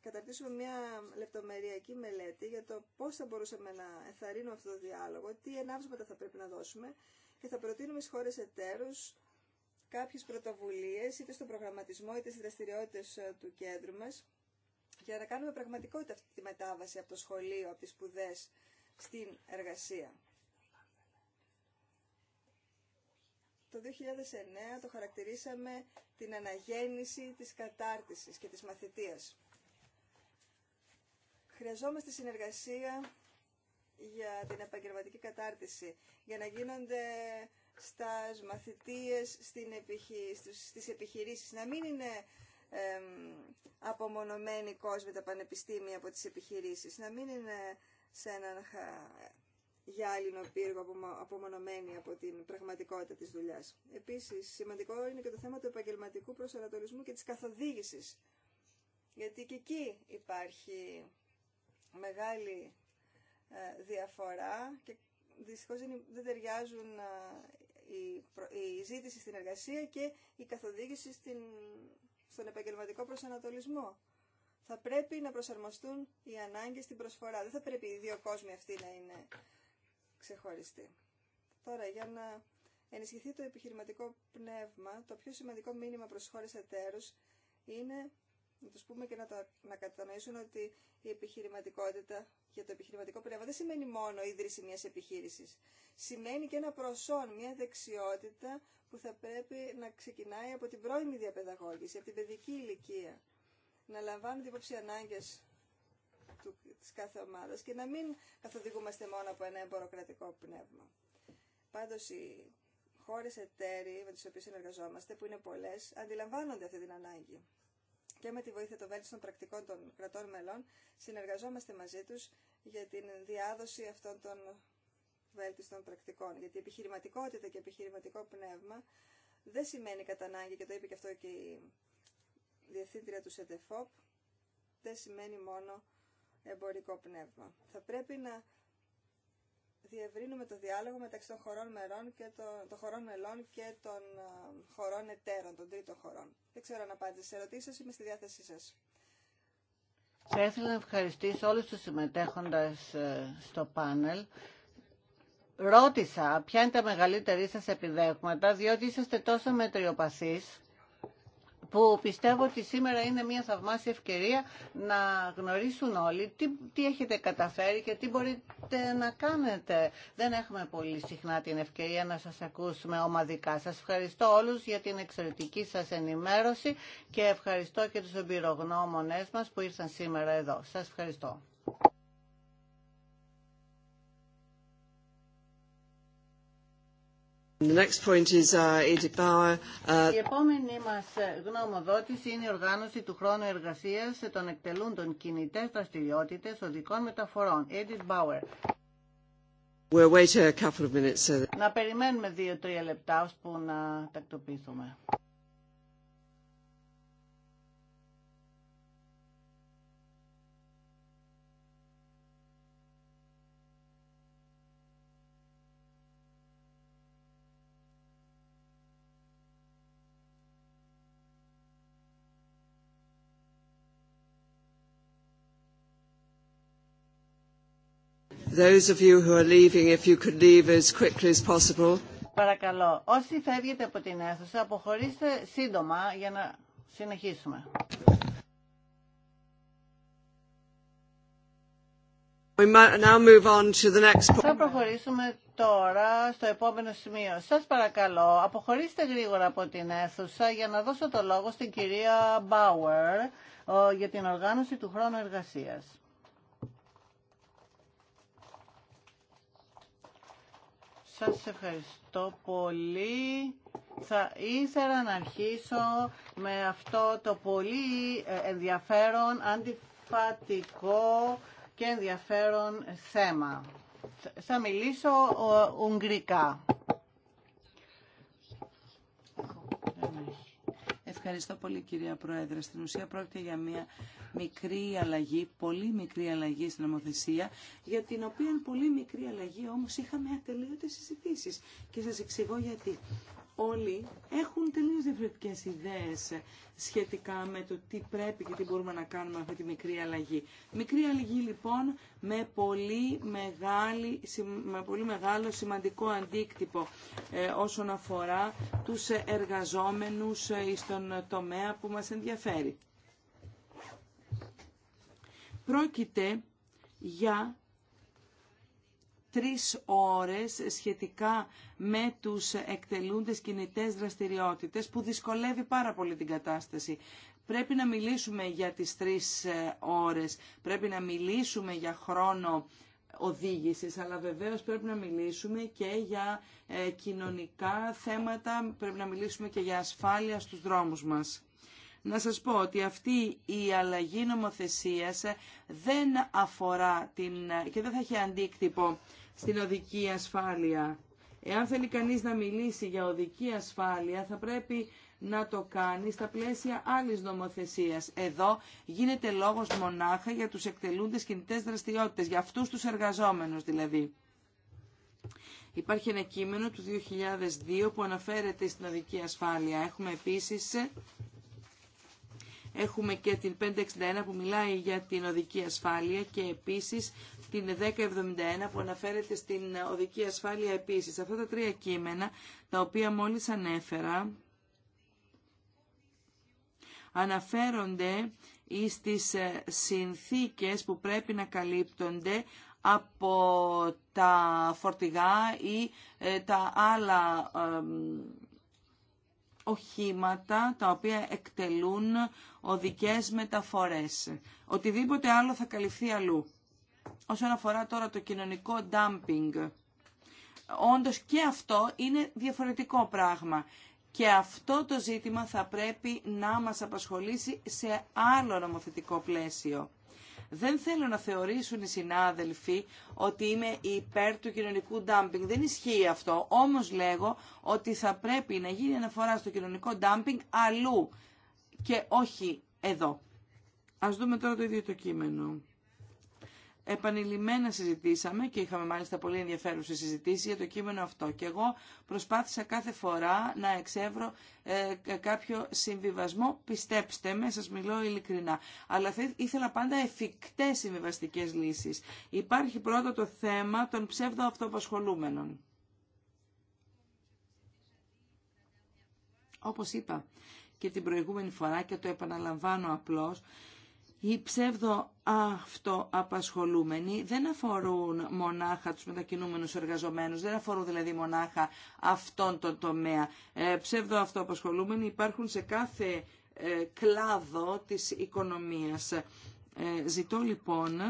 καταρτήσουμε μια λεπτομεριακή μελέτη για το πώς θα μπορούσαμε να ενθαρρύνουμε αυτό το διάλογο, τι ενάψματα θα πρέπει να δώσουμε και θα προτείνουμε στις χώρες εταίρους κάποιες πρωτοβουλίες, είτε στον προγραμματισμό είτε στις δραστηριότητες ε, του κέντρου μας, για να κάνουμε πραγματικότητα αυτή τη μετάβαση από το σχολείο, από τις σπουδέ στην εργασία. Το 2009 το χαρακτηρίσαμε την αναγέννηση της κατάρτισης και της μαθητείας. Χρειαζόμαστε συνεργασία για την επαγγελματική κατάρτιση, για να γίνονται στα μαθητείες στην επιχείρηση, στις επιχειρήσεις, να μην είναι ε, απομονωμένοι κόσμοι τα πανεπιστήμια από τις επιχειρήσεις, να μην είναι σε έναν για άλλο πύργο απομονωμένη από την πραγματικότητα της δουλειάς. Επίσης, σημαντικό είναι και το θέμα του επαγγελματικού προσανατολισμού και της καθοδήγησης. Γιατί και εκεί υπάρχει μεγάλη ε, διαφορά και δυστυχώς δεν ταιριάζουν ε, η ζήτηση στην εργασία και η καθοδήγηση στην, στον επαγγελματικό προσανατολισμό. Θα πρέπει να προσαρμοστούν οι ανάγκες στην προσφορά. Δεν θα πρέπει οι δύο κόσμοι αυτοί να είναι ξεχωριστή. Τώρα, για να ενισχυθεί το επιχειρηματικό πνεύμα, το πιο σημαντικό μήνυμα προς χώρες εταίρους είναι να τους πούμε και να, το, να κατανοήσουν ότι η επιχειρηματικότητα για το επιχειρηματικό πνεύμα δεν σημαίνει μόνο η ίδρυση μιας επιχείρησης. Σημαίνει και ένα προσόν, μια δεξιότητα που θα πρέπει να ξεκινάει από την πρώιμη διαπαιδαγώγηση, από την παιδική ηλικία. Να λαμβάνουν υπόψη ανάγκες του, της κάθε ομάδας και να μην καθοδηγούμαστε μόνο από ένα εμποροκρατικό πνεύμα. Πάντως οι χώρες εταίροι με τις οποίες συνεργαζόμαστε, που είναι πολλές, αντιλαμβάνονται αυτή την ανάγκη. Και με τη βοήθεια των βέλτιστων πρακτικών των κρατών μελών, συνεργαζόμαστε μαζί τους για την διάδοση αυτών των βέλτιστων πρακτικών. Γιατί η επιχειρηματικότητα και επιχειρηματικό πνεύμα δεν σημαίνει κατά ανάγκη, και το είπε και αυτό και η διευθύντρια του ΣΕΤΕΦΟΠ, δεν σημαίνει μόνο εμπορικό πνεύμα. Θα πρέπει να διευρύνουμε το διάλογο μεταξύ των χωρών, μερών και των, των χωρών μελών και των uh, χωρών εταίρων, των τρίτων χωρών. Δεν ξέρω αν απάντησα σε ερωτήσει είμαι στη διάθεσή σας. Θα ήθελα να ευχαριστήσω όλους τους συμμετέχοντας ε, στο πάνελ. Ρώτησα ποια είναι τα μεγαλύτερη σας επιδέγματα, διότι είσαστε τόσο μετριοπαθείς που πιστεύω ότι σήμερα είναι μια θαυμάσια ευκαιρία να γνωρίσουν όλοι τι, έχετε καταφέρει και τι μπορείτε να κάνετε. Δεν έχουμε πολύ συχνά την ευκαιρία να σας ακούσουμε ομαδικά. Σας ευχαριστώ όλους για την εξαιρετική σας ενημέρωση και ευχαριστώ και τους εμπειρογνώμονές μας που ήρθαν σήμερα εδώ. Σας ευχαριστώ. Uh, uh, η επόμενη μας ε, γνωμοδότηση είναι η οργάνωση του χρόνου εργασίας ε, των εκτελούντων κινητές δραστηριότητε οδικών μεταφορών. Edith Bauer. We'll uh, Να περιμένουμε δύο-τρία λεπτά ώσπου να τακτοποιηθούμε. Those Παρακαλώ, όσοι φεύγετε από την αίθουσα, αποχωρήστε σύντομα για να συνεχίσουμε. Θα προχωρήσουμε τώρα στο επόμενο σημείο. Σας παρακαλώ, αποχωρήστε γρήγορα από την αίθουσα για να δώσω το λόγο στην κυρία Μπάουερ για την οργάνωση του χρόνου εργασίας. Σας ευχαριστώ πολύ. Θα ήθελα να αρχίσω με αυτό το πολύ ε, ενδιαφέρον, αντιφατικό και ενδιαφέρον θέμα. Θα μιλήσω ε, ουγγρικά. Ευχαριστώ πολύ κυρία Πρόεδρε. Στην ουσία πρόκειται για μια μικρή αλλαγή, πολύ μικρή αλλαγή στην νομοθεσία, για την οποία πολύ μικρή αλλαγή όμως είχαμε ατελείωτες συζητήσεις. Και σας εξηγώ γιατί όλοι έχουν τελείως διαφορετικές ιδέες σχετικά με το τι πρέπει και τι μπορούμε να κάνουμε αυτή τη μικρή αλλαγή. Μικρή αλλαγή λοιπόν με πολύ, με πολύ μεγάλο σημαντικό αντίκτυπο ε, όσον αφορά τους εργαζόμενους στον ε, τομέα που μας ενδιαφέρει. Πρόκειται για τρεις ώρες σχετικά με τους εκτελούντες κινητές δραστηριότητες που δυσκολεύει πάρα πολύ την κατάσταση. Πρέπει να μιλήσουμε για τις τρεις ε, ώρες, πρέπει να μιλήσουμε για χρόνο οδήγησης, αλλά βεβαίως πρέπει να μιλήσουμε και για ε, κοινωνικά θέματα, πρέπει να μιλήσουμε και για ασφάλεια στους δρόμους μας να σας πω ότι αυτή η αλλαγή νομοθεσίας δεν αφορά την, και δεν θα έχει αντίκτυπο στην οδική ασφάλεια. Εάν θέλει κανείς να μιλήσει για οδική ασφάλεια θα πρέπει να το κάνει στα πλαίσια άλλης νομοθεσίας. Εδώ γίνεται λόγος μονάχα για τους εκτελούντες κινητές δραστηριότητες, για αυτούς τους εργαζόμενους δηλαδή. Υπάρχει ένα κείμενο του 2002 που αναφέρεται στην οδική ασφάλεια. Έχουμε επίσης Έχουμε και την 561 που μιλάει για την οδική ασφάλεια και επίσης την 1071 που αναφέρεται στην οδική ασφάλεια επίσης. Αυτά τα τρία κείμενα τα οποία μόλις ανέφερα αναφέρονται στις ε, συνθήκες που πρέπει να καλύπτονται από τα φορτηγά ή ε, τα άλλα οχήματα τα οποία εκτελούν οδικές μεταφορές. Οτιδήποτε άλλο θα καλυφθεί αλλού. Όσον αφορά τώρα το κοινωνικό dumping, όντως και αυτό είναι διαφορετικό πράγμα. Και αυτό το ζήτημα θα πρέπει να μας απασχολήσει σε άλλο νομοθετικό πλαίσιο. Δεν θέλω να θεωρήσουν οι συνάδελφοι ότι είμαι υπέρ του κοινωνικού ντάμπινγκ. Δεν ισχύει αυτό. Όμως λέγω ότι θα πρέπει να γίνει αναφορά στο κοινωνικό ντάμπινγκ αλλού και όχι εδώ. Ας δούμε τώρα το ίδιο το κείμενο επανειλημμένα συζητήσαμε και είχαμε μάλιστα πολύ ενδιαφέρουσε συζητήσει για το κείμενο αυτό. Και εγώ προσπάθησα κάθε φορά να εξεύρω ε, κάποιο συμβιβασμό. Πιστέψτε με, σας μιλώ ειλικρινά. Αλλά ήθελα πάντα εφικτές συμβιβαστικέ λύσεις. Υπάρχει πρώτα το θέμα των ψεύδο αυτοαπασχολούμενων. Όπως είπα και την προηγούμενη φορά και το επαναλαμβάνω απλώς, οι ψεύδο αυτοαπασχολούμενοι δεν αφορούν μονάχα τους μετακινούμενους εργαζομένους, δεν αφορούν δηλαδή μονάχα αυτόν τον τομέα. Ε, ψεύδο αυτοαπασχολούμενοι υπάρχουν σε κάθε ε, κλάδο της οικονομίας. Ε, ζητώ λοιπόν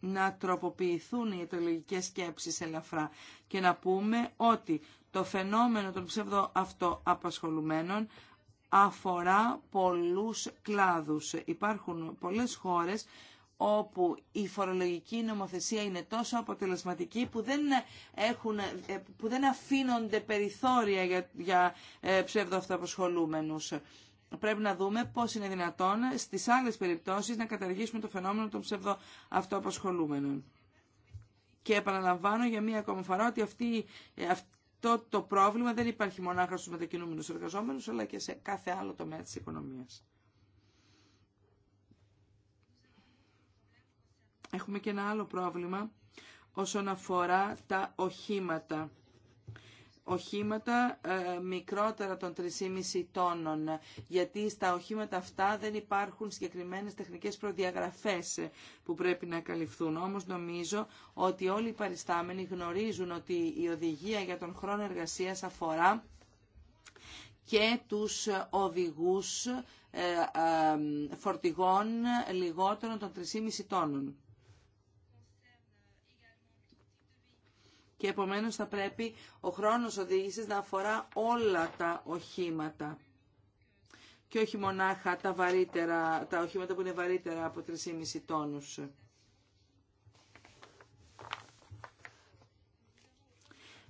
να τροποποιηθούν οι αιτιολογικές σκέψεις ελαφρά και να πούμε ότι το φαινόμενο των ψεύδο αυτοαπασχολουμένων αφορά πολλούς κλάδους. Υπάρχουν πολλές χώρες όπου η φορολογική νομοθεσία είναι τόσο αποτελεσματική που δεν, έχουν, ε, που δεν αφήνονται περιθώρια για, για ε, Πρέπει να δούμε πώς είναι δυνατόν στις άλλες περιπτώσεις να καταργήσουμε το φαινόμενο των ψευδοαυτοαποσχολούμενων. Και επαναλαμβάνω για μία ακόμα φορά ότι αυτή, ε, το το πρόβλημα δεν υπάρχει μονάχα στους μετακινούμενους εργαζόμενους, αλλά και σε κάθε άλλο τομέα της οικονομίας. Έχουμε και ένα άλλο πρόβλημα όσον αφορά τα οχήματα οχήματα ε, μικρότερα των 3,5 τόνων, γιατί στα οχήματα αυτά δεν υπάρχουν συγκεκριμένες τεχνικές προδιαγραφές που πρέπει να καλυφθούν. Όμως νομίζω ότι όλοι οι παριστάμενοι γνωρίζουν ότι η οδηγία για τον χρόνο εργασίας αφορά και τους οδηγούς ε, ε, φορτηγών λιγότερων των 3,5 τόνων. και επομένως θα πρέπει ο χρόνος οδήγησης να αφορά όλα τα οχήματα και όχι μονάχα τα, βαρύτερα, τα οχήματα που είναι βαρύτερα από 3,5 τόνους.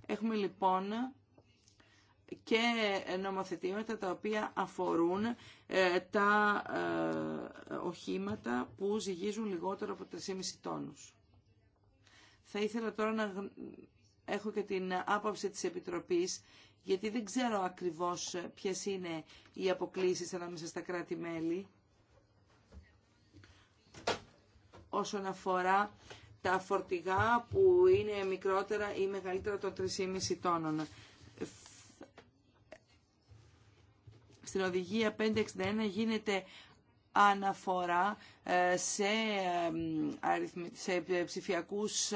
Έχουμε λοιπόν και νομοθετήματα τα οποία αφορούν ε, τα ε, οχήματα που ζυγίζουν λιγότερο από 3,5 τόνους. Θα ήθελα τώρα να έχω και την άποψη της Επιτροπής, γιατί δεν ξέρω ακριβώς ε, ποιες είναι οι αποκλήσεις ανάμεσα στα κράτη-μέλη όσον αφορά τα φορτηγά που είναι μικρότερα ή μεγαλύτερα των 3,5 τόνων. Στην οδηγία 561 γίνεται αναφορά ε, σε, ε, ψηφιακούς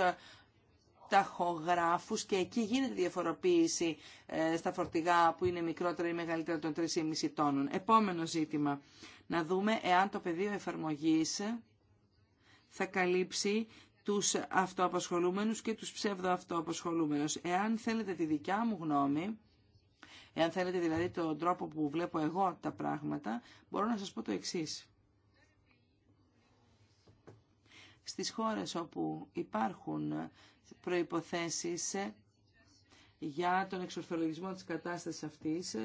ταχογράφους και εκεί γίνεται διαφοροποίηση ε, στα φορτηγά που είναι μικρότερα ή μεγαλύτερα των 3,5 τόνων. Επόμενο ζήτημα. Να δούμε εάν το πεδίο εφαρμογής θα καλύψει τους αυτοαπασχολούμενους και τους ψευδοαυτοαπασχολούμενους. Εάν θέλετε τη δικιά μου γνώμη, εάν θέλετε δηλαδή τον τρόπο που βλέπω εγώ τα πράγματα, μπορώ να σας πω το εξής. Στις χώρες όπου υπάρχουν προϋποθέσεις για τον εξορθολογισμό της κατάστασης αυτής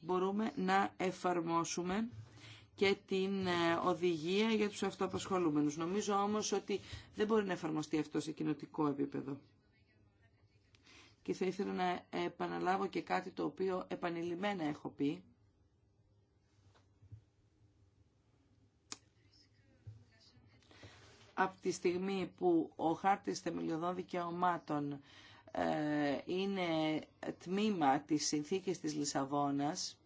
μπορούμε να εφαρμόσουμε και την ε, οδηγία για τους αυτοαπασχολούμενους. Νομίζω όμως ότι δεν μπορεί να εφαρμοστεί αυτό σε κοινοτικό επίπεδο. Και θα ήθελα να επαναλάβω και κάτι το οποίο επανειλημμένα έχω πει. από τη στιγμή που ο χάρτης θεμελιωδών δικαιωμάτων ε, είναι τμήμα της συνθήκης της Λισαβόνας,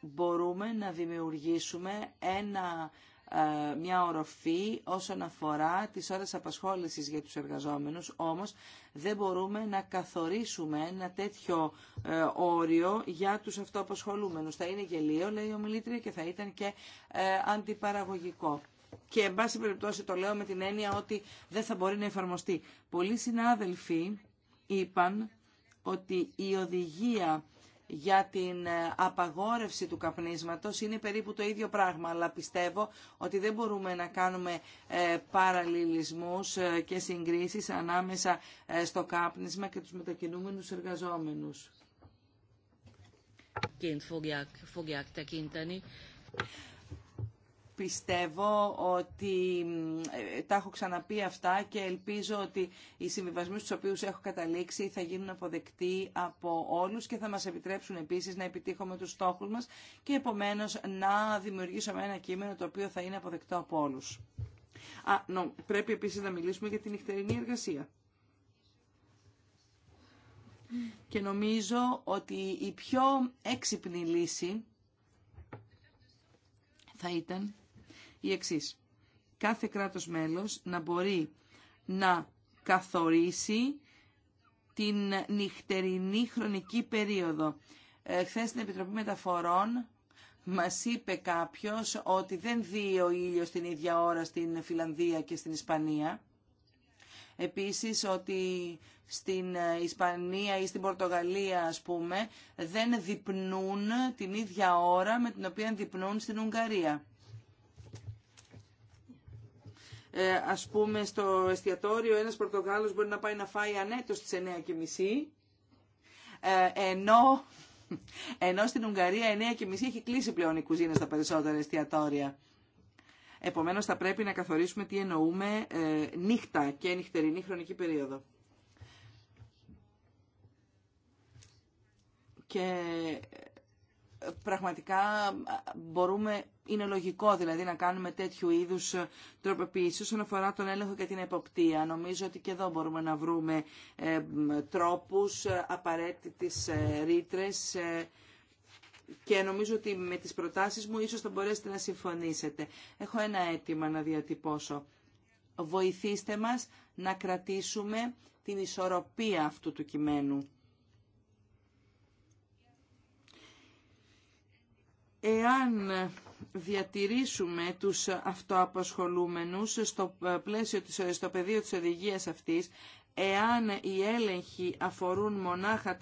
μπορούμε να δημιουργήσουμε ένα ε, μια οροφή όσον αφορά τις ώρες απασχόλησης για τους εργαζόμενους, όμως δεν μπορούμε να καθορίσουμε ένα τέτοιο ε, όριο για τους αυτοαπασχολούμενους. Θα είναι γελίο, λέει ο Μιλήτρια, και θα ήταν και ε, αντιπαραγωγικό. Και, εν πάση περιπτώσει, το λέω με την έννοια ότι δεν θα μπορεί να εφαρμοστεί. Πολλοί συνάδελφοι είπαν ότι η οδηγία για την ε, απαγόρευση του καπνίσματος είναι περίπου το ίδιο πράγμα, αλλά πιστεύω ότι δεν μπορούμε να κάνουμε ε, παραλληλισμούς ε, και συγκρίσεις ανάμεσα στο κάπνισμα και τους μετακινούμενους εργαζόμενους πιστεύω ότι ε, τα έχω ξαναπεί αυτά και ελπίζω ότι οι συμβιβασμοί στους οποίους έχω καταλήξει θα γίνουν αποδεκτοί από όλους και θα μας επιτρέψουν επίσης να επιτύχουμε τους στόχους μας και επομένως να δημιουργήσουμε ένα κείμενο το οποίο θα είναι αποδεκτό από όλους. Α, νο, πρέπει επίσης να μιλήσουμε για την νυχτερινή εργασία. Και νομίζω ότι η πιο έξυπνη λύση θα ήταν η εξής. Κάθε κράτος μέλος να μπορεί να καθορίσει την νυχτερινή χρονική περίοδο. Ε, χθες στην Επιτροπή Μεταφορών μας είπε κάποιος ότι δεν δει ο ήλιος την ίδια ώρα στην Φιλανδία και στην Ισπανία. Επίσης ότι στην ε, Ισπανία ή στην Πορτογαλία ας πούμε δεν διπνούν την ίδια ώρα με την οποία διπνούν στην Ουγγαρία. Ε, ας πούμε στο εστιατόριο ένας Πορτογάλος μπορεί να πάει να φάει ανέτος στις 9.30 ε, ενώ, ενώ στην Ουγγαρία 9.30 έχει κλείσει πλέον η κουζίνα στα περισσότερα εστιατόρια. Επομένως θα πρέπει να καθορίσουμε τι εννοούμε ε, νύχτα και νυχτερινή χρονική περίοδο. Και πραγματικά μπορούμε, είναι λογικό δηλαδή να κάνουμε τέτοιου είδους τροποποίησεις όσον αφορά τον έλεγχο και την εποπτεία. Νομίζω ότι και εδώ μπορούμε να βρούμε ε, τρόπους, ε, απαραίτητες ε, ρήτρε και νομίζω ότι με τις προτάσεις μου ίσως θα μπορέσετε να συμφωνήσετε. Έχω ένα αίτημα να διατυπώσω. Βοηθήστε μας να κρατήσουμε την ισορροπία αυτού του κειμένου. εάν διατηρήσουμε τους αυτοαπασχολούμενους στο, πλαίσιο της, στο πεδίο της οδηγίας αυτής, εάν οι έλεγχοι αφορούν μονάχα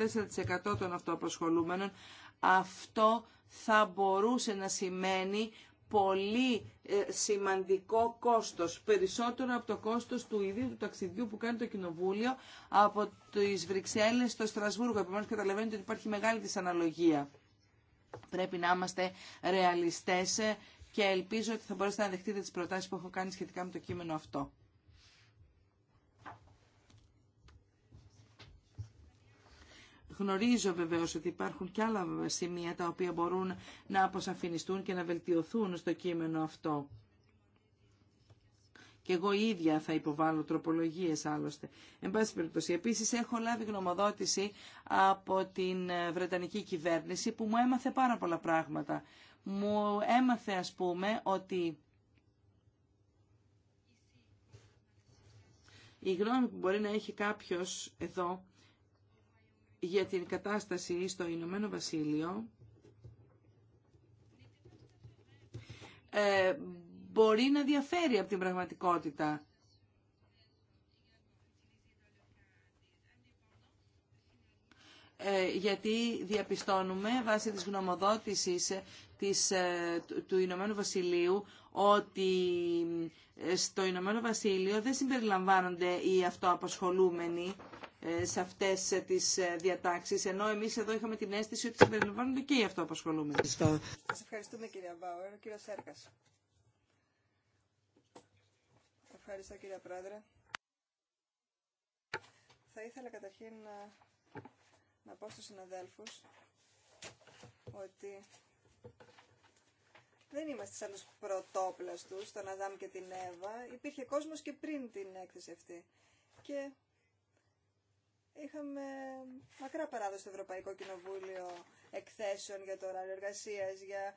4% των αυτοαπασχολούμενων, αυτό θα μπορούσε να σημαίνει πολύ ε, σημαντικό κόστος, περισσότερο από το κόστος του ίδιου του ταξιδιού που κάνει το Κοινοβούλιο από τις Βρυξέλλες στο Στρασβούργο. Επομένως καταλαβαίνετε ότι υπάρχει μεγάλη δυσαναλογία. Πρέπει να είμαστε ρεαλιστές και ελπίζω ότι θα μπορέσετε να δεχτείτε τις προτάσεις που έχω κάνει σχετικά με το κείμενο αυτό. Γνωρίζω βεβαίω ότι υπάρχουν και άλλα σημεία τα οποία μπορούν να αποσαφινιστούν και να βελτιωθούν στο κείμενο αυτό. Και εγώ ίδια θα υποβάλω τροπολογίες άλλωστε. Εν πάση περιπτώσει, επίσης έχω λάβει γνωμοδότηση από την ε, Βρετανική κυβέρνηση που μου έμαθε πάρα πολλά πράγματα. Μου έμαθε ας πούμε ότι η γνώμη που μπορεί να έχει κάποιος εδώ για την κατάσταση στο Ηνωμένο Βασίλειο ε, μπορεί να διαφέρει από την πραγματικότητα. Ε, γιατί διαπιστώνουμε βάσει της γνωμοδότησης της, ε, του Ηνωμένου Βασιλείου ότι ε, στο Ηνωμένο Βασίλειο δεν συμπεριλαμβάνονται οι αυτοαπασχολούμενοι σε αυτές τις διατάξεις, ενώ εμείς εδώ είχαμε την αίσθηση ότι συμπεριλαμβάνονται και οι αυτοαπασχολούμενοι. Σας ευχαριστούμε κυρία Μπάουερ. Κύριο Σέρκας. Ευχαριστώ κύριε Πρόεδρε. Θα ήθελα καταρχήν να, να πω στους συναδέλφους ότι δεν είμαστε σαν τους πρωτόπλαστους, τον Αδάμ και την Εύα. Υπήρχε κόσμος και πριν την έκθεση αυτή. Και είχαμε μακρά παράδοση στο Ευρωπαϊκό Κοινοβούλιο εκθέσεων για το ωράριο εργασία, για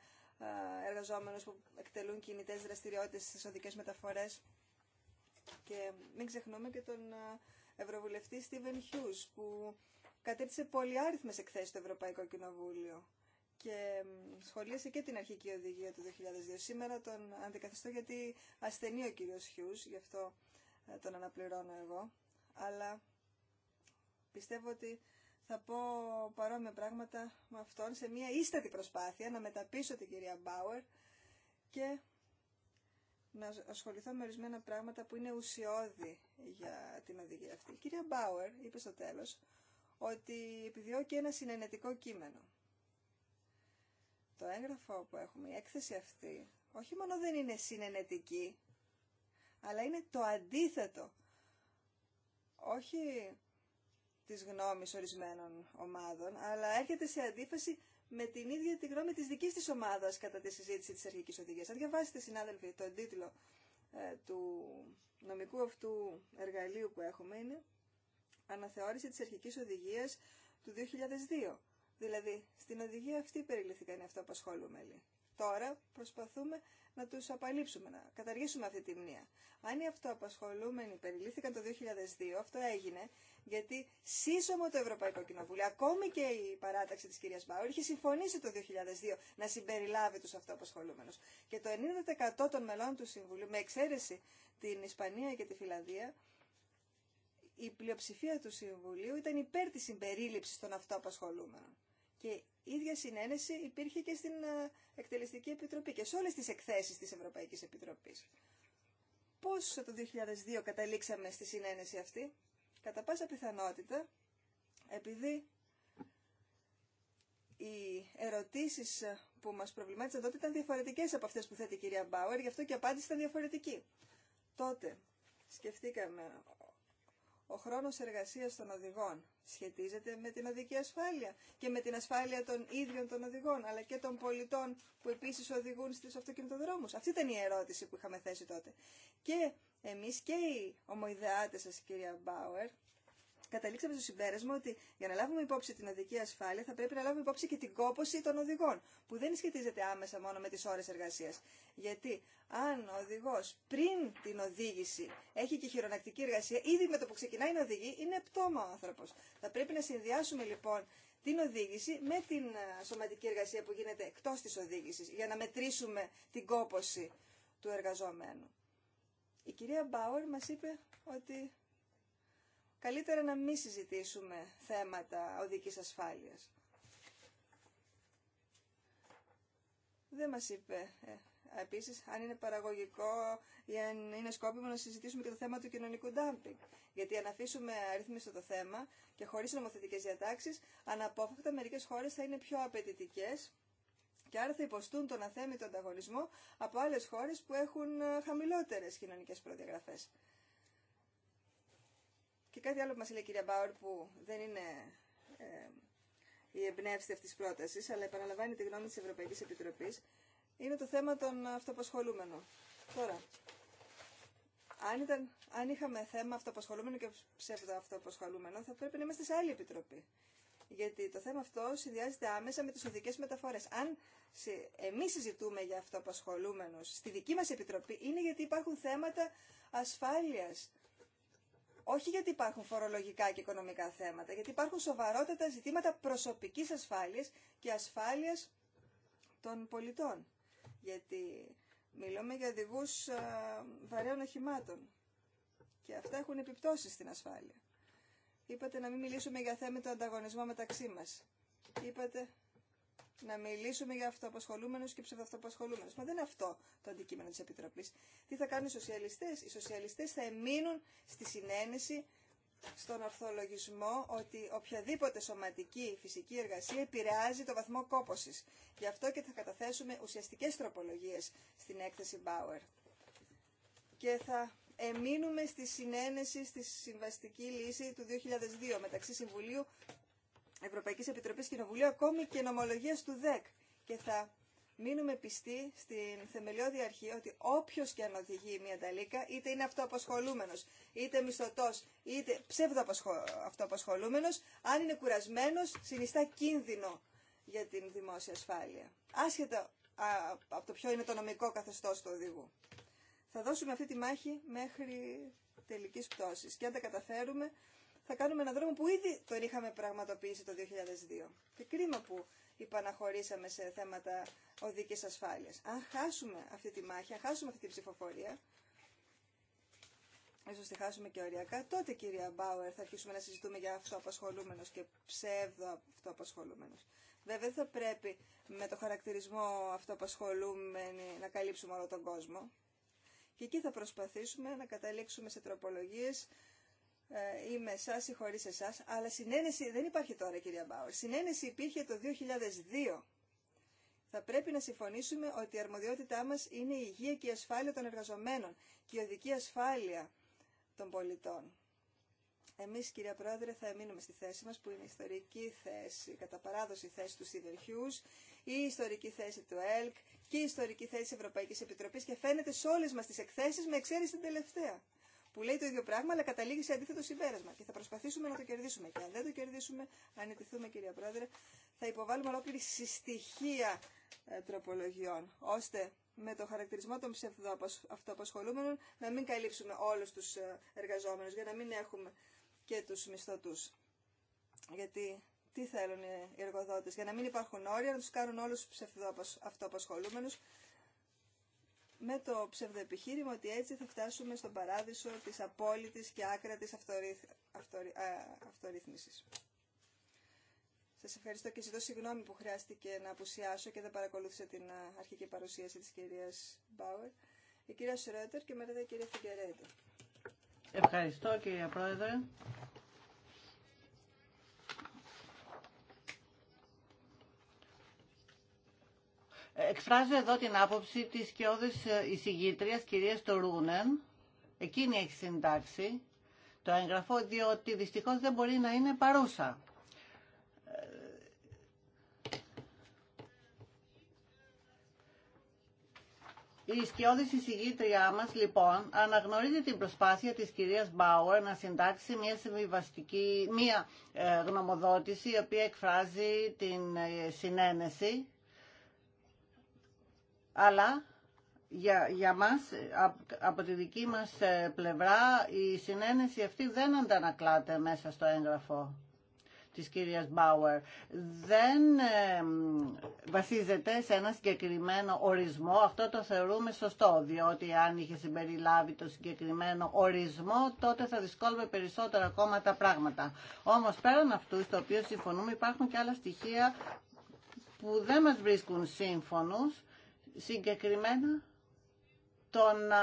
εργαζόμενους που εκτελούν κινητές δραστηριότητες στις οδικές μεταφορές. Και μην ξεχνούμε και τον ε, Ευρωβουλευτή Στίβεν Χιούς που πολλοί πολυάριθμες εκθέσεις στο Ευρωπαϊκό Κοινοβούλιο και σχολίασε και την αρχική οδηγία του 2002. Σήμερα τον αντικαθιστώ γιατί ασθενεί ο κύριος Χιούς, γι' αυτό ε, τον αναπληρώνω εγώ. Αλλά πιστεύω ότι θα πω παρόμοια πράγματα με αυτόν σε μια ίστατη προσπάθεια να μεταπίσω την κυρία Μπάουερ και να ασχοληθώ με ορισμένα πράγματα που είναι ουσιώδη για την οδηγία αυτή. Η κυρία Μπάουερ είπε στο τέλος ότι επιδιώκει ένα συνενετικό κείμενο. Το έγγραφο που έχουμε, η έκθεση αυτή, όχι μόνο δεν είναι συνενετική, αλλά είναι το αντίθετο. Όχι της γνώμης ορισμένων ομάδων, αλλά έρχεται σε αντίφαση με την ίδια τη γνώμη τη δική τη ομάδα κατά τη συζήτηση τη αρχική οδηγία. Αν διαβάσετε, συνάδελφοι, τον τίτλο ε, του νομικού αυτού εργαλείου που έχουμε, είναι «Αναθεώρηση τη αρχική οδηγία του 2002». Δηλαδή, στην οδηγία αυτή περιληφθήκαν οι αυτοαπασχόλου μέλη. Τώρα προσπαθούμε να τους απαλείψουμε, να καταργήσουμε αυτή τη μνήμα. Αν οι αυτοαπασχολούμενοι περιλήφθηκαν το 2002, αυτό έγινε γιατί σύσσωμο το Ευρωπαϊκό Κοινοβούλιο, ακόμη και η παράταξη της κυρίας Μπάου, είχε συμφωνήσει το 2002 να συμπεριλάβει τους αυτοαπασχολούμενους. Και το 90% των μελών του Συμβουλίου, με εξαίρεση την Ισπανία και τη Φιλανδία, η πλειοψηφία του Συμβουλίου ήταν υπέρ της συμπερίληψης των αυτοαπασχολούμενων. Και η ίδια συνένεση υπήρχε και στην ε, Εκτελεστική Επιτροπή και σε όλες τις εκθέσεις της Ευρωπαϊκής Επιτροπής. Πώς το 2002 καταλήξαμε στη συνένεση αυτή, κατά πάσα πιθανότητα, επειδή οι ερωτήσεις που μας προβλημάτισαν τότε ήταν διαφορετικές από αυτές που θέτει η κυρία Μπάουερ, γι' αυτό και η απάντηση ήταν διαφορετική. Τότε σκεφτήκαμε ο χρόνος εργασίας των οδηγών σχετίζεται με την οδική ασφάλεια και με την ασφάλεια των ίδιων των οδηγών, αλλά και των πολιτών που επίσης οδηγούν στις αυτοκινητοδρόμους. Αυτή ήταν η ερώτηση που είχαμε θέσει τότε. Και εμείς και οι ομοειδεάτες σας, κυρία Μπάουερ, καταλήξαμε στο συμπέρασμα ότι για να λάβουμε υπόψη την οδική ασφάλεια θα πρέπει να λάβουμε υπόψη και την κόποση των οδηγών, που δεν σχετίζεται άμεσα μόνο με τις ώρες εργασίας. Γιατί αν ο οδηγός πριν την οδήγηση έχει και χειρονακτική εργασία, ήδη με το που ξεκινάει να οδηγεί, είναι πτώμα ο άνθρωπος. Θα πρέπει να συνδυάσουμε λοιπόν την οδήγηση με την ε, σωματική εργασία που γίνεται εκτός της οδήγησης, για να μετρήσουμε την κόποση του εργαζομένου. Η κυρία Μπάουερ μας είπε ότι καλύτερα να μην συζητήσουμε θέματα οδικής ασφάλειας. Δεν μας είπε ε, επίσης αν είναι παραγωγικό ή αν είναι σκόπιμο να συζητήσουμε και το θέμα του κοινωνικού ντάμπινγκ. Γιατί αν αφήσουμε αριθμίστο το θέμα και χωρίς νομοθετικές διατάξεις, αναπόφευκτα μερικές χώρες θα είναι πιο απαιτητικέ και άρα θα υποστούν τον αθέμητο ανταγωνισμό από άλλες χώρες που έχουν ε, χαμηλότερες κοινωνικές προδιαγραφές. Και κάτι άλλο που μας λέει η κυρία Μπάουρ που δεν είναι ε, η εμπνεύστη αυτής της πρότασης, αλλά επαναλαμβάνει τη γνώμη της Ευρωπαϊκής Επιτροπής, είναι το θέμα των αυτοπασχολούμενων. Τώρα, αν, ήταν, αν είχαμε θέμα αυτοπασχολούμενο και ψεύδο αυτοπασχολούμενο, θα πρέπει να είμαστε σε άλλη επιτροπή. Γιατί το θέμα αυτό συνδυάζεται άμεσα με τι οδικέ μεταφορέ. Αν εμεί συζητούμε για αυτοπασχολούμενου στη δική μα επιτροπή, είναι γιατί υπάρχουν θέματα ασφάλεια. Όχι γιατί υπάρχουν φορολογικά και οικονομικά θέματα, γιατί υπάρχουν σοβαρότατα ζητήματα προσωπικής ασφάλειας και ασφάλειας των πολιτών. Γιατί μιλούμε για οδηγού ε, βαρέων οχημάτων και αυτά έχουν επιπτώσεις στην ασφάλεια. Είπατε να μην μιλήσουμε για θέματα ανταγωνισμού μεταξύ μας. Είπατε να μιλήσουμε για αυτοαπασχολούμενου και ψευδοαυτοαπασχολούμενου. Μα δεν είναι αυτό το αντικείμενο τη Επιτροπή. Τι θα κάνουν οι σοσιαλιστέ, Οι σοσιαλιστέ θα εμείνουν στη συνένεση, στον ορθολογισμό ότι οποιαδήποτε σωματική φυσική εργασία επηρεάζει το βαθμό κόποση. Γι' αυτό και θα καταθέσουμε ουσιαστικέ τροπολογίε στην έκθεση Bauer. Και θα εμείνουμε στη συνένεση, στη συμβαστική λύση του 2002 μεταξύ Συμβουλίου Ευρωπαϊκής Επιτροπής Κοινοβουλίου, ακόμη και νομολογίας του ΔΕΚ. Και θα μείνουμε πιστοί στην θεμελιώδη αρχή ότι όποιος και αν οδηγεί μια ταλίκα, είτε είναι αυτοαπασχολούμενος, είτε μισθωτός, είτε ψευδοαυτοαπασχολούμενος, αν είναι κουρασμένος, συνιστά κίνδυνο για την δημόσια ασφάλεια. Άσχετα από το ποιο είναι το νομικό καθεστώς του οδηγού. Θα δώσουμε αυτή τη μάχη μέχρι τελικής πτώσης. Και αν τα καταφέρουμε, θα κάνουμε έναν δρόμο που ήδη τον είχαμε πραγματοποιήσει το 2002. Και κρίμα που υπαναχωρήσαμε σε θέματα οδικής ασφάλειας. Αν χάσουμε αυτή τη μάχη, αν χάσουμε αυτή τη ψηφοφορία, ίσως τη χάσουμε και οριακά, τότε κυρία Μπάουερ θα αρχίσουμε να συζητούμε για αυτοαπασχολούμενος και ψεύδο αυτοαπασχολούμενος. Βέβαια θα πρέπει με το χαρακτηρισμό αυτοαπασχολούμενοι να καλύψουμε όλο τον κόσμο. Και εκεί θα προσπαθήσουμε να καταλήξουμε σε τροπολογίες ε, είμαι είμαι εσά ή χωρί εσά, αλλά συνένεση δεν υπάρχει τώρα, κυρία Μπάουρ. Συνένεση υπήρχε το 2002. Θα πρέπει να συμφωνήσουμε ότι η αρμοδιότητά μα είναι η υγεία και η ασφάλεια των εργαζομένων και η οδική ασφάλεια των πολιτών. Εμεί, κυρία Πρόεδρε, θα εμείνουμε στη θέση μα που είναι η ιστορική θέση, κατά παράδοση θέση του Σιδερχιού, η ιστορική θέση του ΕΛΚ και η ιστορική θέση τη Ευρωπαϊκή Επιτροπή και φαίνεται σε όλε μα τι εκθέσει με εξαίρεση την τελευταία που λέει το ίδιο πράγμα αλλά καταλήγει σε αντίθετο συμπέρασμα. Και θα προσπαθήσουμε να το κερδίσουμε. Και αν δεν το κερδίσουμε, αν ανητηθούμε κυρία Πρόεδρε, θα υποβάλουμε ολόκληρη συστοιχεία ε, τροπολογιών, ώστε με το χαρακτηρισμό των ψευδοαυτοαπασχολούμενων να μην καλύψουμε όλους τους ε, εργαζόμενους, για να μην έχουμε και τους μισθωτούς. Γιατί τι θέλουν οι εργοδότες, για να μην υπάρχουν όρια, να τους κάνουν όλους τους ψευδοαυτοαπασχολούμενους με το ψευδοεπιχείρημα ότι έτσι θα φτάσουμε στον παράδεισο της απόλυτης και άκρατης αυτορυθ... αυτορύθμισης. Σας ευχαριστώ και ζητώ συγγνώμη που χρειάστηκε να απουσιάσω και δεν παρακολούθησα την αρχική παρουσίαση της κυρίας Μπάουερ. Η κυρία Σρότερ και μετά η κυρία Φιγκερέντο. Ευχαριστώ κυρία Πρόεδρε. Εκφράζω εδώ την άποψη της σκιώδης ε, εισηγήτριας κυρίας Τουρούνεν. Εκείνη έχει συντάξει το έγγραφο, διότι δυστυχώς δεν μπορεί να είναι παρούσα. Η σκιώδης εισηγήτριά μας, λοιπόν, αναγνωρίζει την προσπάθεια της κυρίας Μπάουερ να συντάξει μια συμβιβαστική, μια ε, γνωμοδότηση, η οποία εκφράζει την ε, συνένεση αλλά για, για μας, από τη δική μας ε, πλευρά, η συνένεση αυτή δεν αντανακλάται μέσα στο έγγραφο της κυρίας Μπάουερ δεν ε, βασίζεται σε ένα συγκεκριμένο ορισμό. Αυτό το θεωρούμε σωστό, διότι αν είχε συμπεριλάβει το συγκεκριμένο ορισμό, τότε θα δυσκολουμε περισσότερα ακόμα τα πράγματα. Όμως πέραν αυτού, στο οποίο συμφωνούμε, υπάρχουν και άλλα στοιχεία που δεν μας βρίσκουν σύμφωνους συγκεκριμένα το να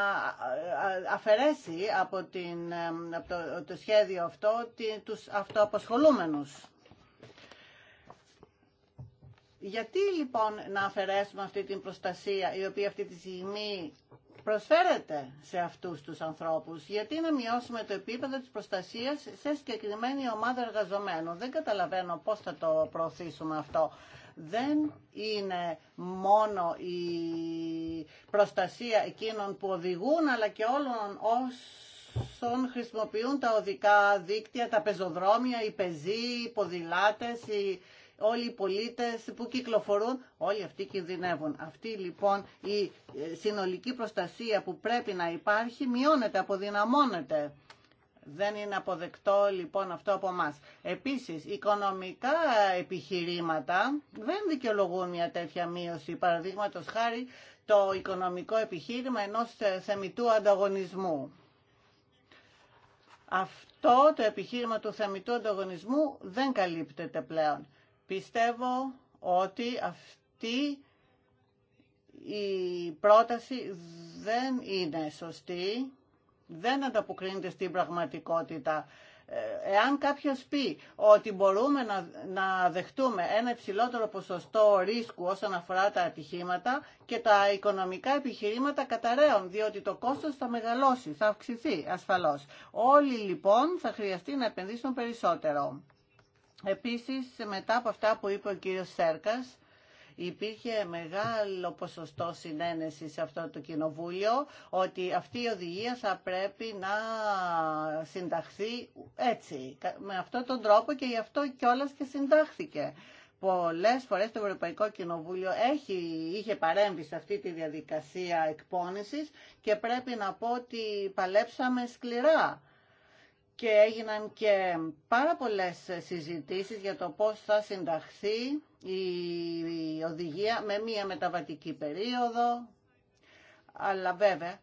αφαιρέσει από, την, από το, το, σχέδιο αυτό τους αυτοαποσχολούμενους. Γιατί λοιπόν να αφαιρέσουμε αυτή την προστασία η οποία αυτή τη στιγμή προσφέρεται σε αυτούς τους ανθρώπους. Γιατί να μειώσουμε το επίπεδο της προστασίας σε συγκεκριμένη ομάδα εργαζομένων. Δεν καταλαβαίνω πώς θα το προωθήσουμε αυτό δεν είναι μόνο η προστασία εκείνων που οδηγούν, αλλά και όλων όσων χρησιμοποιούν τα οδικά δίκτυα, τα πεζοδρόμια, οι πεζοί, οι ποδηλάτες, οι όλοι οι πολίτες που κυκλοφορούν, όλοι αυτοί κινδυνεύουν. Αυτή λοιπόν η ε, συνολική προστασία που πρέπει να υπάρχει μειώνεται, αποδυναμώνεται. Δεν είναι αποδεκτό λοιπόν αυτό από εμά. Επίσης, οικονομικά επιχειρήματα δεν δικαιολογούν μια τέτοια μείωση. Παραδείγματο χάρη το οικονομικό επιχείρημα ενός θεμητού ανταγωνισμού. Αυτό το επιχείρημα του θεμητού ανταγωνισμού δεν καλύπτεται πλέον. Πιστεύω ότι αυτή η πρόταση δεν είναι σωστή δεν ανταποκρίνεται στην πραγματικότητα. Ε, εάν κάποιος πει ότι μπορούμε να, να δεχτούμε ένα υψηλότερο ποσοστό ρίσκου όσον αφορά τα ατυχήματα και τα οικονομικά επιχειρήματα καταραίων, διότι το κόστος θα μεγαλώσει, θα αυξηθεί ασφαλώς. Όλοι λοιπόν θα χρειαστεί να επενδύσουν περισσότερο. Επίσης, μετά από αυτά που είπε ο κύριος Σέρκας, υπήρχε μεγάλο ποσοστό συνένεση σε αυτό το κοινοβούλιο ότι αυτή η οδηγία θα πρέπει να συνταχθεί έτσι, με αυτόν τον τρόπο και γι' αυτό κιόλας και συντάχθηκε. Πολλές φορές το Ευρωπαϊκό Κοινοβούλιο έχει, είχε παρέμβει σε αυτή τη διαδικασία εκπόνησης και πρέπει να πω ότι παλέψαμε σκληρά και έγιναν και πάρα πολλές συζητήσεις για το πώς θα συνταχθεί η οδηγία με μία μεταβατική περίοδο, αλλά βέβαια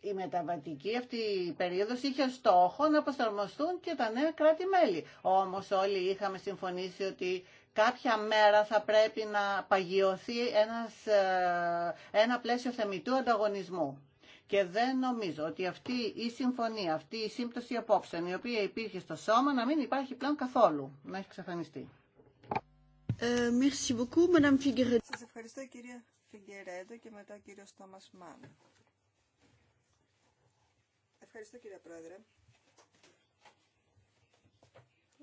η μεταβατική αυτή η περίοδος είχε στόχο να προσαρμοστούν και τα νέα κράτη-μέλη. Όμως όλοι είχαμε συμφωνήσει ότι κάποια μέρα θα πρέπει να παγιωθεί ένας, ε, ένα πλαίσιο θεμητού ανταγωνισμού. Και δεν νομίζω ότι αυτή η συμφωνία, αυτή η σύμπτωση απόψε, η οποία υπήρχε στο σώμα να μην υπάρχει πλέον καθόλου, να έχει εξαφανιστεί. Ε, Σας ευχαριστώ κυρία Φιγκερέντο και μετά ο κύριος Τόμας Μάν. Ευχαριστώ κύριε Πρόεδρε.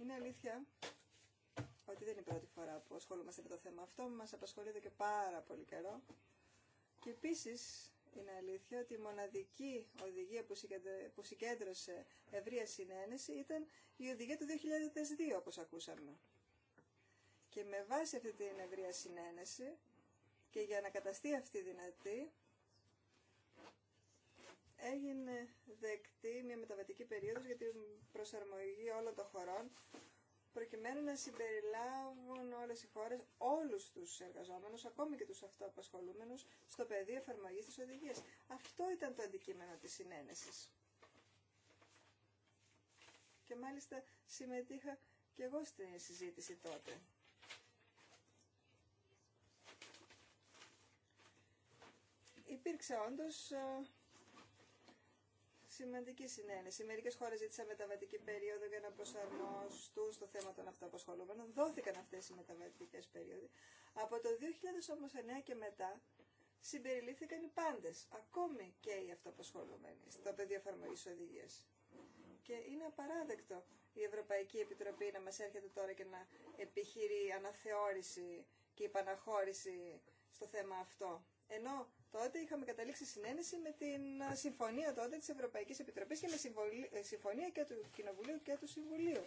Είναι αλήθεια ότι δεν είναι η πρώτη φορά που ασχολούμαστε με το θέμα αυτό. Μας απασχολείται και πάρα πολύ καιρό. Και επίσης είναι αλήθεια ότι η μοναδική οδηγία που συγκέντρωσε ευρεία συνένεση ήταν η οδηγία του 2002, όπως ακούσαμε. Και με βάση αυτή την ευρεία συνένεση και για να καταστεί αυτή δυνατή, έγινε δεκτή μια μεταβατική περίοδος για την προσαρμογή όλων των χωρών προκειμένου να συμπεριλάβουν όλες οι χώρες, όλους τους εργαζόμενους, ακόμη και τους αυτοαπασχολούμενους, στο πεδίο εφαρμογής της οδηγίας. Αυτό ήταν το αντικείμενο της συνένεσης. Και μάλιστα συμμετείχα και εγώ στην συζήτηση τότε. Υπήρξε όντως ε, σημαντική συνένεση. Μερικές χώρες ζήτησαν μεταβατική περίοδο για να προσαρμοστούν στο θέμα των αυτοαπασχολούμενων. Δόθηκαν αυτέ οι μεταβατικές περίοδοι. Από το 2009 και μετά συμπεριλήφθηκαν οι πάντε, ακόμη και οι αυτοαπασχολούμενοι, στο πεδίο εφαρμογή οδηγία. Και είναι απαράδεκτο η Ευρωπαϊκή Επιτροπή να μα έρχεται τώρα και να επιχειρεί αναθεώρηση και υπαναχώρηση στο θέμα αυτό. Ενώ τότε είχαμε καταλήξει συνένεση με την ε, συμφωνία τότε της Ευρωπαϊκής Επιτροπής και με ε, συμφωνία και του Κοινοβουλίου και του Συμβουλίου.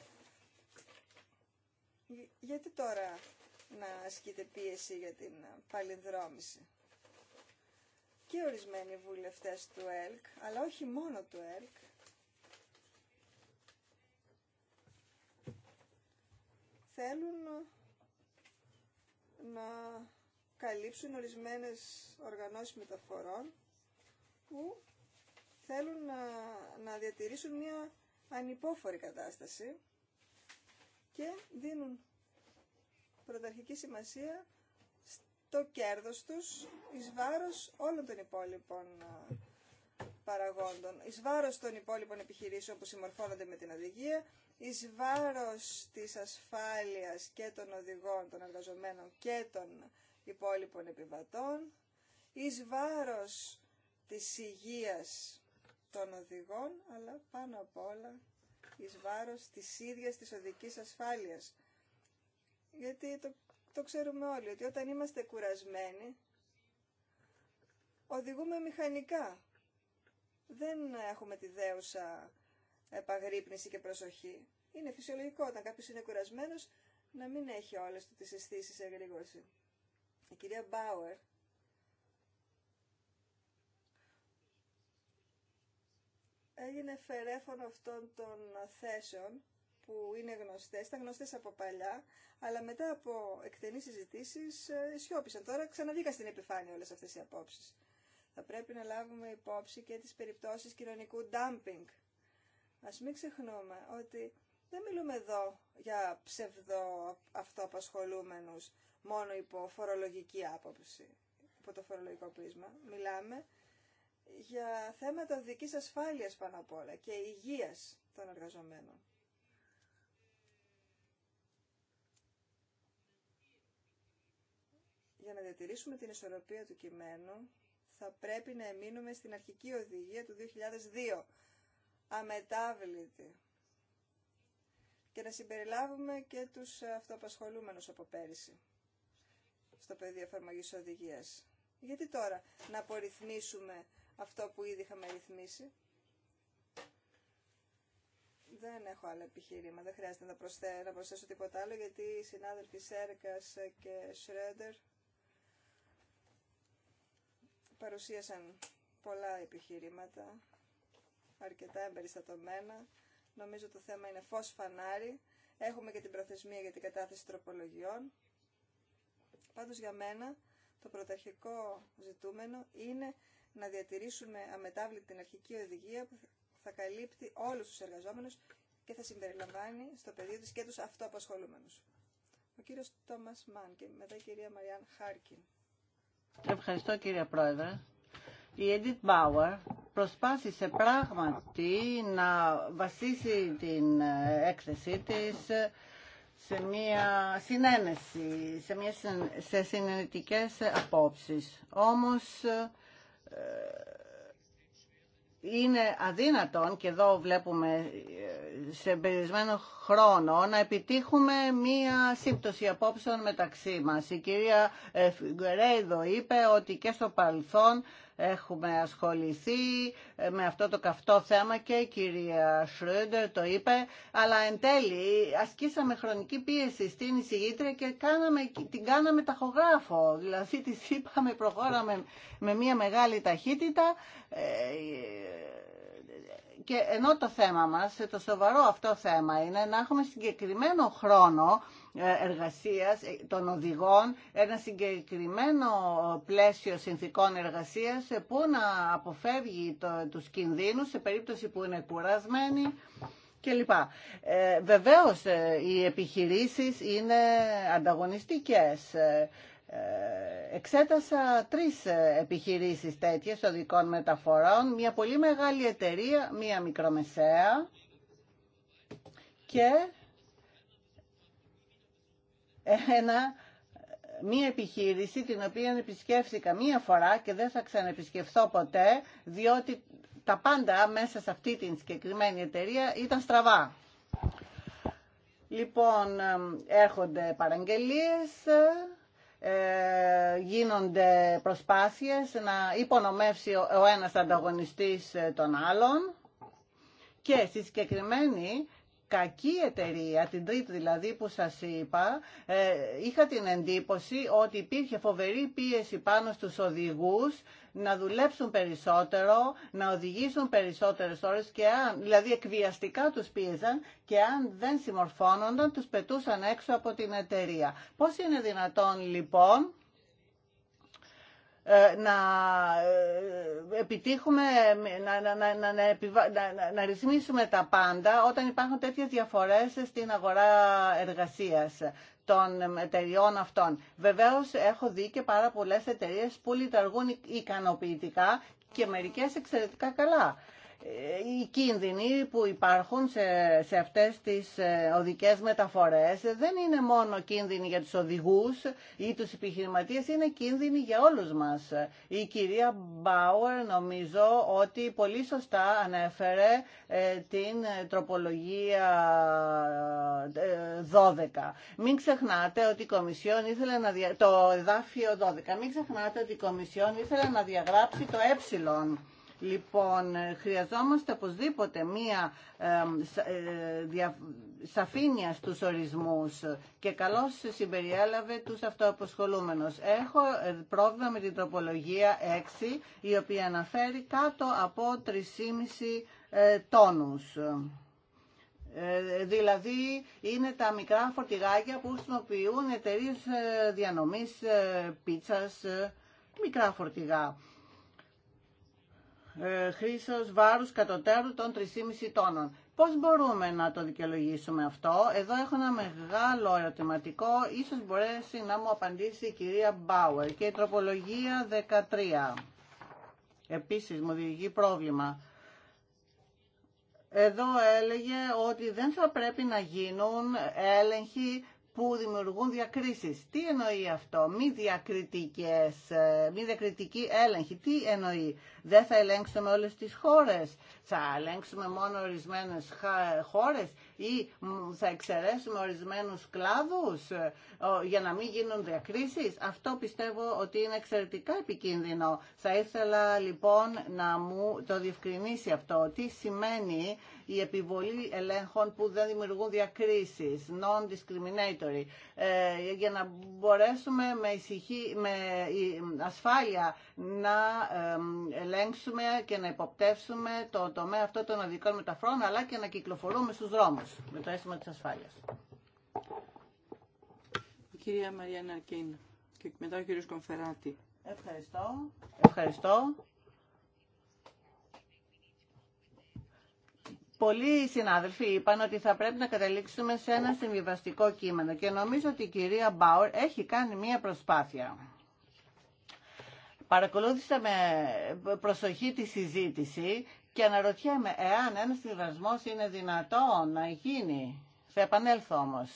Γιατί τώρα να ασκείται πίεση για την ε, παλινδρόμηση. Και ορισμένοι βουλευτές του ΕΛΚ, αλλά όχι μόνο του ΕΛΚ, θέλουν να καλύψουν ορισμένες οργανώσεις μεταφορών που θέλουν να, να διατηρήσουν μια ανυπόφορη κατάσταση και δίνουν πρωταρχική σημασία στο κέρδος τους εις βάρος όλων των υπόλοιπων παραγόντων, εις βάρος των υπόλοιπων επιχειρήσεων που συμμορφώνονται με την οδηγία, εις βάρος της ασφάλειας και των οδηγών, των εργαζομένων και των υπόλοιπων επιβατών, εις βάρος της υγείας των οδηγών, αλλά πάνω απ' όλα εις βάρος της ίδιας της οδικής ασφάλειας. Γιατί το, το ξέρουμε όλοι, ότι όταν είμαστε κουρασμένοι, οδηγούμε μηχανικά. Δεν έχουμε τη δέουσα επαγρύπνηση και προσοχή. Είναι φυσιολογικό όταν κάποιος είναι κουρασμένος να μην έχει όλες τις αισθήσεις εγρήγορση. Η κυρία Μπάουερ έγινε φερέφων αυτών των θέσεων που είναι γνωστές, ήταν γνωστές από παλιά, αλλά μετά από εκτενείς συζητήσεις ε, σιώπησαν. Τώρα ξαναβήκα στην επιφάνεια όλες αυτές οι απόψεις. Θα πρέπει να λάβουμε υπόψη και τις περιπτώσεις κοινωνικού dumping. Ας μην ξεχνούμε ότι δεν μιλούμε εδώ για ψευδό μόνο υπό φορολογική άποψη, υπό το φορολογικό πρίσμα. Μιλάμε για θέματα δικής ασφάλειας πάνω απ' όλα και υγείας των εργαζομένων. Για να διατηρήσουμε την ισορροπία του κειμένου, θα πρέπει να εμείνουμε στην αρχική οδηγία του 2002, αμετάβλητη, και να συμπεριλάβουμε και τους αυτοαπασχολούμενους από πέρυσι στο πεδίο εφαρμογή οδηγία. Γιατί τώρα να απορριθμίσουμε αυτό που ήδη είχαμε ρυθμίσει. Δεν έχω άλλο επιχείρημα, δεν χρειάζεται να, να προσθέσω τίποτα άλλο γιατί οι συνάδελφοι Σέρκας και Σρέντερ παρουσίασαν πολλά επιχειρήματα, αρκετά εμπεριστατωμένα. Νομίζω το θέμα είναι φως φανάρι. Έχουμε και την προθεσμία για την κατάθεση τροπολογιών. Πάντως για μένα το πρωταρχικό ζητούμενο είναι να διατηρήσουμε αμετάβλητη την αρχική οδηγία που θα καλύπτει όλους τους εργαζόμενους και θα συμπεριλαμβάνει στο πεδίο της και τους αυτοαπασχολούμενους. Ο κύριος Τόμας Μάν μετά η κυρία Μαριάν Χάρκιν. Ευχαριστώ κύριε Πρόεδρε. Η Edith Bauer προσπάθησε πράγματι να βασίσει την ε, έκθεσή της σε μια συνένεση, σε, μια, σε συνενετικές απόψεις. Όμως ε, είναι αδύνατον, και εδώ βλέπουμε ε, σε περιορισμένο χρόνο, να επιτύχουμε μία σύμπτωση απόψεων μεταξύ μας. Η κυρία ε, Φιγκουερέιδο είπε ότι και στο παρελθόν Έχουμε ασχοληθεί με αυτό το καυτό θέμα και η κυρία Σρούντερ το είπε, αλλά εν τέλει ασκήσαμε χρονική πίεση στην εισηγήτρια και κάναμε, την κάναμε ταχογράφο. Δηλαδή της είπαμε, προχώραμε με μια μεγάλη ταχύτητα ε, και ενώ το θέμα μας, το σοβαρό αυτό θέμα είναι να έχουμε συγκεκριμένο χρόνο ε, εργασίας ε, των οδηγών ένα συγκεκριμένο πλαίσιο συνθήκων εργασίας ε, που να αποφεύγει το, τους κινδύνους σε περίπτωση που είναι κουρασμένοι κλπ. Ε, βεβαίως οι επιχειρήσεις είναι ανταγωνιστικές. Εξέτασα τρεις επιχειρήσεις τέτοιες οδικών μεταφορών, μια πολύ μεγάλη εταιρεία, μια μικρομεσαία και ένα, μία επιχείρηση την οποία επισκέφθηκα μία φορά και δεν θα ξαναεπισκεφθώ ποτέ διότι τα πάντα μέσα σε αυτή την συγκεκριμένη εταιρεία ήταν στραβά. Λοιπόν, έρχονται παραγγελίες, ε, γίνονται προσπάθειες να υπονομεύσει ο ένας ανταγωνιστής τον άλλον και στη συγκεκριμένη κακή εταιρεία, την τρίτη δηλαδή που σας είπα, ε, είχα την εντύπωση ότι υπήρχε φοβερή πίεση πάνω στους οδηγούς να δουλέψουν περισσότερο, να οδηγήσουν περισσότερες ώρες και αν, δηλαδή εκβιαστικά τους πίεζαν και αν δεν συμμορφώνονταν τους πετούσαν έξω από την εταιρεία. Πώς είναι δυνατόν λοιπόν ε, να ε, επιτύχουμε, να, να, να, να, ρυθμίσουμε τα πάντα όταν υπάρχουν τέτοιες διαφορές στην αγορά εργασίας των εταιριών αυτών. Βεβαίως έχω δει και πάρα πολλές εταιρείες που λειτουργούν ικανοποιητικά και μερικές εξαιρετικά καλά. Ε, οι κίνδυνοι που υπάρχουν σε, σε αυτές τις ε, οδικές μεταφορές δεν είναι μόνο κίνδυνοι για τους οδηγούς ή τους επιχειρηματίες, είναι κίνδυνοι για όλους μας. Η κυρία Μπάουερ νομίζω ότι πολύ σωστά ανέφερε ε, την τροπολογία 12. Μην ξεχνάτε ότι η Κομισιόν ήθελε να το εδάφιο 12. Μην ξεχνάτε ότι η Κομισιόν ήθελε να διαγράψει το ε Λοιπόν, χρειαζόμαστε οπωσδήποτε μία ε, ε, σαφήνεια στους ορισμούς και καλώς συμπεριέλαβε τους αυτοαποσχολούμενους. Έχω ε, πρόβλημα με την τροπολογία 6, η οποία αναφέρει κάτω από 3,5 τόνους. Δηλαδή είναι τα μικρά φορτηγάκια που χρησιμοποιούν εταιρείε διανομής πίτσας, μικρά φορτηγά. Ε, χρήσεως βάρους κατωτέρου των 3,5 τόνων. Πώς μπορούμε να το δικαιολογήσουμε αυτό. Εδώ έχω ένα μεγάλο ερωτηματικό. Ίσως μπορέσει να μου απαντήσει η κυρία Μπάουερ. Και η τροπολογία 13. Επίσης μου δημιουργεί πρόβλημα. Εδώ έλεγε ότι δεν θα πρέπει να γίνουν έλεγχοι που δημιουργούν διακρίσεις. Τι εννοεί αυτό, μη, διακριτικές, ε, μη διακριτική έλεγχη, τι εννοεί. Δεν θα ελέγξουμε όλες τις χώρες, θα ελέγξουμε μόνο ορισμένες χώρες ή θα εξαιρέσουμε ορισμένους κλάδους ε, για να μην γίνουν διακρίσεις. Αυτό πιστεύω ότι είναι εξαιρετικά επικίνδυνο. Θα ήθελα λοιπόν να μου το διευκρινίσει αυτό, τι σημαίνει η επιβολή ελέγχων που δεν δημιουργούν διακρίσεις, non-discriminatory, ε, για να μπορέσουμε με, ησυχή, με ασφάλεια να ελέγξουμε και να υποπτεύσουμε το τομέα αυτό των οδικών μεταφρών, αλλά και να κυκλοφορούμε στους δρόμους με το αίσθημα της ασφάλειας. κυρία Μαριάννα και μετά ο κύριος Κομφεράτη. Ευχαριστώ. Ευχαριστώ. πολλοί συνάδελφοι είπαν ότι θα πρέπει να καταλήξουμε σε ένα συμβιβαστικό κείμενο και νομίζω ότι η κυρία Μπάουρ έχει κάνει μία προσπάθεια. Παρακολούθησα με προσοχή τη συζήτηση και αναρωτιέμαι εάν ένας συμβασμός είναι δυνατό να γίνει. Θα επανέλθω όμως.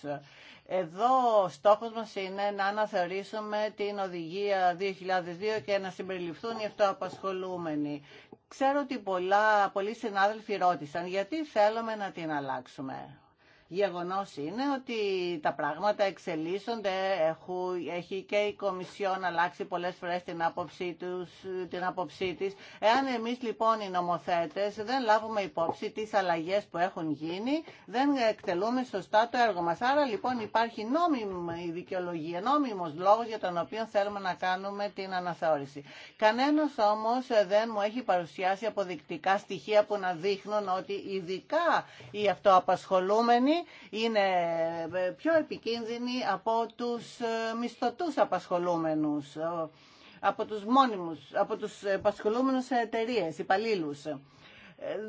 Εδώ ο στόχος μας είναι να αναθεωρήσουμε την οδηγία 2002 και να συμπεριληφθούν οι αυτοαπασχολούμενοι. Ξέρω ότι πολλά, πολλοί συνάδελφοι ρώτησαν γιατί θέλουμε να την αλλάξουμε. Γεγονός είναι ότι τα πράγματα εξελίσσονται, έχει και η Κομισιόν αλλάξει πολλές φορές την άποψή, τους, την άποψή της. Εάν εμείς λοιπόν οι νομοθέτες δεν λάβουμε υπόψη τις αλλαγές που έχουν γίνει, δεν εκτελούμε σωστά το έργο μας. Άρα λοιπόν υπάρχει νόμιμη δικαιολογία, νόμιμος λόγος για τον οποίο θέλουμε να κάνουμε την αναθεώρηση. Κανένας όμως δεν μου έχει παρουσιάσει αποδεικτικά στοιχεία που να δείχνουν ότι ειδικά οι αυτοαπασχολούμενοι είναι πιο επικίνδυνη από τους ε, μισθωτούς απασχολούμενους, ε, από τους μόνιμους, από τους ε, απασχολούμενους σε εταιρείες, υπαλλήλους.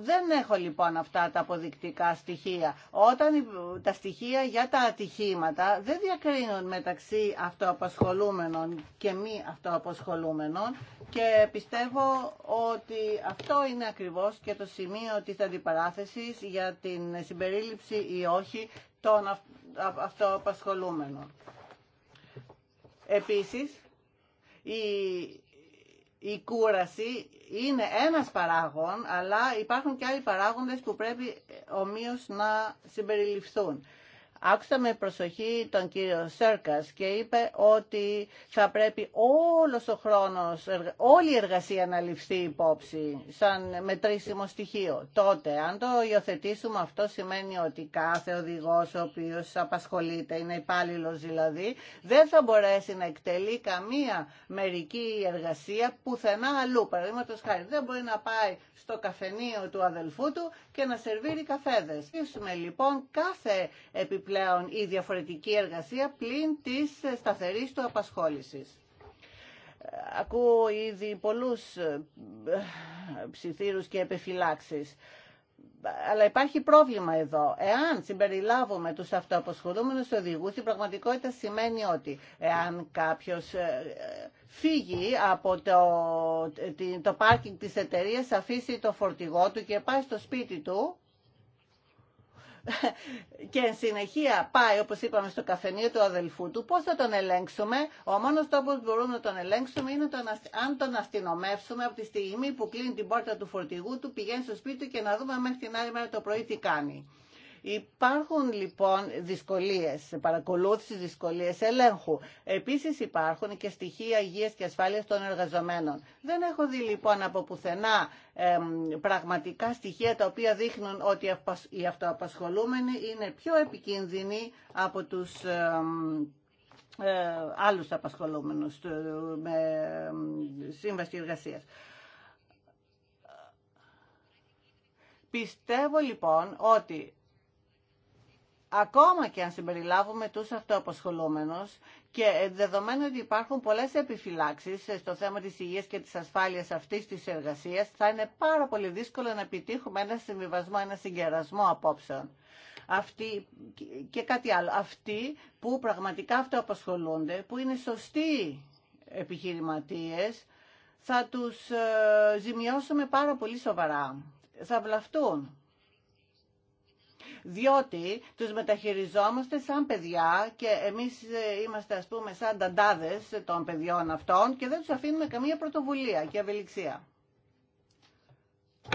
Δεν έχω λοιπόν αυτά τα αποδεικτικά στοιχεία. Όταν τα στοιχεία για τα ατυχήματα δεν διακρίνουν μεταξύ αυτοαπασχολούμενων και μη αυτοαπασχολούμενων και πιστεύω ότι αυτό είναι ακριβώς και το σημείο της αντιπαράθεσης για την συμπερίληψη ή όχι των αυτοαπασχολούμενων. Επίσης, η η κούραση είναι ένας παράγων, αλλά υπάρχουν και άλλοι παράγοντες που πρέπει ομοίως να συμπεριληφθούν. Άκουσα με προσοχή τον κύριο Σέρκας και είπε ότι θα πρέπει όλος ο χρόνος, όλη η εργασία να ληφθεί υπόψη σαν μετρήσιμο στοιχείο. Τότε, αν το υιοθετήσουμε αυτό σημαίνει ότι κάθε οδηγός ο οποίος απασχολείται, είναι υπάλληλο δηλαδή, δεν θα μπορέσει να εκτελεί καμία μερική εργασία πουθενά αλλού. Παραδείγματο χάρη, δεν μπορεί να πάει στο καφενείο του αδελφού του και να σερβίρει καφέδες. λοιπόν κάθε επιπλέον πλέον η διαφορετική εργασία πλην της σταθερής του απασχόλησης. Ακούω ήδη πολλούς ε, ψιθύρους και επιφυλάξεις. Αλλά υπάρχει πρόβλημα εδώ. Εάν συμπεριλάβουμε τους αυτοαποσχολούμενους οδηγούς, η πραγματικότητα σημαίνει ότι εάν κάποιος ε, φύγει από το, ε, το πάρκινγκ της εταιρείας, αφήσει το φορτηγό του και πάει στο σπίτι του, και εν συνεχεία πάει, όπως είπαμε, στο καφενείο του αδελφού του, πώς θα τον ελέγξουμε. Ο μόνος τρόπος που μπορούμε να τον ελέγξουμε είναι τον, αν τον αστυνομεύσουμε από τη στιγμή που κλείνει την πόρτα του φορτηγού του, πηγαίνει στο σπίτι του και να δούμε μέχρι την άλλη μέρα το πρωί τι κάνει. Υπάρχουν λοιπόν δυσκολίες, παρακολούθηση δυσκολίες ελέγχου. Επίσης υπάρχουν και στοιχεία υγείας και ασφάλειας των εργαζομένων. Δεν έχω δει λοιπόν από πουθενά εμ, πραγματικά στοιχεία τα οποία δείχνουν ότι οι αυτοαπασχολούμενοι είναι πιο επικίνδυνοι από τους ε, άλλους απασχολούμενους με σύμβαση εργασίας. Πιστεύω λοιπόν ότι ακόμα και αν συμπεριλάβουμε τους αυτοαπασχολούμενους και δεδομένου ότι υπάρχουν πολλές επιφυλάξεις στο θέμα της υγείας και της ασφάλειας αυτής της εργασίας, θα είναι πάρα πολύ δύσκολο να επιτύχουμε ένα συμβιβασμό, ένα συγκερασμό απόψεων. Αυτοί, και κάτι άλλο, αυτοί που πραγματικά αυτοαποσχολούνται, που είναι σωστοί επιχειρηματίες, θα τους ε, ζημιώσουμε πάρα πολύ σοβαρά. Θα βλαφτούν διότι τους μεταχειριζόμαστε σαν παιδιά και εμείς ε, είμαστε ας πούμε σαν ταντάδες των παιδιών αυτών και δεν τους αφήνουμε καμία πρωτοβουλία και ευελιξία.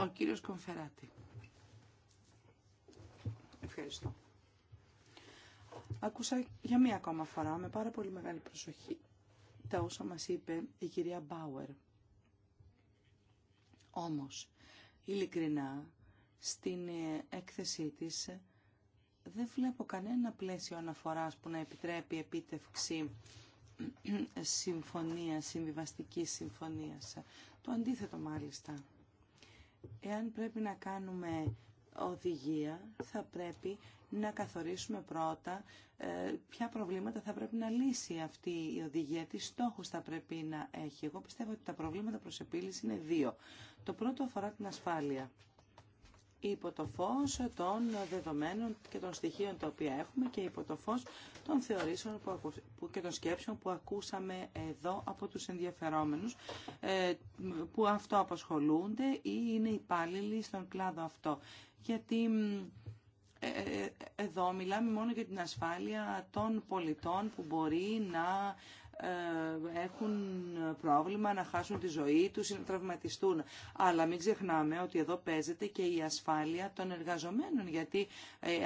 Ο κύριος Κομφεράτη. Ευχαριστώ. Ακούσα για μία ακόμα φορά με πάρα πολύ μεγάλη προσοχή τα όσα μας είπε η κυρία Μπάουερ. Όμως, ειλικρινά, στην ε, έκθεσή της ε, δεν βλέπω κανένα πλαίσιο αναφοράς που να επιτρέπει επίτευξη ε, συμφωνία, συμβιβαστική συμφωνία. Το αντίθετο μάλιστα. Εάν πρέπει να κάνουμε οδηγία, θα πρέπει να καθορίσουμε πρώτα ποια προβλήματα θα πρέπει να λύσει αυτή η οδηγία, τι στόχους θα πρέπει να έχει. Εγώ πιστεύω ότι τα προβλήματα προς επίλυση είναι δύο. Το πρώτο αφορά την ασφάλεια υπό το φως των δεδομένων και των στοιχείων τα οποία έχουμε και υπό το φως των θεωρήσεων και των σκέψεων που ακούσαμε εδώ από τους ενδιαφερόμενους ε, που αυτό απασχολούνται ή είναι υπάλληλοι στον κλάδο αυτό. Γιατί ε, ε, εδώ μιλάμε μόνο για την ασφάλεια των πολιτών που μπορεί να ε, έχουν πρόβλημα να χάσουν τη ζωή τους ή να τραυματιστούν. Αλλά μην ξεχνάμε ότι εδώ παίζεται και η ασφάλεια των εργαζομένων, γιατί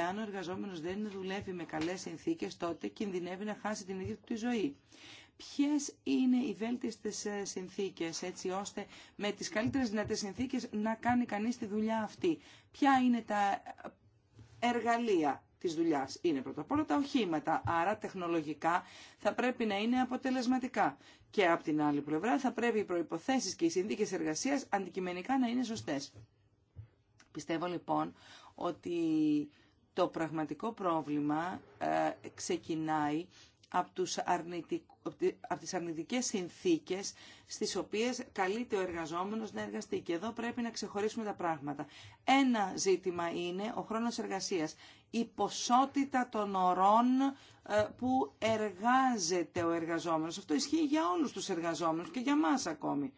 αν ε, ο εργαζόμενος δεν δουλεύει με καλές συνθήκες, τότε κινδυνεύει να χάσει την ίδια του τη ζωή ποιες είναι οι βέλτιστες ε, συνθήκες, έτσι ώστε με τις καλύτερες δυνατές συνθήκες να κάνει κανείς τη δουλειά αυτή. Ποια είναι τα εργαλεία της δουλειάς. Είναι πρώτα απ' όλα τα οχήματα, άρα τεχνολογικά θα πρέπει να είναι αποτελεσματικά. Και από την άλλη πλευρά θα πρέπει οι προϋποθέσεις και οι συνθήκες εργασίας αντικειμενικά να είναι σωστές. Πιστεύω λοιπόν ότι το πραγματικό πρόβλημα ε, ξεκινάει από, τους αρνητικ... από τις αρνητικές συνθήκες στις οποίες καλείται ο εργαζόμενος να εργαστεί. Και εδώ πρέπει να ξεχωρίσουμε τα πράγματα. Ένα ζήτημα είναι ο χρόνος εργασίας η ποσότητα των ωρών ε, που εργάζεται ο εργαζόμενος. Αυτό ισχύει για όλους τους εργαζόμενους και για μας ακόμη.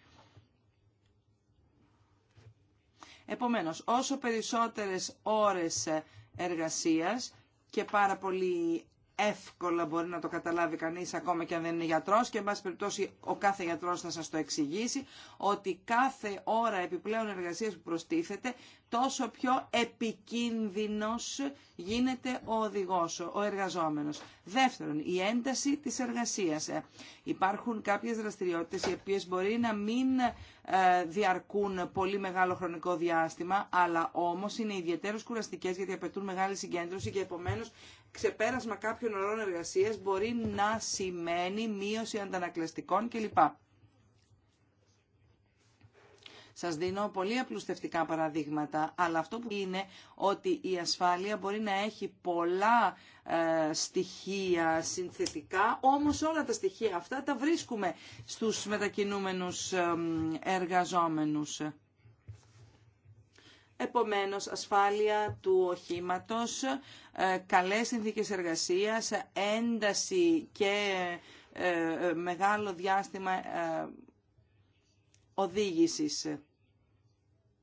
Επομένως, όσο περισσότερες ώρες εργασίας και πάρα πολύ εύκολα μπορεί να το καταλάβει κανείς ακόμα και αν δεν είναι γιατρός και εν πάση περιπτώσει ο κάθε γιατρός θα σας το εξηγήσει ότι κάθε ώρα επιπλέον εργασίας που προστίθεται τόσο πιο επικίνδυνος γίνεται ο οδηγός, ο εργαζόμενος. Δεύτερον, η ένταση της εργασίας. Ε, υπάρχουν κάποιες δραστηριότητες οι οποίες μπορεί να μην ε, διαρκούν πολύ μεγάλο χρονικό διάστημα, αλλά όμως είναι ιδιαίτερως κουραστικές γιατί απαιτούν μεγάλη συγκέντρωση και επομένως ξεπέρασμα κάποιων ωρών εργασίας μπορεί να σημαίνει μείωση αντανακλαστικών κλπ. Σας δίνω πολύ απλουστευτικά παραδείγματα, αλλά αυτό που είναι ότι η ασφάλεια μπορεί να έχει πολλά ε, στοιχεία συνθετικά, όμως όλα τα στοιχεία αυτά τα βρίσκουμε στους μετακινούμενους εργαζόμενους. Επομένως, ασφάλεια του οχήματος, ε, καλές συνθήκες εργασίας, ένταση και ε, ε, μεγάλο διάστημα οδήγησης.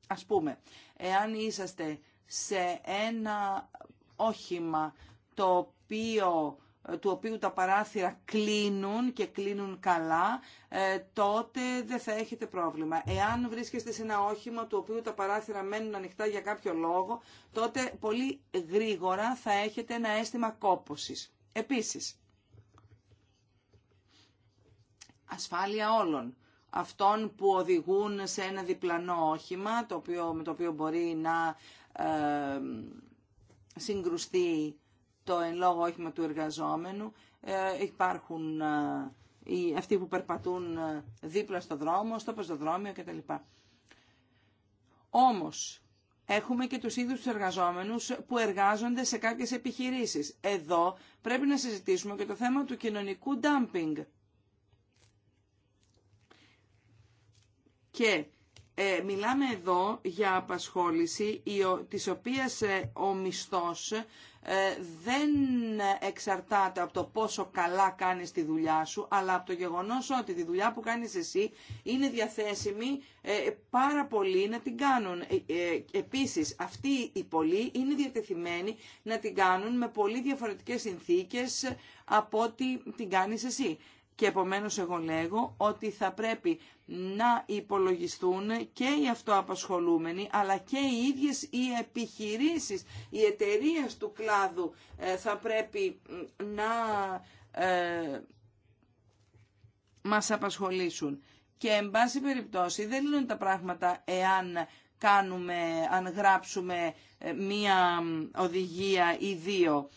Ας πούμε, εάν είσαστε σε ένα όχημα το οποίο ε, του οποίου τα παράθυρα κλείνουν και κλείνουν καλά, ε, τότε δεν θα έχετε πρόβλημα. Εάν βρίσκεστε σε ένα όχημα του οποίου τα παράθυρα μένουν ανοιχτά για κάποιο λόγο, τότε πολύ γρήγορα θα έχετε ένα αίσθημα κόπωσης. Επίσης, ασφάλεια όλων αυτών που οδηγούν σε ένα διπλανό όχημα, το οποίο, με το οποίο μπορεί να ε, συγκρουστεί το εν λόγω όχημα του εργαζόμενου. Ε, υπάρχουν ε, οι, αυτοί που περπατούν ε, δίπλα στο δρόμο, στο πεζοδρόμιο κτλ. Όμως, έχουμε και τους ίδιους τους εργαζόμενους που εργάζονται σε κάποιες επιχειρήσεις. Εδώ πρέπει να συζητήσουμε και το θέμα του κοινωνικού dumping. Και ε, μιλάμε εδώ για απασχόληση η, της οποίας ε, ο μισθός ε, δεν εξαρτάται από το πόσο καλά κάνεις τη δουλειά σου, αλλά από το γεγονός ότι τη δουλειά που κάνεις εσύ είναι διαθέσιμη πάρα πολύ να την κάνουν. Επίσης, αυτοί οι πολλοί είναι διατεθειμένοι να την κάνουν με πολύ διαφορετικές συνθήκες από ό,τι την κάνεις εσύ. Και επομένως εγώ λέγω ότι θα πρέπει να υπολογιστούν και οι αυτοαπασχολούμενοι αλλά και οι ίδιες οι επιχειρήσεις, οι εταιρείε του κλάδου ε, θα πρέπει να ε, μας απασχολήσουν. Και εν πάση περιπτώσει δεν λύνουν τα πράγματα εάν κάνουμε, αν γράψουμε ε, μία οδηγία ή δύο.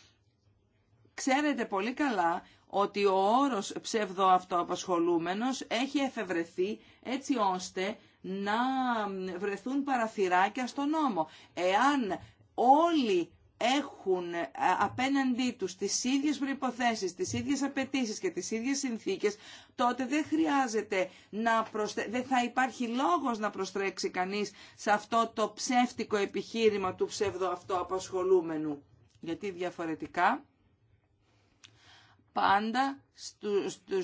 Ξέρετε πολύ καλά ότι ο όρος ψευδοαυτοαπασχολούμενος έχει εφευρεθεί έτσι ώστε να βρεθούν παραθυράκια στον νόμο. Εάν όλοι έχουν ε, απέναντί τους τις ίδιες προϋποθέσεις, τις ίδιες απαιτήσεις και τις ίδιες συνθήκες, τότε δεν χρειάζεται να δεν θα υπάρχει λόγος να προστρέξει κανείς σε αυτό το ψεύτικο επιχείρημα του ψευδοαυτοαπασχολούμενου. Γιατί διαφορετικά πάντα στου εργαζόμενου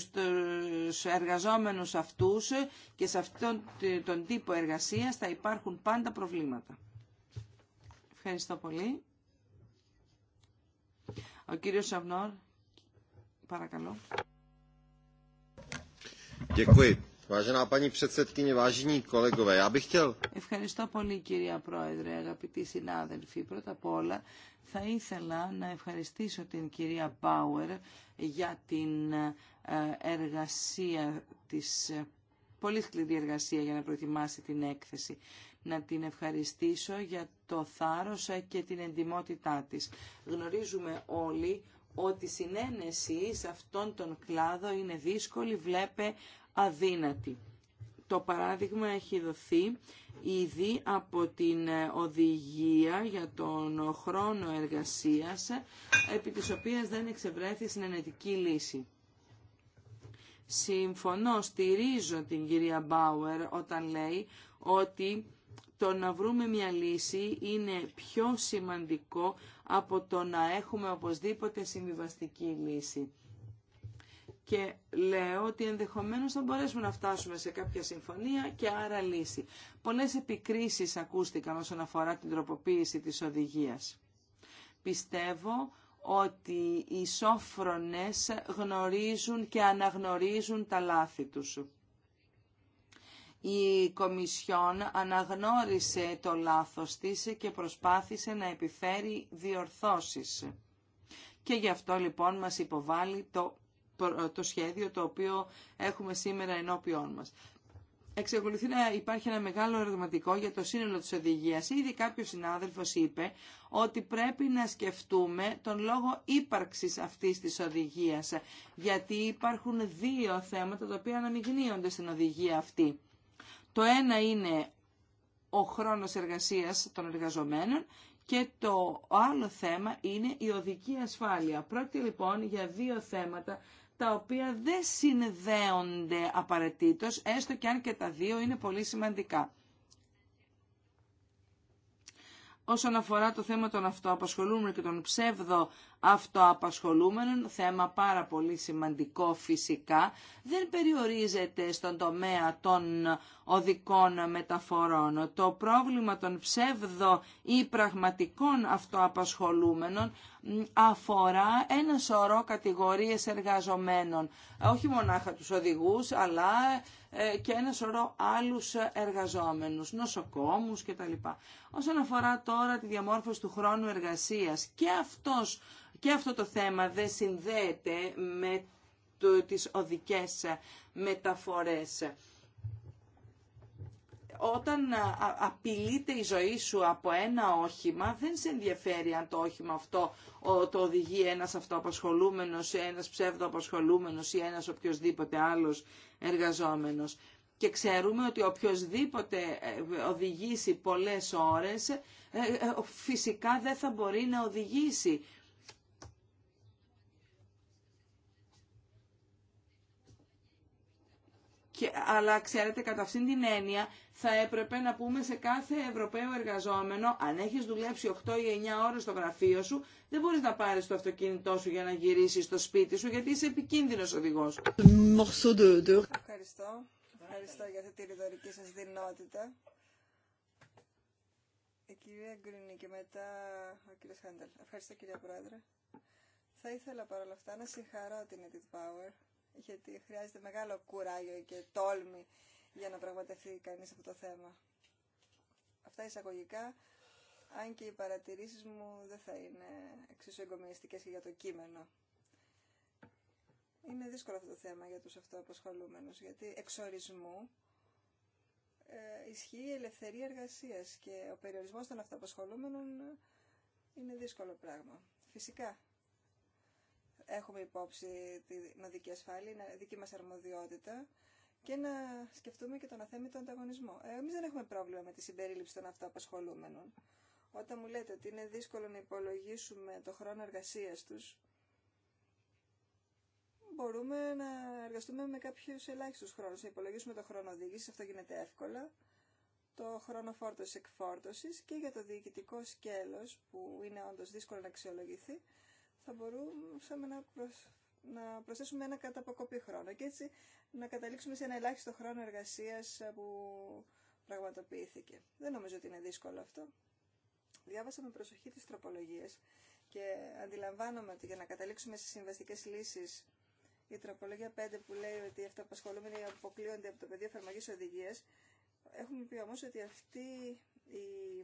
στους εργαζόμενους αυτούς και σε αυτόν τον τύπο εργασίας θα υπάρχουν πάντα προβλήματα. Ευχαριστώ πολύ. Ο κύριος Σαυνόρ, παρακαλώ. Ευχαριστώ πολύ κυρία Πρόεδρε, αγαπητοί συνάδελφοι. Πρώτα απ' όλα θα ήθελα να ευχαριστήσω την κυρία Πάουερ για την ε, εργασία της, ε, πολύ σκληρή εργασία για να προετοιμάσει την έκθεση. Να την ευχαριστήσω για το θάρρος ε, και την εντιμότητά της. Γνωρίζουμε όλοι ότι η συνένεση σε αυτόν τον κλάδο είναι δύσκολη, βλέπε αδύνατη. Το παράδειγμα έχει δοθεί ήδη από την οδηγία για τον χρόνο εργασίας, επί της οποίας δεν εξευρέθη συνενετική λύση. Συμφωνώ, στηρίζω την κυρία Μπάουερ όταν λέει ότι το να βρούμε μια λύση είναι πιο σημαντικό από το να έχουμε οπωσδήποτε συμβιβαστική λύση και λέω ότι ενδεχομένως θα μπορέσουμε να φτάσουμε σε κάποια συμφωνία και άρα λύση. Πολλές επικρίσεις ακούστηκαν όσον αφορά την τροποποίηση της οδηγίας. Πιστεύω ότι οι σόφρονες γνωρίζουν και αναγνωρίζουν τα λάθη τους. Η Κομισιόν αναγνώρισε το λάθος της και προσπάθησε να επιφέρει διορθώσεις. Και γι' αυτό λοιπόν μας υποβάλλει το ε, το σχέδιο το οποίο έχουμε σήμερα ενώπιόν μας. Εξακολουθεί να υπάρχει ένα μεγάλο ερωτηματικό για το σύνολο της οδηγίας. Ήδη κάποιος συνάδελφος είπε ότι πρέπει να σκεφτούμε τον λόγο ύπαρξης αυτής της οδηγίας, γιατί υπάρχουν δύο θέματα τα οποία αναμειγνύονται στην οδηγία αυτή. Το ένα είναι ο χρόνος εργασίας των εργαζομένων και το άλλο θέμα είναι η οδική ασφάλεια. Πρόκειται λοιπόν για δύο θέματα τα οποία δεν συνδέονται απαραίτητος, έστω και αν και τα δύο είναι πολύ σημαντικά. Όσον αφορά το θέμα των αυτοαπασχολούμενων και των ψεύδο αυτοαπασχολούμενων, θέμα πάρα πολύ σημαντικό φυσικά, δεν περιορίζεται στον τομέα των οδικών μεταφορών. Το πρόβλημα των ψεύδο ή πραγματικών αυτοαπασχολούμενων αφορά ένα σωρό κατηγορίες εργαζομένων, όχι μονάχα τους οδηγούς, αλλά ε, και ένα σωρό άλλους εργαζόμενους, νοσοκόμους κτλ. Όσον αφορά τώρα τη διαμόρφωση του χρόνου εργασίας και αυτός και αυτό το θέμα δεν συνδέεται με το, τις οδικές μεταφορές. Όταν απειλείται η ζωή σου από ένα όχημα, δεν σε ενδιαφέρει αν το όχημα αυτό το οδηγεί ένας αυτοαπασχολούμενος, ένας ψευδοαπασχολούμενος ή ένας οποιοδήποτε άλλος εργαζόμενος. Και ξέρουμε ότι οποιοδήποτε ε, οδηγήσει πολλές ώρες, ε, ε, φυσικά δεν θα μπορεί να οδηγήσει αλλά ξέρετε, κατά αυτήν την έννοια θα έπρεπε να πούμε σε κάθε Ευρωπαίο εργαζόμενο, αν έχεις δουλέψει 8 ή 9 ώρες στο γραφείο σου, δεν μπορείς να πάρεις το αυτοκίνητό σου για να γυρίσεις στο σπίτι σου, γιατί είσαι επικίνδυνος οδηγός. Ευχαριστώ. Ευχαριστώ για αυτή τη ρητορική σας δυνότητα. Η κυρία Γκρινή και μετά ο κύριος Χάντελ. Ευχαριστώ κυρία Πρόεδρε. Θα ήθελα παρόλα αυτά να συγχαρώ την Edith Power γιατί χρειάζεται μεγάλο κουράγιο και τόλμη για να πραγματευτεί κανείς αυτό το θέμα. Αυτά εισαγωγικά, αν και οι παρατηρήσεις μου δεν θα είναι εξίσου εγκομιστικές και για το κείμενο. Είναι δύσκολο αυτό το θέμα για τους αυτοαπασχολούμενους, γιατί εξορισμού ε, ισχύει η ελευθερία εργασίας και ο περιορισμός των αυτοαπασχολούμενων είναι δύσκολο πράγμα. Φυσικά, έχουμε υπόψη τη οδική ασφάλεια, είναι δική μας αρμοδιότητα και να σκεφτούμε και τον αθέμητο ανταγωνισμό. Ε, εμείς δεν έχουμε πρόβλημα με τη συμπερίληψη των αυτοαπασχολούμενων. Όταν μου λέτε ότι είναι δύσκολο να υπολογίσουμε το χρόνο εργασίας τους, μπορούμε να εργαστούμε με κάποιους ελάχιστους χρόνους. Να υπολογίσουμε το χρόνο οδήγησης, αυτό γίνεται εύκολα, το χρόνο φόρτωση εκφόρτωσης και για το διοικητικό σκέλος, που είναι όντως δύσκολο να αξιολογηθεί, θα μπορούσαμε να, προσ... να προσθέσουμε ένα καταποκοπή χρόνο και έτσι να καταλήξουμε σε ένα ελάχιστο χρόνο εργασίας που πραγματοποιήθηκε. Δεν νομίζω ότι είναι δύσκολο αυτό. Διάβασα με προσοχή τις τροπολογίες και αντιλαμβάνομαι ότι για να καταλήξουμε σε συμβαστικές λύσεις η τροπολογία 5 που λέει ότι οι αυτοαπασχολούμενοι αποκλείονται από το πεδίο εφαρμογής οδηγίας Έχουμε πει όμως ότι αυτή η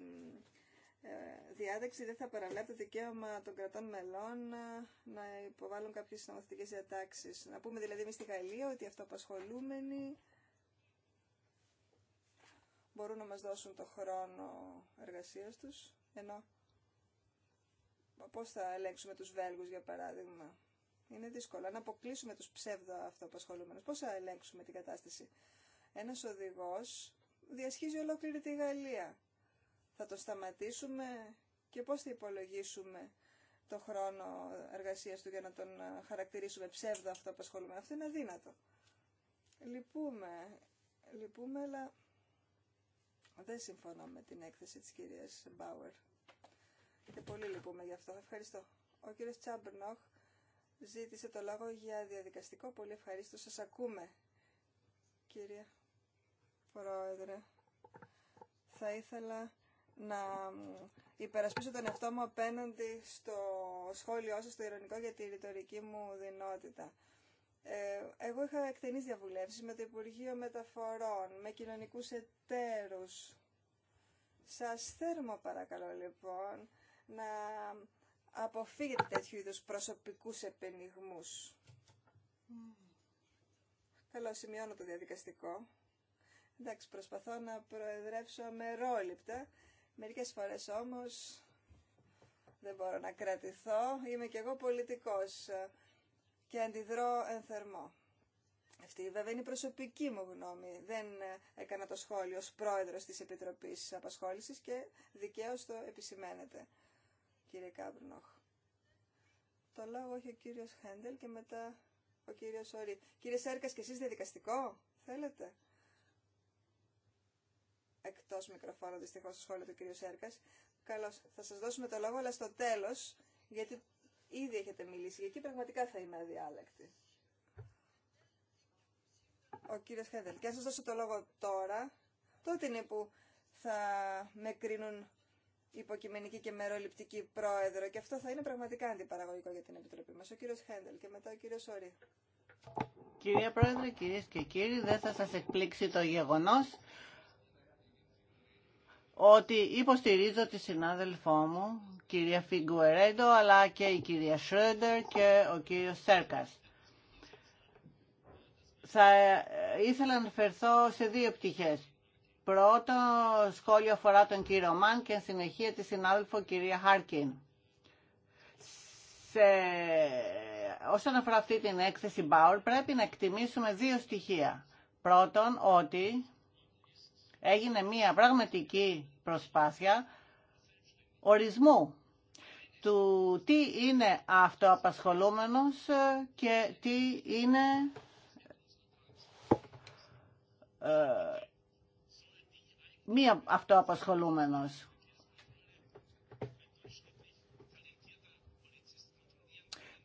ε, διάδεξη δεν θα παραβλέπει το δικαίωμα των κρατών μελών ε, να υποβάλουν κάποιες νομοθετικές διατάξεις. Να πούμε δηλαδή εμείς στη Γαλλία ότι οι αυτοαπασχολούμενοι μπορούν να μας δώσουν το χρόνο εργασίας τους, ενώ πώς θα ελέγξουμε τους Βέλγους για παράδειγμα. Είναι δύσκολο. Αν αποκλείσουμε τους ψεύδο αυτοαπασχολούμενους, πώς θα ελέγξουμε την κατάσταση. Ένας οδηγός διασχίζει ολόκληρη τη Γαλλία θα το σταματήσουμε και πώς θα υπολογίσουμε το χρόνο εργασίας του για να τον χαρακτηρίσουμε ψεύδο αυτό που ασχολούμαι. Αυτό είναι αδύνατο. Λυπούμε, λυπούμε, αλλά δεν συμφωνώ με την έκθεση της κυρίας Μπάουερ. Και πολύ λυπούμε γι' αυτό. Ευχαριστώ. Ο κύριος Τσάμπρνοχ ζήτησε το λόγο για διαδικαστικό. Πολύ ευχαριστώ. Σας ακούμε, κύριε Πρόεδρε. Θα ήθελα να υπερασπίσω τον εαυτό μου απέναντι στο σχόλιο σας, το ηρωνικό για τη ρητορική μου δυνότητα. Ε, εγώ είχα εκτενείς διαβουλεύσεις με το Υπουργείο Μεταφορών, με κοινωνικούς εταίρους. Σας θέρμα παρακαλώ λοιπόν να αποφύγετε τέτοιου είδους προσωπικούς επενιγμούς. Mm. σημειώνω το διαδικαστικό. Εντάξει, προσπαθώ να προεδρεύσω αμερόληπτα Μερικές φορές όμως δεν μπορώ να κρατηθώ. Είμαι κι εγώ πολιτικός και αντιδρώ ενθερμό. Αυτή βέβαια είναι η προσωπική μου γνώμη. Δεν έκανα το σχόλιο ως πρόεδρος της Επιτροπής Απασχόλησης και δικαίως το επισημαίνεται, κύριε Κάμπρνοχ. Το λόγο έχει ο κύριος Χέντελ και μετά ο κύριος Σόρι. Κύριε Σέρκας, και εσείς διαδικαστικό θέλετε. Εκτό μικροφόρου δυστυχώ, στο σχόλιο του κ. Σέρκα. Καλώ θα σα δώσουμε το λόγο, αλλά στο τέλο, γιατί ήδη έχετε μιλήσει, και εκεί πραγματικά θα είμαι αδιάλεκτη. Ο κ. Χέντελ. και αν σα δώσω το λόγο τώρα, τότε είναι που θα με κρίνουν υποκειμενική και μεροληπτική πρόεδρο και αυτό θα είναι πραγματικά αντιπαραγωγικό για την Επιτροπή μας. Ο κ. Χέντελ και μετά ο κ. Σόρη. Κυρία Πρόεδρε, κυρίες και κύριοι, δεν θα σας εκπλήξει το γεγονός ότι υποστηρίζω τη συνάδελφό μου, κυρία Φιγκουερέντο, αλλά και η κυρία Σρέντερ και ο κύριος Σέρκας. Θα ήθελα να φερθώ σε δύο πτυχές. Πρώτο σχόλιο αφορά τον κύριο Μαν και συνεχεία τη συνάδελφο κυρία Χάρκιν. Σε... Όσον αφορά αυτή την έκθεση Bauer πρέπει να εκτιμήσουμε δύο στοιχεία. Πρώτον ότι έγινε μια πραγματική προσπάθεια ορισμού του τι είναι αυτοαπασχολούμενος ε, και τι είναι ε, μία αυτοαπασχολούμενος.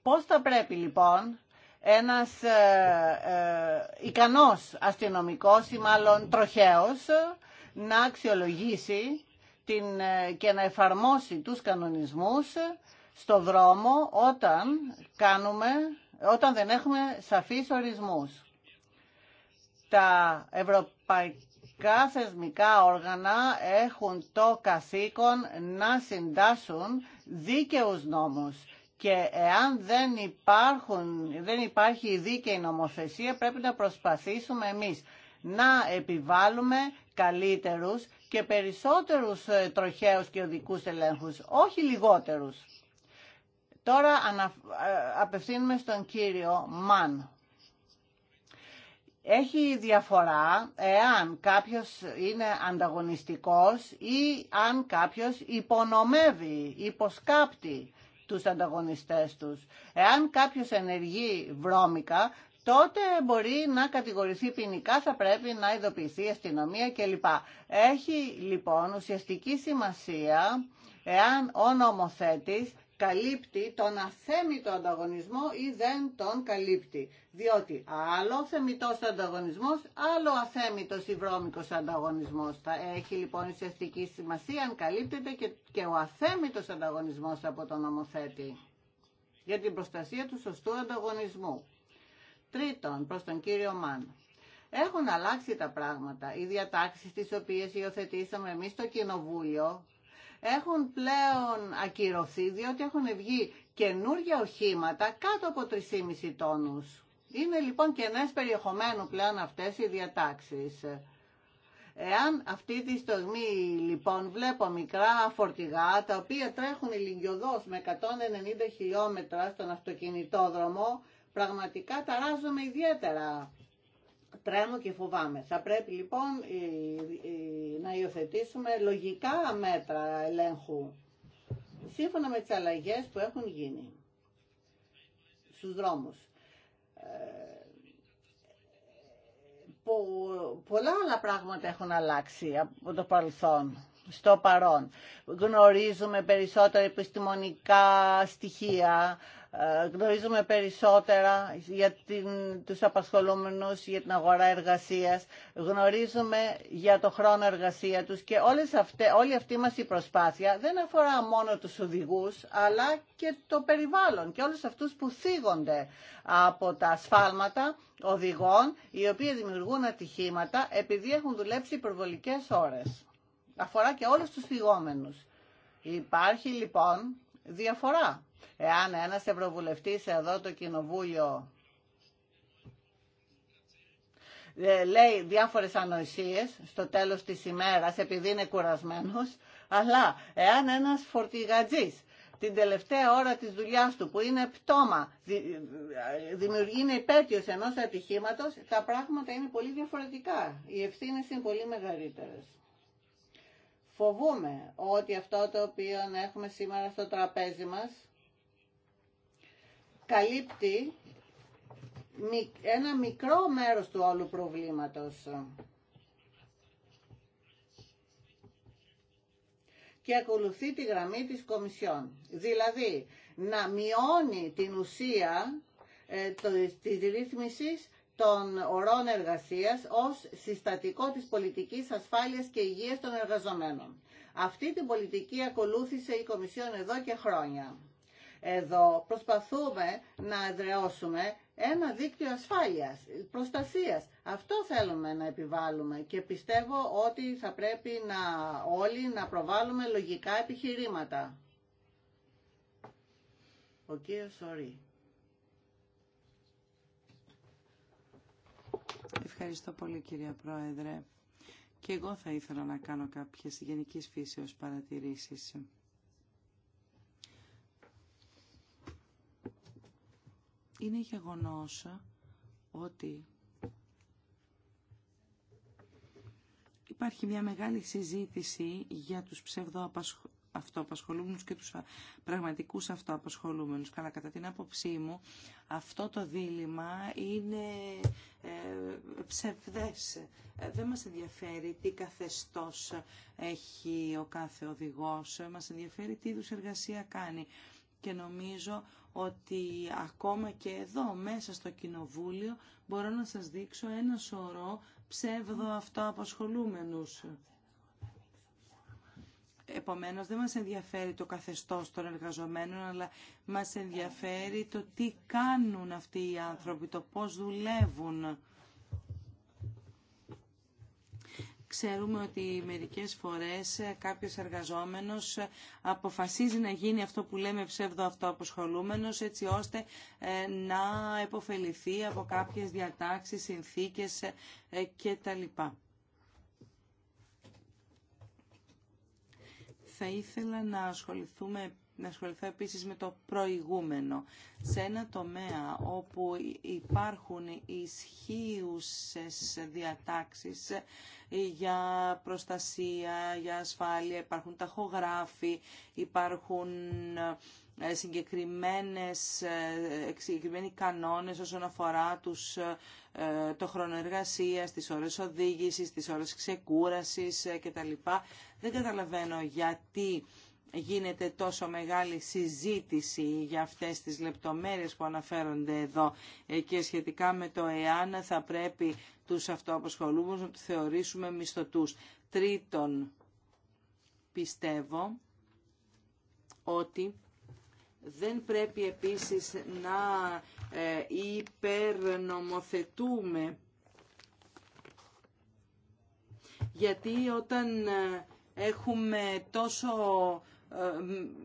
Πώς θα πρέπει λοιπόν ένας ε, ε, ικανός αστυνομικός ή μάλλον τροχαίος να αξιολογήσει την, ε, και να εφαρμόσει τους κανονισμούς στο δρόμο όταν, κάνουμε, όταν δεν έχουμε σαφείς ορισμούς. Τα ευρωπαϊκά θεσμικά όργανα έχουν το καθήκον να συντάσσουν δίκαιους νόμους και εάν δεν, υπάρχουν, δεν υπάρχει δίκαιη νομοθεσία πρέπει να προσπαθήσουμε εμείς να επιβάλλουμε καλύτερους και περισσότερους ε, τροχαίους και οδικούς ελέγχους, όχι λιγότερους. Τώρα ε, απευθύνουμε στον κύριο Μαν. Έχει διαφορά εάν κάποιος είναι ανταγωνιστικός ή αν κάποιος υπονομεύει, υποσκάπτει τους ανταγωνιστές τους. Εάν κάποιος ενεργεί βρώμικα, τότε μπορεί να κατηγορηθεί ποινικά, θα πρέπει να ειδοποιηθεί η αστυνομία κλπ. Έχει λοιπόν ουσιαστική σημασία εάν ο νομοθέτης καλύπτει τον αθέμητο ανταγωνισμό ή δεν τον καλύπτει. Διότι άλλο θεμητός ανταγωνισμός, άλλο αθέμητος ή βρωμικο ανταγωνισμός. Θα έχει λοιπόν ουσιαστική σημασία αν καλύπτεται και, και ο αθέμητος ανταγωνισμός από τον νομοθέτη για την προστασία του σωστού ανταγωνισμού. Τρίτον, προς τον κύριο Μάν. Έχουν αλλάξει τα πράγματα. Οι διατάξεις τις οποίες υιοθετήσαμε εμείς στο Κοινοβούλιο έχουν πλέον ακυρωθεί διότι έχουν βγει καινούργια οχήματα κάτω από 3,5 τόνους. Είναι λοιπόν κενές περιεχομένου πλέον αυτές οι διατάξεις. Εάν αυτή τη στιγμή λοιπόν βλέπω μικρά φορτηγά τα οποία τρέχουν ηλικιωδώς με 190 χιλιόμετρα στον αυτοκινητόδρομο, πραγματικά ταράζομαι ιδιαίτερα τρέμω και φοβάμαι. Θα πρέπει λοιπόν να υιοθετήσουμε λογικά μέτρα ελέγχου σύμφωνα με τις αλλαγές που έχουν γίνει στους δρόμους. Ε, πολλά άλλα πράγματα έχουν αλλάξει από το παρελθόν στο παρόν. Γνωρίζουμε περισσότερα επιστημονικά στοιχεία ε, γνωρίζουμε περισσότερα για την, τους απασχολούμενους, για την αγορά εργασίας, γνωρίζουμε για το χρόνο εργασία τους και όλες αυτέ, όλη αυτή μας η προσπάθεια δεν αφορά μόνο τους οδηγούς αλλά και το περιβάλλον και όλους αυτούς που θίγονται από τα ασφάλματα οδηγών οι οποίοι δημιουργούν ατυχήματα επειδή έχουν δουλέψει υπερβολικές ώρες. Αφορά και όλους τους θυγόμενους. Υπάρχει λοιπόν διαφορά Εάν ένας ευρωβουλευτής εδώ το κοινοβούλιο ε, λέει διάφορες ανοησίες στο τέλος της ημέρας επειδή είναι κουρασμένος, αλλά εάν ένας φορτηγατζής την τελευταία ώρα της δουλειάς του που είναι πτώμα, δημιουργεί, είναι υπέτειος ενός ατυχήματος, τα πράγματα είναι πολύ διαφορετικά. Οι ευθύνε είναι πολύ μεγαλύτερες. Φοβούμε ότι αυτό το οποίο έχουμε σήμερα στο τραπέζι μας καλύπτει ένα μικρό μέρος του όλου προβλήματος. και ακολουθεί τη γραμμή της Κομισιόν. Δηλαδή, να μειώνει την ουσία ε, της ρύθμισης των ορών εργασίας ως συστατικό της πολιτικής ασφάλειας και υγείας των εργαζομένων. Αυτή την πολιτική ακολούθησε η Κομισιόν εδώ και χρόνια. Εδώ προσπαθούμε να εδραιώσουμε ένα δίκτυο ασφάλειας, προστασίας. Αυτό θέλουμε να επιβάλλουμε και πιστεύω ότι θα πρέπει να όλοι να προβάλλουμε λογικά επιχειρήματα. Ο Ευχαριστώ πολύ κυρία Πρόεδρε. Και εγώ θα ήθελα να κάνω κάποιες γενικής φύσεως παρατηρήσεις. είναι γεγονός ότι υπάρχει μια μεγάλη συζήτηση για τους ψευδοαυτοαπασχολούμενους και τους πραγματικούς αυτοαπασχολούμενους. Καλά, κατά την άποψή μου, αυτό το δίλημα είναι ε, ψευδές. Ε, δεν μας ενδιαφέρει τι καθεστώς έχει ο κάθε οδηγός, μας ενδιαφέρει τι είδους εργασία κάνει και νομίζω ότι ακόμα και εδώ μέσα στο κοινοβούλιο μπορώ να σας δείξω ένα σωρό ψεύδο αυτοαπασχολούμενους. Επομένως δεν μας ενδιαφέρει το καθεστώς των εργαζομένων, αλλά μας ενδιαφέρει το τι κάνουν αυτοί οι άνθρωποι, το πώς δουλεύουν. Ξέρουμε ότι μερικές φορές ε, κάποιος εργαζόμενος ε, αποφασίζει να γίνει αυτό που λέμε ψεύδο αυτοαποσχολούμενος έτσι ώστε ε, να επωφεληθεί από κάποιες διατάξεις, συνθήκες κτλ. Θα ήθελα να ασχοληθούμε να ασχοληθώ επίσης με το προηγούμενο. Σε ένα τομέα όπου υπάρχουν ισχύουσες διατάξεις για προστασία, για ασφάλεια, υπάρχουν ταχογράφοι, υπάρχουν ε, συγκεκριμένες, ε, συγκεκριμένοι κανόνες όσον αφορά τους, ε, το χρόνο εργασία, τις ώρες οδήγησης, τις ώρες ξεκούρασης κτλ. Δεν καταλαβαίνω γιατί γίνεται τόσο μεγάλη συζήτηση για αυτές τις λεπτομέρειες που αναφέρονται εδώ ε, και σχετικά με το εάν θα πρέπει τους αυτοάποσχολουμένους να τους θεωρήσουμε μισθωτούς. Τρίτον, πιστεύω ότι δεν πρέπει επίσης να ε, υπερνομοθετούμε γιατί όταν ε, έχουμε τόσο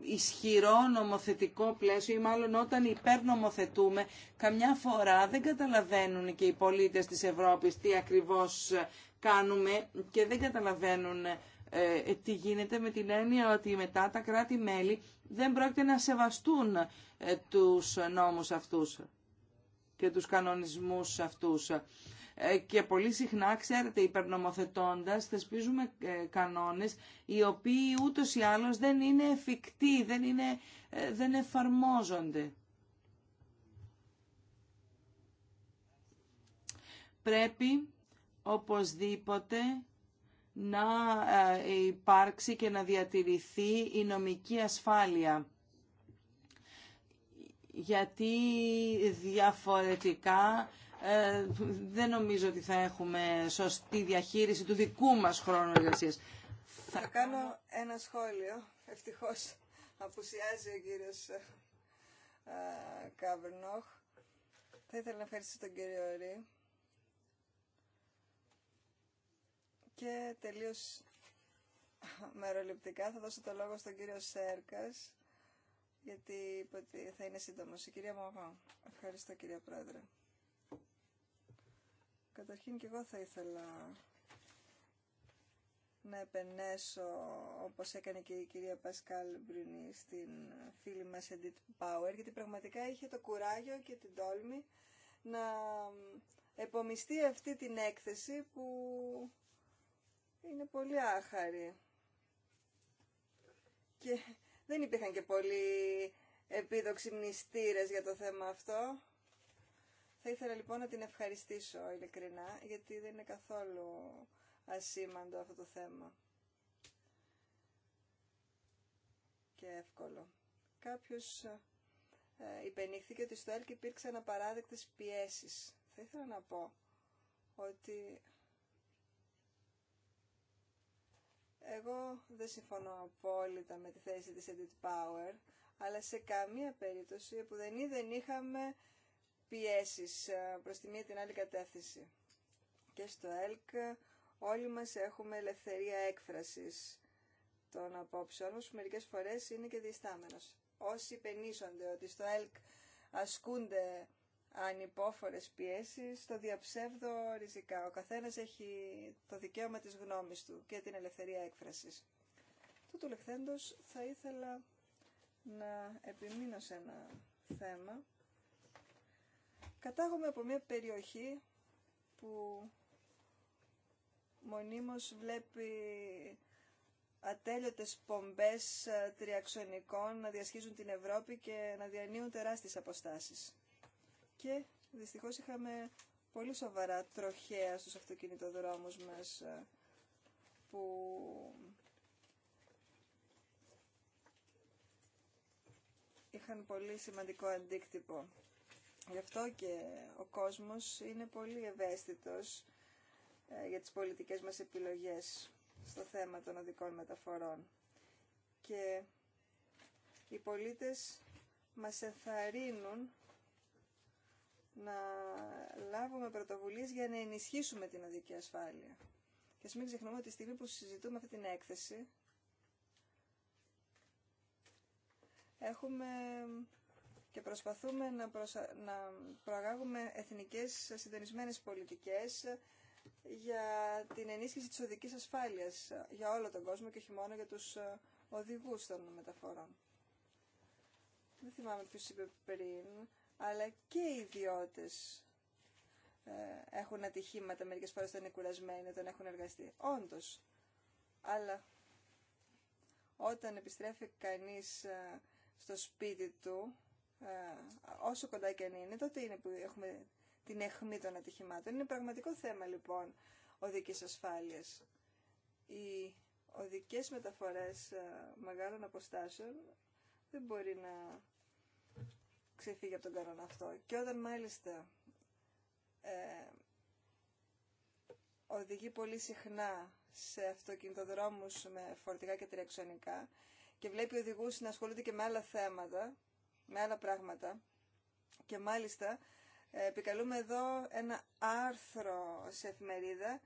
ισχυρό νομοθετικό πλαίσιο ή μάλλον όταν υπερνομοθετούμε καμιά φορά δεν καταλαβαίνουν και οι πολίτες της Ευρώπης τι ακριβώς ε, κάνουμε και δεν καταλαβαίνουν ε, ε, τι γίνεται με την έννοια ότι μετά τα κράτη-μέλη δεν πρόκειται να σεβαστούν τους νόμους αυτούς και τους κανονισμούς αυτούς. Ε, και πολύ συχνά, ξέρετε, υπερνομοθετώντας, θεσπίζουμε ε, κανόνες οι οποίοι ούτως ή άλλως δεν είναι εφικτοί, δεν, είναι, ε, δεν εφαρμόζονται. Πρέπει οπωσδήποτε να υπάρξει και να διατηρηθεί η νομική ασφάλεια γιατί διαφορετικά ε, δεν νομίζω ότι θα έχουμε σωστή διαχείριση του δικού μας χρόνου εργασία. Θα, κάνω ένα σχόλιο. Ευτυχώς απουσιάζει ο κύριος ε, ε, Καβρνόχ. Θα ήθελα να ευχαριστήσω τον κύριο Ρή. Και τελείως μεροληπτικά θα δώσω το λόγο στον κύριο Σέρκας, γιατί θα είναι σύντομος. Η κυρία Μογά. Ευχαριστώ κυρία Πρόεδρε. Καταρχήν και εγώ θα ήθελα να επενέσω, όπως έκανε και η κυρία Πασκάλ Μπρινή στην φίλη μας Edith Power, γιατί πραγματικά είχε το κουράγιο και την τόλμη να επομιστεί αυτή την έκθεση που είναι πολύ άχαρη. Και δεν υπήρχαν και πολλοί επίδοξοι μνηστήρες για το θέμα αυτό. Θα ήθελα λοιπόν να την ευχαριστήσω ειλικρινά, γιατί δεν είναι καθόλου ασήμαντο αυτό το θέμα. Και εύκολο. Κάποιος ε, υπενήχθηκε ότι στο ΕΛΚ υπήρξαν απαράδεκτες πιέσεις. Θα ήθελα να πω ότι εγώ δεν συμφωνώ απόλυτα με τη θέση της Edit Power, αλλά σε καμία περίπτωση που δεν είχαμε πιέσεις ε, προς τη μία την άλλη κατεύθυνση. Και στο ΕΛΚ όλοι μας έχουμε ελευθερία έκφρασης των απόψεων όμω μερικέ μερικές φορές είναι και διστάμενος. Όσοι πενήσονται ότι στο ΕΛΚ ασκούνται ανυπόφορε πιέσεις, το διαψεύδω ριζικά. Ο καθένας έχει το δικαίωμα της γνώμης του και την ελευθερία έκφρασης. Τούτου λεχθέντος θα ήθελα να επιμείνω σε ένα θέμα Κατάγομαι από μια περιοχή που μονίμως βλέπει ατέλειωτες πομπές ε, τριαξονικών να διασχίζουν την Ευρώπη και να διανύουν τεράστιες αποστάσεις. Και δυστυχώς είχαμε πολύ σοβαρά τροχέα στους αυτοκινητοδρόμους μας ε, που είχαν πολύ σημαντικό αντίκτυπο Γι' αυτό και ο κόσμος είναι πολύ ευαίσθητος ε, για τις πολιτικές μας επιλογές στο θέμα των οδικών μεταφορών. Και οι πολίτες μας ενθαρρύνουν να λάβουμε πρωτοβουλίες για να ενισχύσουμε την οδική ασφάλεια. Και ας μην ξεχνούμε ότι τη στιγμή που συζητούμε αυτή την έκθεση έχουμε και προσπαθούμε να, προσα... να προαγάγουμε εθνικές συντονισμένες πολιτικές για την ενίσχυση της οδικής ασφάλειας για όλο τον κόσμο και όχι μόνο για τους ε, οδηγούς των μεταφορών. Δεν θυμάμαι ποιος είπε πριν, αλλά και οι ιδιώτες ε, έχουν ατυχήματα μερικές φορές όταν είναι κουρασμένοι, όταν έχουν εργαστεί. Όντως. Αλλά όταν επιστρέφει κανείς ε, στο σπίτι του ε, όσο κοντά και αν είναι, τότε είναι που έχουμε την αιχμή των ατυχημάτων. Είναι πραγματικό θέμα λοιπόν οδικής ασφάλειας. Οι οδικές μεταφορές ε, μεγάλων αποστάσεων δεν μπορεί να ξεφύγει από τον κανόνα αυτό. Και όταν μάλιστα ε, οδηγεί πολύ συχνά σε αυτοκινητοδρόμους με φορτηγά και τριαξονικά και βλέπει οδηγούς να ασχολούνται και με άλλα θέματα με άλλα πράγματα και μάλιστα ε, επικαλούμε εδώ ένα άρθρο σε εφημερίδα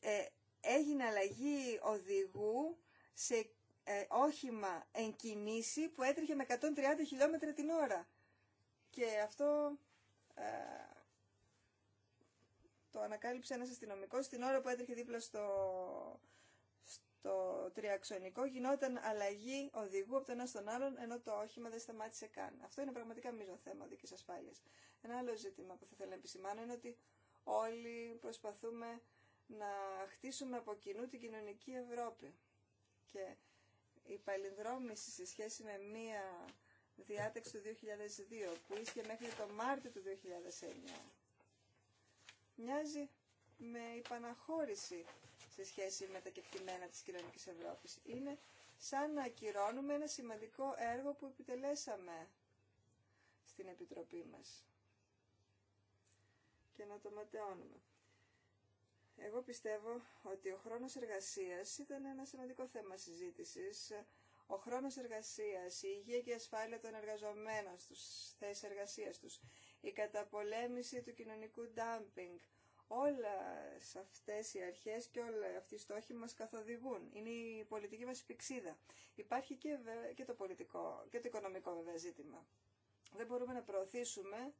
ε, έγινε αλλαγή οδηγού σε ε, όχημα εν κινήσει που έτρεχε με 130 χιλιόμετρα την ώρα και αυτό ε, το ανακάλυψε ένας αστυνομικός την ώρα που έτρεχε δίπλα στο το τριαξονικό γινόταν αλλαγή οδηγού από τον ένα στον άλλον, ενώ το όχημα δεν σταμάτησε καν. Αυτό είναι πραγματικά μείζον θέμα δική ασφάλεια. Ένα άλλο ζήτημα που θα ήθελα να επισημάνω είναι ότι όλοι προσπαθούμε να χτίσουμε από κοινού την κοινωνική Ευρώπη. Και η παλινδρόμηση σε σχέση με μία διάταξη του 2002 που ίσχυε μέχρι το Μάρτιο του 2009 μοιάζει με υπαναχώρηση σε σχέση με τα κεκτημένα της κοινωνικής Ευρώπης. Είναι σαν να ακυρώνουμε ένα σημαντικό έργο που επιτελέσαμε στην Επιτροπή μας και να το ματαιώνουμε. Εγώ πιστεύω ότι ο χρόνος εργασίας ήταν ένα σημαντικό θέμα συζήτησης. Ο χρόνος εργασίας, η υγεία και η ασφάλεια των εργαζομένων στους θέσεις εργασίας τους, η καταπολέμηση του κοινωνικού ντάμπινγκ, Όλα αυτές οι αρχές και όλα αυτοί οι στόχοι μας καθοδηγούν. Είναι η πολιτική μας πηξίδα. Υπάρχει και, και το πολιτικό και το οικονομικό βέβαια ζήτημα. Δεν μπορούμε να προωθήσουμε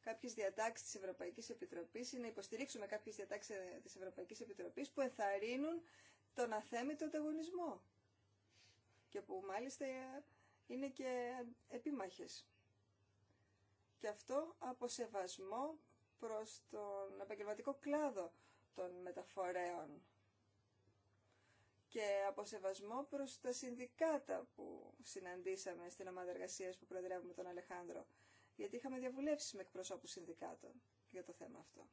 κάποιες διατάξεις της Ευρωπαϊκής Επιτροπής ή να υποστηρίξουμε κάποιες διατάξεις ε, της Ευρωπαϊκής Επιτροπής που ενθαρρύνουν τον αθέμητο ανταγωνισμό και που μάλιστα ε, είναι και επίμαχες. Και αυτό από σεβασμό προς τον επαγγελματικό κλάδο των μεταφορέων και από σεβασμό προς τα συνδικάτα που συναντήσαμε στην ομάδα εργασίας που προεδρεύουμε τον Αλεχάνδρο, γιατί είχαμε διαβουλεύσει με εκπροσώπους συνδικάτων για το θέμα αυτό.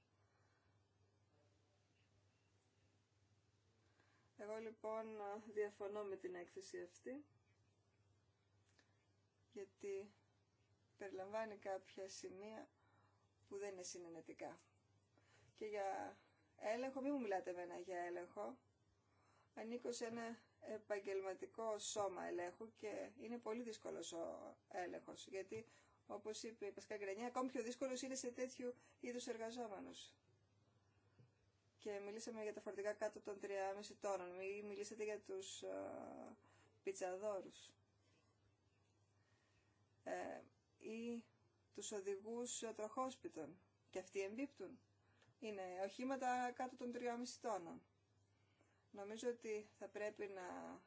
Εγώ λοιπόν διαφωνώ με την έκθεση αυτή, γιατί περιλαμβάνει κάποια σημεία που δεν είναι συνενετικά. Και για έλεγχο, μην μου μιλάτε εμένα για έλεγχο. Ανήκω σε ένα επαγγελματικό σώμα ελέγχου και είναι πολύ δύσκολος ο έλεγχος, γιατί όπως είπε η Πασκά Γκρενιά, ακόμη πιο δύσκολος είναι σε τέτοιου είδους εργαζόμενους. Και μιλήσαμε για τα φορτικά κάτω των 3,5 τόνων, μη μιλήσατε για τους ε, πιτσαδόρου. Ε, ή τους οδηγούς τροχόσπιτων και αυτοί εμπίπτουν. Είναι οχήματα κάτω των 3,5 τόνων. Νομίζω ότι θα πρέπει να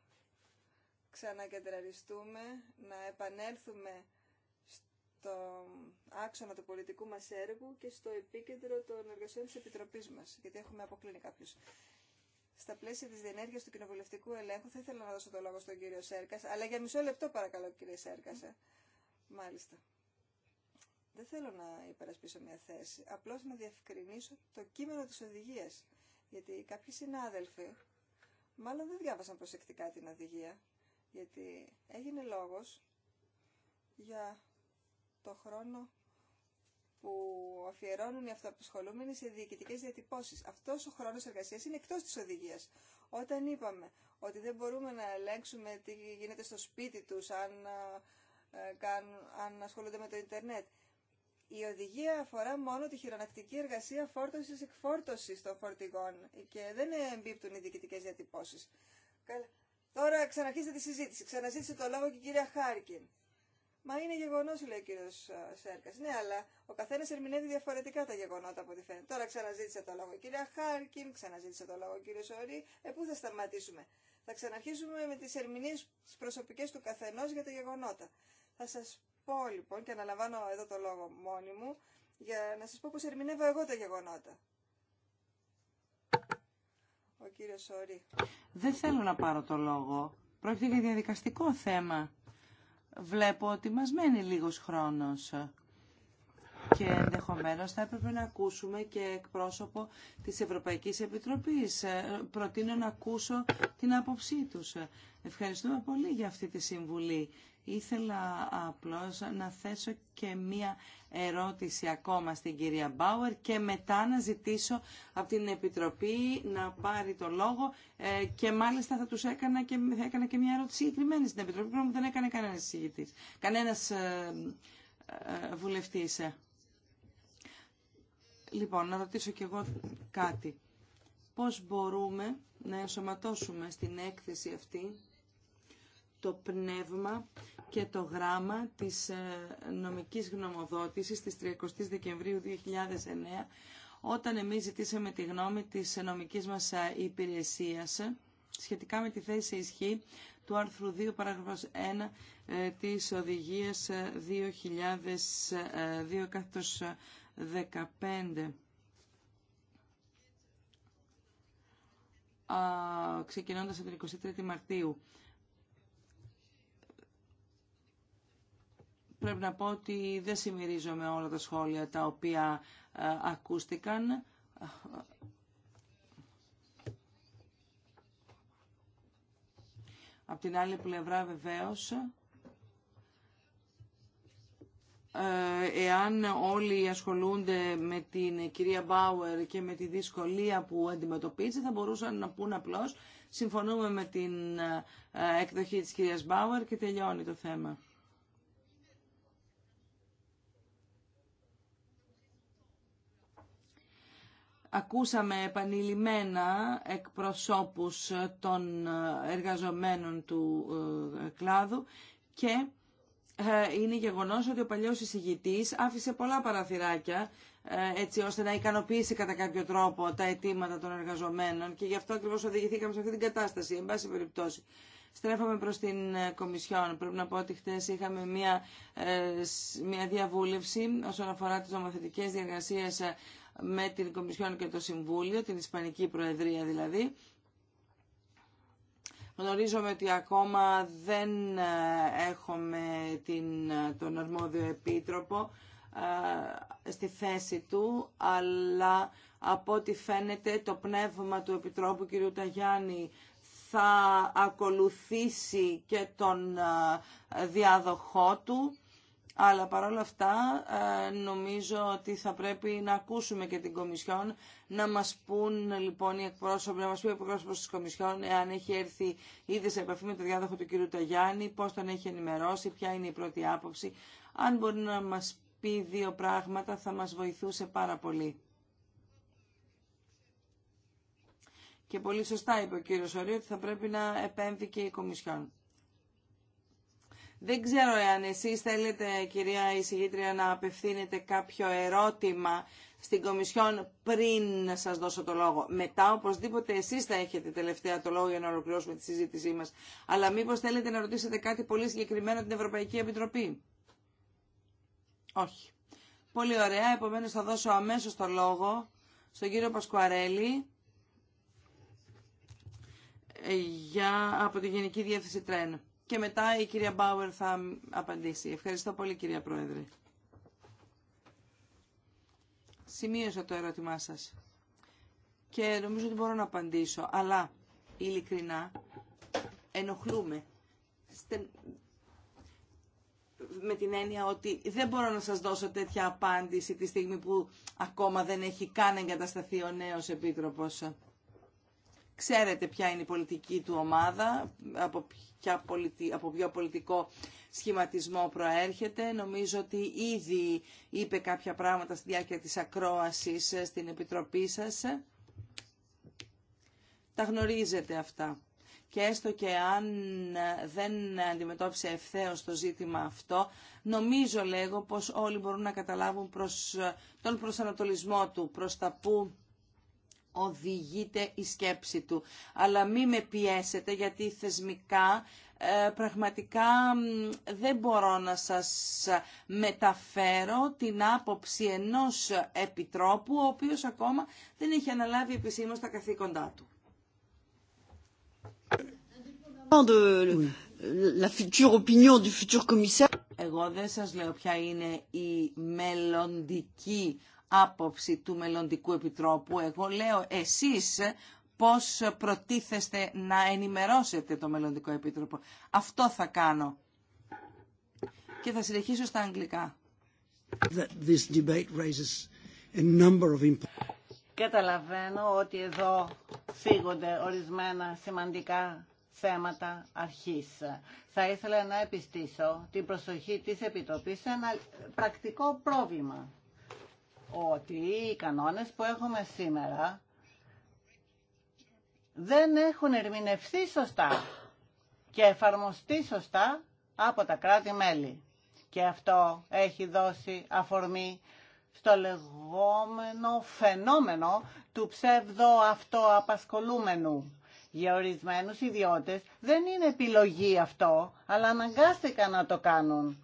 ξανακεντραριστούμε, να επανέλθουμε στο άξονα του πολιτικού μας έργου και στο επίκεντρο των εργασιών της Επιτροπής μας, γιατί έχουμε αποκλίνει κάποιους. Στα πλαίσια της διενέργειας του κοινοβουλευτικού ελέγχου θα ήθελα να δώσω το λόγο στον κύριο Σέρκα, αλλά για μισό λεπτό παρακαλώ κύριε Σέρκας. Ε, μάλιστα. Δεν θέλω να υπερασπίσω μια θέση. Απλώς να διευκρινίσω το κείμενο της οδηγίας. Γιατί κάποιοι συνάδελφοι μάλλον δεν διάβασαν προσεκτικά την οδηγία. Γιατί έγινε λόγος για το χρόνο που αφιερώνουν οι αυτοαπασχολούμενοι σε διοικητικέ διατυπώσει. Αυτό ο χρόνο εργασία είναι εκτό τη οδηγία. Όταν είπαμε ότι δεν μπορούμε να ελέγξουμε τι γίνεται στο σπίτι του, αν, ε, αν ασχολούνται με το Ιντερνετ, η οδηγία αφορά μόνο τη χειρονακτική εργασία εκφόρτωση των φορτηγών και δεν εμπίπτουν οι διοικητικέ διατυπώσει. Τώρα ξαναρχίστε τη συζήτηση. Ξαναζήτησε το λόγο και η κυρία Χάρκιν. Μα είναι γεγονό, λέει ο κύριο Σέρκα. Ναι, αλλά ο καθένα ερμηνεύει διαφορετικά τα γεγονότα από ό,τι φαίνεται. Τώρα ξαναζήτησε το λόγο η κυρία Χάρκιν, ξαναζήτησε το λόγο ο κύριο Ορή. Ε, πού θα σταματήσουμε. Θα ξαναρχίσουμε με τι ερμηνείε προσωπικέ του καθενό για τα γεγονότα. Θα σα πω λοιπόν και αναλαμβάνω εδώ το λόγο μόνη μου για να σας πω πως ερμηνεύω εγώ τα γεγονότα. Ο κύριος Σόρι. Δεν θέλω να πάρω το λόγο. Πρόκειται για διαδικαστικό θέμα. Βλέπω ότι μας μένει λίγος χρόνος και ενδεχομένω θα έπρεπε να ακούσουμε και εκπρόσωπο της Ευρωπαϊκής Επιτροπής. Ε, προτείνω να ακούσω την άποψή τους. Ευχαριστούμε πολύ για αυτή τη συμβουλή Ήθελα απλώς να θέσω και μία ερώτηση ακόμα στην κυρία Μπάουερ και μετά να ζητήσω από την Επιτροπή να πάρει το λόγο ε, και μάλιστα θα τους έκανα και, θα έκανα και μία ερώτηση συγκεκριμένη στην Επιτροπή, που δεν έκανε κανένας συζητητής, κανένας ε, ε, βουλευτής. Λοιπόν, να ρωτήσω κι εγώ κάτι. Πώς μπορούμε να ενσωματώσουμε στην έκθεση αυτή το πνεύμα και το γράμμα της ε, νομικής γνωμοδότησης της 30 Δεκεμβρίου 2009 όταν εμείς ζητήσαμε τη γνώμη της νομικής μας ε, υπηρεσίας ε, σχετικά με τη θέση ισχύ του άρθρου 2 παράγραφος 1 της οδηγίας 2002-15. ξεκινώντας από την 23η Μαρτίου. πρέπει να πω ότι δεν συμμερίζομαι όλα τα σχόλια τα οποία ε, ακούστηκαν. Απ' την άλλη πλευρά βεβαίως, ε, εάν όλοι ασχολούνται με την κυρία Μπάουερ και με τη δυσκολία που αντιμετωπίζει, θα μπορούσαν να πούν απλώς συμφωνούμε με την ε, εκδοχή της κυρίας Μπάουερ και τελειώνει το θέμα. Ακούσαμε επανειλημμένα εκπροσώπους των εργαζομένων του ε, κλάδου και ε, είναι γεγονός ότι ο παλιός εισηγητής άφησε πολλά παραθυράκια ε, έτσι ώστε να ικανοποιήσει κατά κάποιο τρόπο τα αιτήματα των εργαζομένων και γι' αυτό ακριβώς οδηγηθήκαμε σε αυτή την κατάσταση, εν πάση περιπτώσει. Στρέφαμε προς την Κομισιόν. Πρέπει να πω ότι χτες είχαμε μια, μια διαβούλευση όσον αφορά τις νομοθετικές διεργασίες με την Κομισιόν και το Συμβούλιο, την Ισπανική Προεδρία δηλαδή. Γνωρίζομαι ότι ακόμα δεν ε, έχουμε την, ε, τον αρμόδιο επίτροπο ε, στη θέση του, αλλά από ό,τι φαίνεται το πνεύμα του Επιτρόπου κ. Ταγιάννη θα ακολουθήσει και τον διάδοχό του αλλά παρόλα αυτά ε, νομίζω ότι θα πρέπει να ακούσουμε και την Κομισιόν να μας πούν λοιπόν οι εκπρόσωποι, να μας πει ο εκπρόσωπος της Κομισιόν εάν έχει έρθει ήδη σε επαφή με τον διάδοχο του κ. Ταγιάννη, πώς τον έχει ενημερώσει, ποια είναι η πρώτη άποψη. Αν μπορεί να μας πει δύο πράγματα θα μας βοηθούσε πάρα πολύ. Και πολύ σωστά είπε ο κύριος Ορίου ότι θα πρέπει να επέμβει και η Κομισιόν. Δεν ξέρω εάν εσείς θέλετε, κυρία εισηγήτρια, να απευθύνετε κάποιο ερώτημα στην Κομισιόν πριν σας δώσω το λόγο. Μετά, οπωσδήποτε, εσείς θα έχετε τελευταία το λόγο για να ολοκληρώσουμε τη συζήτησή μας. Αλλά μήπως θέλετε να ρωτήσετε κάτι πολύ συγκεκριμένο την Ευρωπαϊκή Επιτροπή. Όχι. Πολύ ωραία. Επομένως, θα δώσω αμέσως το λόγο στον κύριο Πασκουαρέλη ε, για, από τη Γενική Διεύθυνση Τρένου και μετά η κυρία Μπάουερ θα απαντήσει. Ευχαριστώ πολύ κυρία Πρόεδρε. Σημείωσα το ερώτημά σας και νομίζω ότι μπορώ να απαντήσω, αλλά ειλικρινά ενοχλούμε με την έννοια ότι δεν μπορώ να σας δώσω τέτοια απάντηση τη στιγμή που ακόμα δεν έχει καν εγκατασταθεί ο νέος Επίτροπος. Ξέρετε ποια είναι η πολιτική του ομάδα, από, ποια από ποιο πολιτικό σχηματισμό προέρχεται. Νομίζω ότι ήδη είπε κάποια πράγματα στη διάρκεια της ακρόασης ε, στην Επιτροπή σας. Τα γνωρίζετε αυτά. Και έστω και αν ε, δεν αντιμετώπισε ευθέως το ζήτημα αυτό, νομίζω λέγω πως όλοι μπορούν να καταλάβουν προς ε, τον προσανατολισμό του, προς τα που οδηγείται η σκέψη του. Αλλά μη με πιέσετε γιατί θεσμικά ε, πραγματικά δεν μπορώ να σας μεταφέρω την άποψη ενός επιτρόπου ο οποίος ακόμα δεν έχει αναλάβει επισήμως τα καθήκοντά του. Εγώ δεν σας λέω ποια είναι η μελλοντική άποψη του μελλοντικού επιτρόπου. Εγώ λέω εσείς πώς προτίθεστε να ενημερώσετε το μελλοντικό επίτροπο. Αυτό θα κάνω. Και θα συνεχίσω στα αγγλικά. Καταλαβαίνω ότι εδώ φύγονται ορισμένα σημαντικά θέματα αρχής. Θα ήθελα να επιστήσω την προσοχή της Επιτροπής σε ένα πρακτικό πρόβλημα ότι οι κανόνες που έχουμε σήμερα δεν έχουν ερμηνευθεί σωστά και εφαρμοστεί σωστά από τα κράτη-μέλη. Και αυτό έχει δώσει αφορμή στο λεγόμενο φαινόμενο του ψεύδο αυτοαπασχολούμενου. Για ορισμένου ιδιώτε δεν είναι επιλογή αυτό, αλλά αναγκάστηκαν να το κάνουν.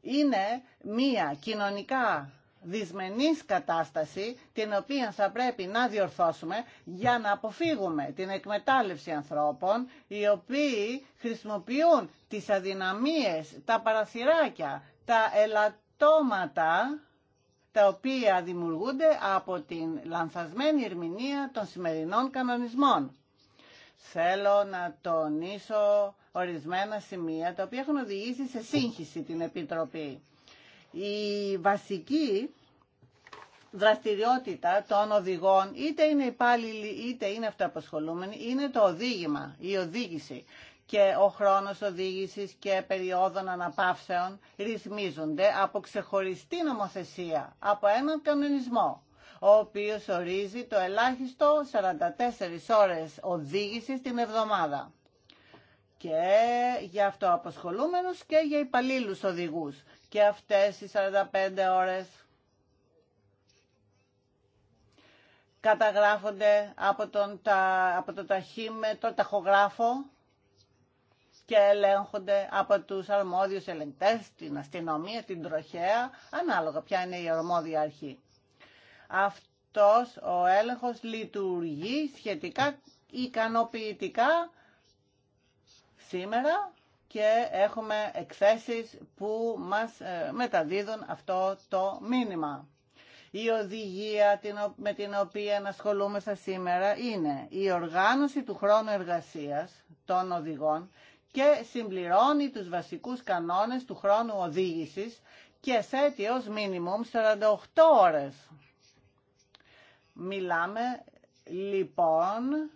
Είναι μία κοινωνικά δυσμενής κατάσταση την οποία θα πρέπει να διορθώσουμε για να αποφύγουμε την εκμετάλλευση ανθρώπων οι οποίοι χρησιμοποιούν τις αδυναμίες, τα παραθυράκια, τα ελαττώματα τα οποία δημιουργούνται από την λανθασμένη ερμηνεία των σημερινών κανονισμών. Θέλω να τονίσω ορισμένα σημεία τα οποία έχουν οδηγήσει σε σύγχυση την Επιτροπή η βασική δραστηριότητα των οδηγών, είτε είναι υπάλληλοι είτε είναι αυτοαπασχολούμενοι, είναι το οδήγημα, η οδήγηση. Και ο χρόνος οδήγησης και περιόδων αναπαύσεων ρυθμίζονται από ξεχωριστή νομοθεσία, από έναν κανονισμό ο οποίος ορίζει το ελάχιστο 44 ώρες οδήγησης την εβδομάδα. Και για αυτοαποσχολούμενους και για υπαλλήλους οδηγούς και αυτές οι 45 ώρες καταγράφονται από τον, τα, από το ταχύμετρο, ταχογράφο και ελέγχονται από τους αρμόδιους ελεγκτές, την αστυνομία, την τροχέα, ανάλογα ποια είναι η αρμόδια αρχή. Αυτός ο έλεγχος λειτουργεί σχετικά ικανοποιητικά σήμερα και έχουμε εκθέσεις που μας ε, μεταδίδουν αυτό το μήνυμα. Η οδηγία με την οποία σας σήμερα είναι η οργάνωση του χρόνου εργασίας των οδηγών και συμπληρώνει τους βασικούς κανόνες του χρόνου οδήγησης και θέτει ως μίνιμουμ 48 ώρες. Μιλάμε λοιπόν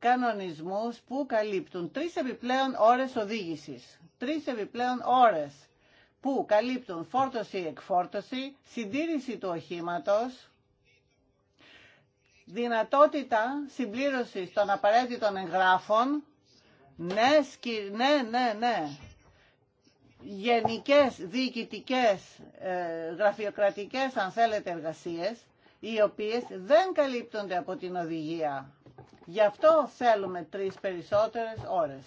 κανονισμούς που καλύπτουν τρεις επιπλέον ώρες οδήγησης. Τρεις επιπλέον ώρες που καλύπτουν φόρτωση-εκφόρτωση, συντήρηση του οχήματος, δυνατότητα συμπλήρωσης των απαραίτητων εγγράφων, ναι, ναι, ναι, ναι, γενικές διοικητικές ε, γραφειοκρατικές αν θέλετε εργασίες οι οποίες δεν καλύπτονται από την οδηγία Γι' αυτό θέλουμε τρεις περισσότερες ώρες.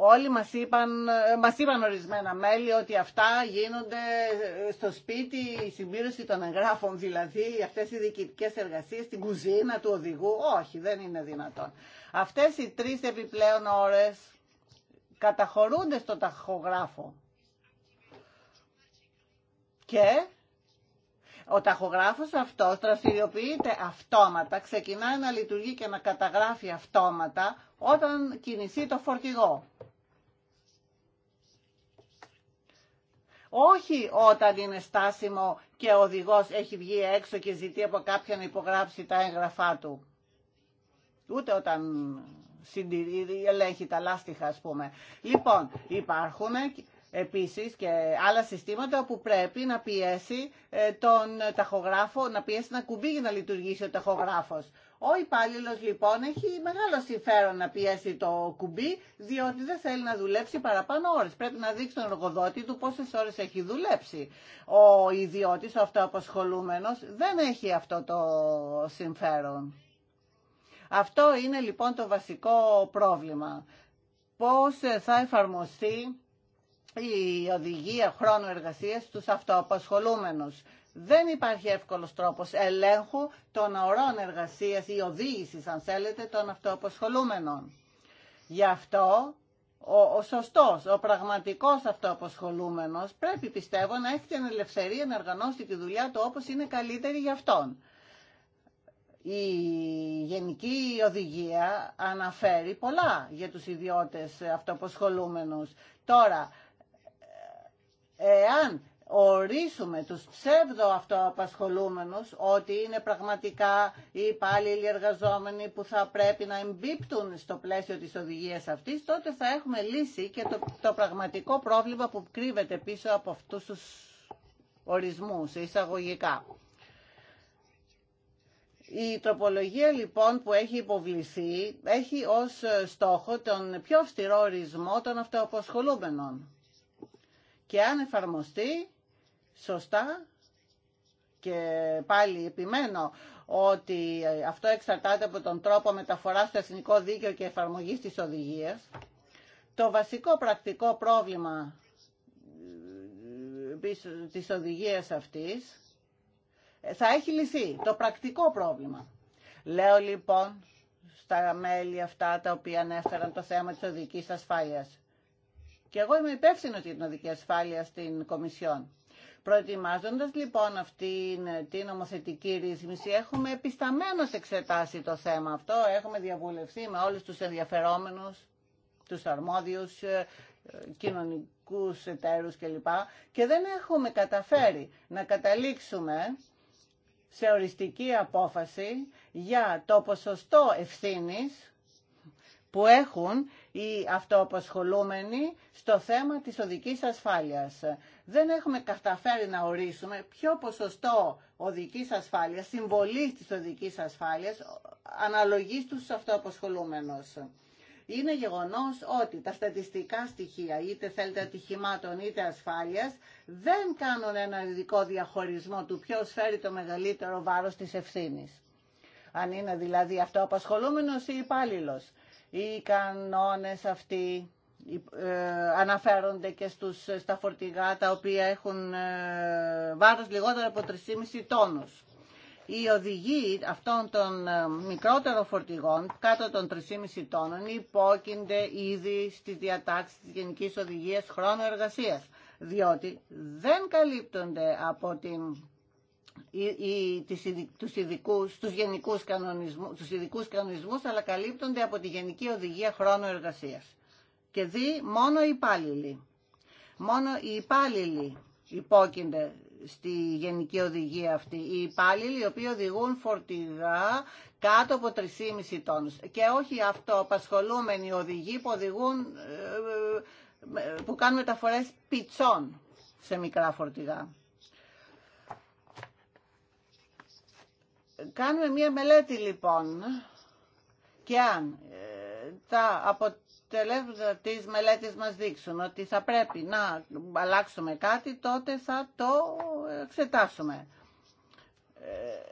Όλοι μας είπαν, ε, μας είπαν ορισμένα μέλη ότι αυτά γίνονται στο σπίτι, η συμπλήρωση των εγγράφων δηλαδή, αυτές οι διοικητικές εργασίες, την κουζίνα του οδηγού. Όχι, δεν είναι δυνατόν. Αυτές οι τρεις επιπλέον ώρες καταχωρούνται στο ταχογράφο. Και ο ταχογράφος αυτός δραστηριοποιείται αυτόματα, ξεκινάει να λειτουργεί και να καταγράφει αυτόματα όταν κινηθεί το φορτηγό. Όχι όταν είναι στάσιμο και ο οδηγός έχει βγει έξω και ζητεί από κάποιον να υπογράψει τα έγγραφά του. Ούτε όταν συντηρεί, ελέγχει τα λάστιχα ας πούμε. Λοιπόν, υπάρχουν επίσης και άλλα συστήματα που πρέπει να πιέσει ε, τον ταχογράφο, να πιέσει ένα κουμπί για να λειτουργήσει ο ταχογράφος. Ο υπάλληλο λοιπόν έχει μεγάλο συμφέρον να πιέσει το κουμπί, διότι δεν θέλει να δουλέψει παραπάνω ώρες. Πρέπει να δείξει τον εργοδότη του πόσε ώρε έχει δουλέψει. Ο ιδιώτη, ο αυτοαπασχολούμενο, δεν έχει αυτό το συμφέρον. Αυτό είναι λοιπόν το βασικό πρόβλημα. Πώς θα εφαρμοστεί η οδηγία χρόνου εργασίας στους αυτοαπασχολούμενους. Δεν υπάρχει εύκολος τρόπος ελέγχου των ωρών εργασίας ή οδήγησης, αν θέλετε, των αυτοαπασχολούμενων. Γι' αυτό ο, ο σωστός, ο πραγματικός αυτοαπασχολούμενος πρέπει, πιστεύω, να έχει την ελευθερία να οργανώσει τη δουλειά του όπως είναι καλύτερη για αυτόν. Η Γενική Οδηγία αναφέρει πολλά για τους ιδιώτες αυτοαποσχολούμενους. Τώρα, εάν ορίσουμε τους ψεύδο αυτοαπασχολούμενους ότι είναι πραγματικά οι υπάλληλοι εργαζόμενοι που θα πρέπει να εμπίπτουν στο πλαίσιο της οδηγίας αυτής, τότε θα έχουμε λύσει και το, το πραγματικό πρόβλημα που κρύβεται πίσω από αυτούς τους ορισμούς εισαγωγικά. Η τροπολογία λοιπόν που έχει υποβληθεί έχει ως στόχο τον πιο αυστηρό ορισμό των αυτοαπασχολούμενων και αν εφαρμοστεί σωστά και πάλι επιμένω ότι αυτό εξαρτάται από τον τρόπο μεταφοράς στο εθνικό δίκαιο και εφαρμογής της οδηγίας. Το βασικό πρακτικό πρόβλημα ε, της οδηγίας αυτής ε, θα έχει λυθεί. Το πρακτικό πρόβλημα. Λέω λοιπόν στα μέλη αυτά τα οποία ανέφεραν το θέμα της οδικής ασφάλειας. Και εγώ είμαι υπεύθυνο για την οδική ασφάλεια στην Κομισιόν. Προετοιμάζοντα λοιπόν αυτή την νομοθετική ρύθμιση, έχουμε επισταμμένω εξετάσει το θέμα αυτό, έχουμε διαβουλευθεί με όλους τους ενδιαφερόμενους, τους αρμόδιους, ε, κοινωνικούς εταίρους κλπ. Και δεν έχουμε καταφέρει να καταλήξουμε σε οριστική απόφαση για το ποσοστό ευθύνης που έχουν η αυτοαπασχολούμενοι στο θέμα της οδικής ασφάλειας. Δεν έχουμε καταφέρει να ορίσουμε ποιο ποσοστό οδικής ασφάλειας, συμβολής της οδικής ασφάλειας, αναλογεί στους αυτοαπασχολούμενους. Είναι γεγονός ότι τα στατιστικά στοιχεία, είτε θέλετε ατυχημάτων είτε ασφάλειας, δεν κάνουν ένα ειδικό διαχωρισμό του ποιος φέρει το μεγαλύτερο βάρος της ευθύνης. Αν είναι δηλαδή αυτό ή υπάλληλο. Οι κανόνες αυτοί ε, αναφέρονται και στους, ε, στα φορτηγά τα οποία έχουν ε, βάρος λιγότερο από 3,5 τόνους. Οι οδηγοί αυτών των μικρότερων φορτηγών, κάτω των 3,5 τόνων, υπόκεινται ήδη στη διατάξεις της Γενικής Οδηγίας Χρόνου Εργασίας, διότι δεν καλύπτονται από την ή, τις, τους, ειδικούς, τους, γενικούς κανονισμούς, τους κανονισμούς αλλά καλύπτονται από τη Γενική Οδηγία Χρόνου Εργασίας. Και δει μόνο οι υπάλληλοι. Μόνο οι υπάλληλοι υπόκεινται στη Γενική Οδηγία αυτή. Οι υπάλληλοι οι οποίοι οδηγούν φορτηγά κάτω από 3,5 τόνους. Και όχι αυτό, οδηγοί που οδηγούν, ε, ε, που κάνουν μεταφορές πιτσών σε μικρά φορτηγά. Κάνουμε μία μελέτη λοιπόν και αν ε, τα αποτελέσματα της μελέτης μας δείξουν ότι θα πρέπει να αλλάξουμε κάτι, τότε θα το εξετάσουμε. Ε,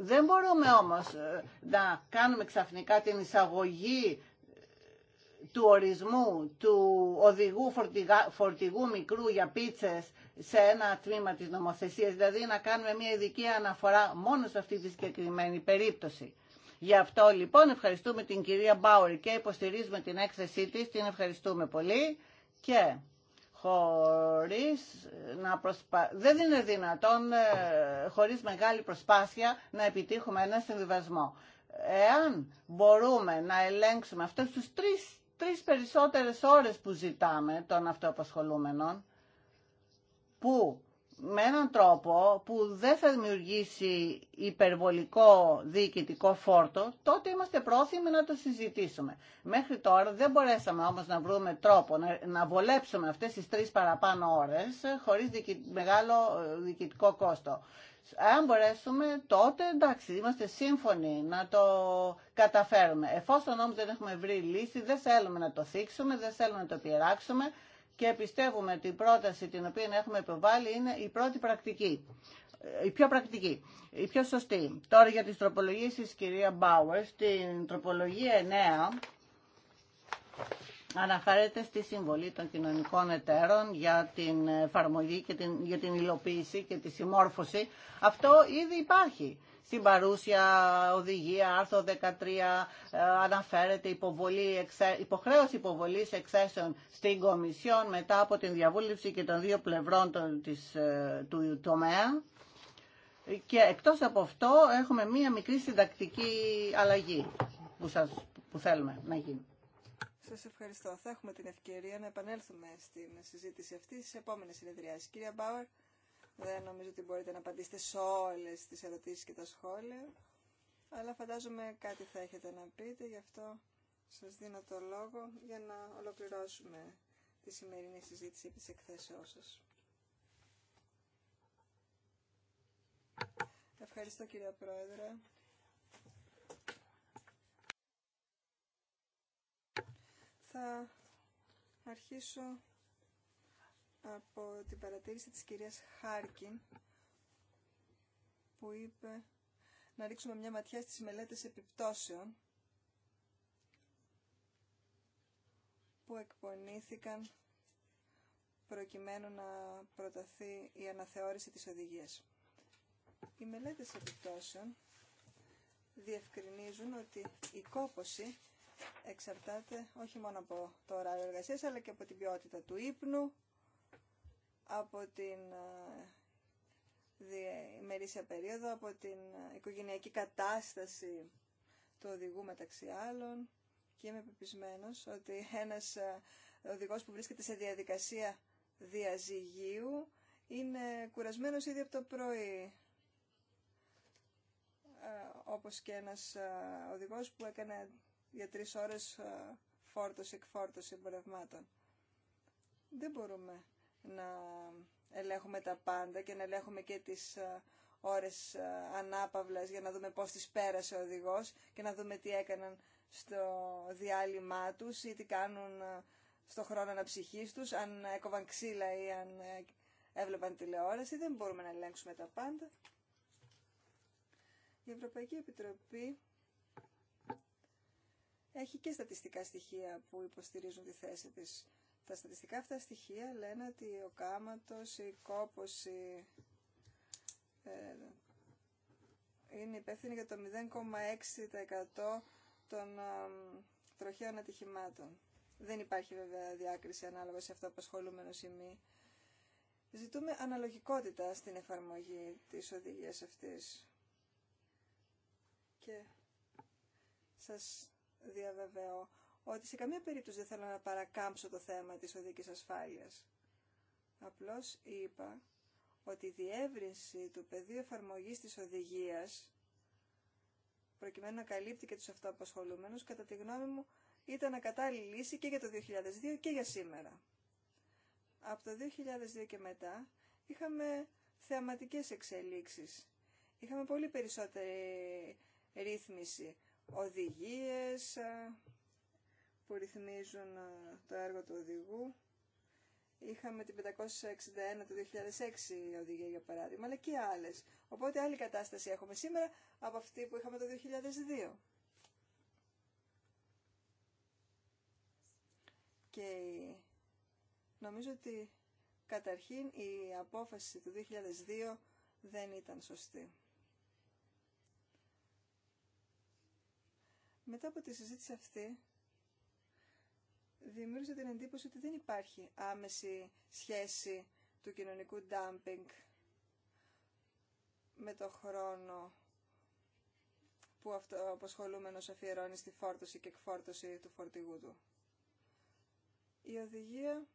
δεν μπορούμε όμως ε, να κάνουμε ξαφνικά την εισαγωγή του ορισμού του οδηγού φορτηγού μικρού για πίτσες σε ένα τμήμα της νομοθεσίας, δηλαδή να κάνουμε μια ειδική αναφορά μόνο σε αυτή τη συγκεκριμένη περίπτωση. Γι' αυτό λοιπόν ευχαριστούμε την κυρία Μπάουρ και υποστηρίζουμε την έκθεσή της, την ευχαριστούμε πολύ και χωρίς να δεν είναι δυνατόν ε, χωρίς μεγάλη προσπάθεια να επιτύχουμε ένα συμβιβασμό. Εάν μπορούμε να ελέγξουμε αυτούς τους τρεις τρεις περισσότερες ώρες που ζητάμε των αυτοαπασχολούμενων που με έναν τρόπο που δεν θα δημιουργήσει υπερβολικό διοικητικό φόρτο, τότε είμαστε πρόθυμοι να το συζητήσουμε. Μέχρι τώρα δεν μπορέσαμε όμως να βρούμε τρόπο να, βολέψουμε αυτές τις τρεις παραπάνω ώρες ε, χωρίς μεγάλο ε, διοικητικό κόστο. Αν μπορέσουμε τότε εντάξει είμαστε σύμφωνοι να το καταφέρουμε. Εφόσον όμως δεν έχουμε βρει λύση δεν θέλουμε να το θίξουμε, δεν θέλουμε να το πειράξουμε και πιστεύουμε ότι η πρόταση την οποία έχουμε υποβάλει είναι η πρώτη πρακτική. Η πιο πρακτική, η πιο σωστή. Τώρα για τις τροπολογίες της κυρία Μπάουερ, στην τροπολογία 9 αναφέρεται στη συμβολή των κοινωνικών εταίρων για την εφαρμογή και την, για την υλοποίηση και τη συμμόρφωση. Αυτό ήδη υπάρχει. Στην παρούσια οδηγία, άρθρο 13, ε, αναφέρεται υποβολή, υποχρέωση υποβολής εξέσεων στην Κομισιόν μετά από την διαβούλευση και των δύο πλευρών των, της, ε, του τομέα. Και εκτός από αυτό έχουμε μία μικρή συντακτική αλλαγή που, που θέλουμε να γίνει. Σας ευχαριστώ. Θα έχουμε την ευκαιρία να επανέλθουμε στην συζήτηση αυτή στις επόμενες συνεδριάσεις. Κυρία Μπάουερ, δεν νομίζω ότι μπορείτε να απαντήσετε σε όλες τις ερωτήσεις και τα σχόλια, αλλά φαντάζομαι κάτι θα έχετε να πείτε, γι' αυτό σας δίνω το λόγο για να ολοκληρώσουμε τη σημερινή συζήτηση τη της εκθέσεώς σας. Ευχαριστώ κυρία Πρόεδρε. Θα αρχίσω από την παρατήρηση της κυρίας Χάρκιν που είπε να ρίξουμε μια ματιά στις μελέτες επιπτώσεων που εκπονήθηκαν προκειμένου να προταθεί η αναθεώρηση της οδηγίας. Οι μελέτες επιπτώσεων διευκρινίζουν ότι η κόπωση εξαρτάται όχι μόνο από το ωράριο εργασία, αλλά και από την ποιότητα του ύπνου, από την ε, ημερήσια περίοδο, από την οικογενειακή κατάσταση του οδηγού μεταξύ άλλων και είμαι πεπισμένος ότι ένας ε, οδηγός που βρίσκεται σε διαδικασία διαζυγίου είναι κουρασμένος ήδη από το πρωί ε, όπως και ένας οδηγός που έκανε για τρεις ώρες ε, φόρτωση-εκφόρτωση εμπορευμάτων. Δεν μπορούμε να ελέγχουμε τα πάντα και να ελέγχουμε και τις ε, ώρες ε, ανάπαυλας για να δούμε πώς τις πέρασε ο οδηγός και να δούμε τι έκαναν στο διάλειμμα τους ή τι κάνουν στο χρόνο αναψυχής τους, αν έκοβαν ξύλα ή αν έβλεπαν τηλεόραση. Δεν μπορούμε να ελέγξουμε τα πάντα. Η Ευρωπαϊκή Επιτροπή έχει και στατιστικά στοιχεία που υποστηρίζουν τη θέση της. Τα στατιστικά αυτά στοιχεία λένε ότι ο κάματος, η κόπωση ε, είναι υπεύθυνη για το 0,6% των ε, τροχαίων ατυχημάτων. Δεν υπάρχει βέβαια διάκριση ανάλογα σε αυτό που ή μη. Ζητούμε αναλογικότητα στην εφαρμογή της οδηγίας αυτής. Και σας διαβεβαιώ ότι σε καμία περίπτωση δεν θέλω να παρακάμψω το θέμα της οδικής ασφάλειας. Απλώς είπα ότι η διεύρυνση του πεδίου εφαρμογής της οδηγίας, προκειμένου να καλύπτει και τους αυτοαπασχολούμενους, κατά τη γνώμη μου ήταν ακατάλληλη λύση και για το 2002 και για σήμερα. Από το 2002 και μετά είχαμε θεαματικές εξελίξεις. Είχαμε πολύ περισσότερη ρύθμιση οδηγίες ε, που ρυθμίζουν ε, το έργο του οδηγού. Είχαμε την 561 του 2006 οδηγία για παράδειγμα, αλλά και άλλες. Οπότε άλλη κατάσταση έχουμε σήμερα από αυτή που είχαμε το 2002. Και νομίζω ότι καταρχήν η απόφαση του 2002 δεν ήταν σωστή. Μετά από τη συζήτηση αυτή, δημιούργησε την εντύπωση ότι δεν υπάρχει άμεση σχέση του κοινωνικού ντάμπινγκ με το χρόνο που αυτό αποσχολούμενος αφιερώνει στη φόρτωση και εκφόρτωση του φορτηγού του. Η οδηγία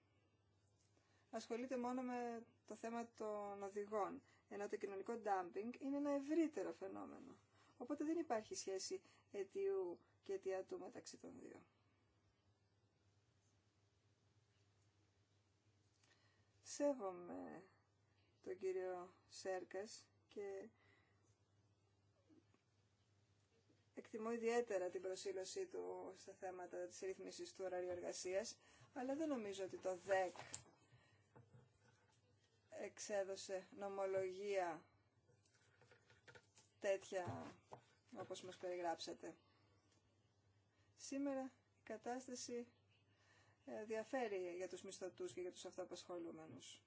ασχολείται μόνο με το θέμα των οδηγών, ενώ το κοινωνικό ντάμπινγκ είναι ένα ευρύτερο φαινόμενο. Οπότε δεν υπάρχει σχέση αιτίου και αιτιατού μεταξύ των δύο. Σέβομαι τον κύριο Σέρκας και εκτιμώ ιδιαίτερα την προσήλωσή του στα θέματα της ρύθμισης του ωραρίου εργασίας, αλλά δεν νομίζω ότι το ΔΕΚ εξέδωσε νομολογία τέτοια όπως μας περιγράψατε. Σήμερα η κατάσταση ε, διαφέρει για τους μισθωτούς και για τους αυτοαπασχολούμενους.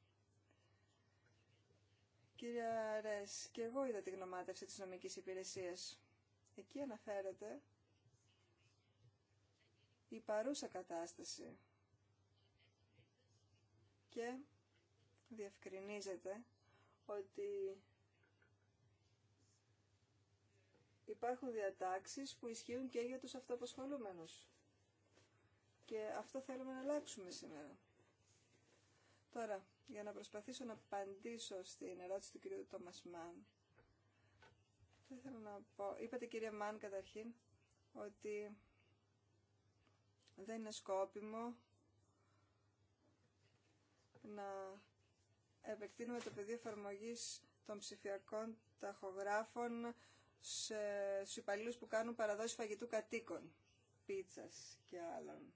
Κύριε Ρες, και εγώ είδα τη γνωμάτευση της νομικής υπηρεσίας. Εκεί αναφέρεται η παρούσα κατάσταση και διευκρινίζεται ότι υπάρχουν διατάξεις που ισχύουν και για τους αυτοαπασχολούμενους. Και αυτό θέλουμε να αλλάξουμε σήμερα. Τώρα, για να προσπαθήσω να απαντήσω στην ερώτηση του κυρίου Τόμας Μαν. θέλω να πω. Είπατε κύριε Μαν καταρχήν ότι δεν είναι σκόπιμο να επεκτείνουμε το πεδίο εφαρμογή των ψηφιακών ταχογράφων στους υπαλλήλους που κάνουν παραδόση φαγητού κατοίκων, πίτσας και άλλων.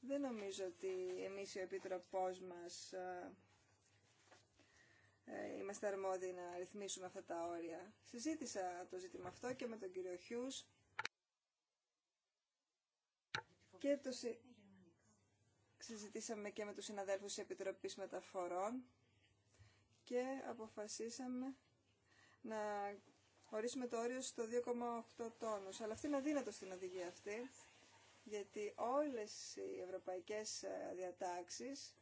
Δεν νομίζω ότι εμείς οι Επίτροπός μας ε, ε, είμαστε αρμόδιοι να ρυθμίσουμε αυτά τα όρια. Συζήτησα το ζήτημα αυτό και με τον κύριο Χιούς και το συζητήσαμε και με τους συναδέλφους της Επιτροπής Μεταφορών και αποφασίσαμε να ορίσουμε το όριο στο 2,8 τόνους. Αλλά αυτή είναι αδύνατο στην οδηγία αυτή, γιατί όλες οι ευρωπαϊκές ε, διατάξεις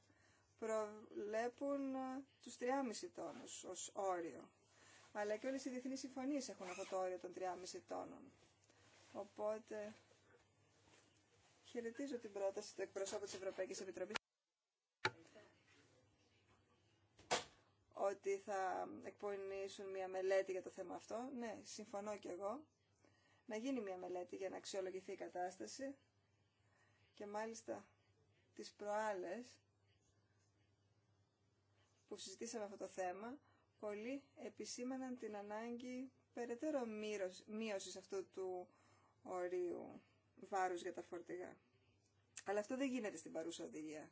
προβλέπουν ε, τους 3,5 τόνους ως όριο. Αλλά και όλες οι διεθνείς συμφωνίες έχουν αυτό το όριο των 3,5 τόνων. Οπότε χαιρετίζω την πρόταση του εκπροσώπου της Ευρωπαϊκής Επιτροπής ότι θα εκπονήσουν μια μελέτη για το θέμα αυτό. Ναι, συμφωνώ κι εγώ. Να γίνει μια μελέτη για να αξιολογηθεί η κατάσταση και μάλιστα τις προάλλες που συζητήσαμε αυτό το θέμα, πολλοί επισήμαναν την ανάγκη περαιτέρω μείωση αυτού του ορίου βάρους για τα φορτηγά. Αλλά αυτό δεν γίνεται στην παρούσα οδηγία.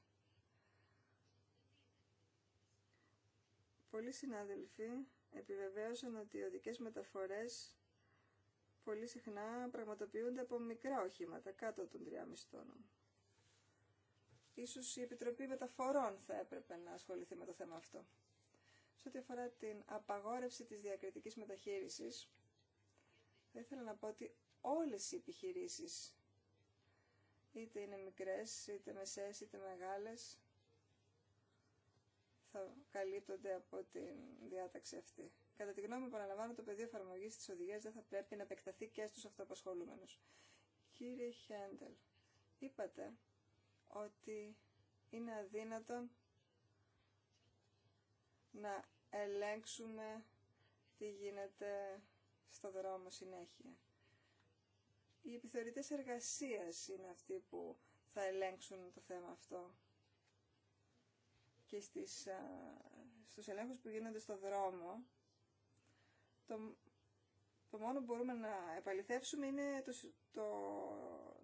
Πολλοί συνάδελφοι επιβεβαίωσαν ότι οι οδικές μεταφορές πολύ συχνά πραγματοποιούνται από μικρά οχήματα, κάτω των 3,5 τόνων. Ίσως η Επιτροπή Μεταφορών θα έπρεπε να ασχοληθεί με το θέμα αυτό. Σε ό,τι αφορά την απαγόρευση της διακριτικής μεταχείρισης, θα ήθελα να πω ότι όλες οι επιχειρήσεις, είτε είναι μικρές, είτε μεσαίες, είτε μεγάλες, θα καλύπτονται από την διάταξη αυτή. Κατά τη γνώμη μου, παραλαμβάνω, το πεδίο εφαρμογή τη οδηγία δεν θα πρέπει να επεκταθεί και στου αυτοαπασχολούμενου. Κύριε Χέντελ, είπατε ότι είναι αδύνατον να ελέγξουμε τι γίνεται στο δρόμο συνέχεια. Οι επιθεωρητές εργασίας είναι αυτοί που θα ελέγξουν το θέμα αυτό και στις, στους ελέγχους που γίνονται στο δρόμο, το, το μόνο που μπορούμε να επαληθεύσουμε είναι το, το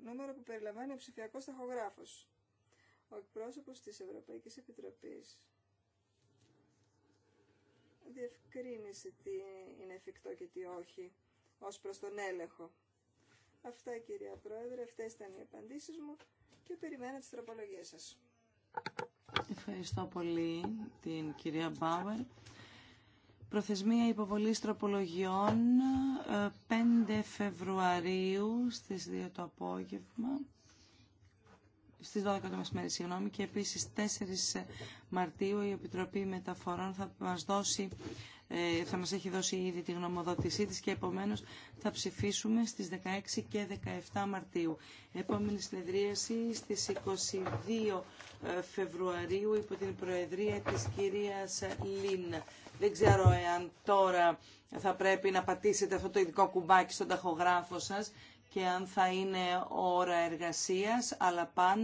νούμερο που περιλαμβάνει ο ψηφιακός ταχογράφος. Ο εκπρόσωπος της Ευρωπαϊκής Επιτροπής διευκρίνησε τι είναι εφικτό και τι όχι ως προς τον έλεγχο. Αυτά κυρία Πρόεδρε, αυτές ήταν οι απαντήσεις μου και περιμένω τις τροπολογίες σας. Ευχαριστώ πολύ την κυρία Μπάουερ. Προθεσμία υποβολής τροπολογιών 5 ε, Φεβρουαρίου στις 2 το απόγευμα στις 12 το μεσημέρι, συγγνώμη, και επίσης 4 Μαρτίου η Επιτροπή Μεταφορών θα μας δώσει ε, θα μας έχει δώσει ήδη τη γνωμοδότησή της και επομένως θα ψηφίσουμε στις 16 και 17 Μαρτίου. Επόμενη συνεδρίαση στις 22 ε, Φεβρουαρίου υπό την Προεδρία της κυρίας Λίν. Δεν ξέρω εάν τώρα θα πρέπει να πατήσετε αυτό το ειδικό κουμπάκι στον ταχογράφο σας και αν θα είναι ώρα εργασίας, αλλά πάντα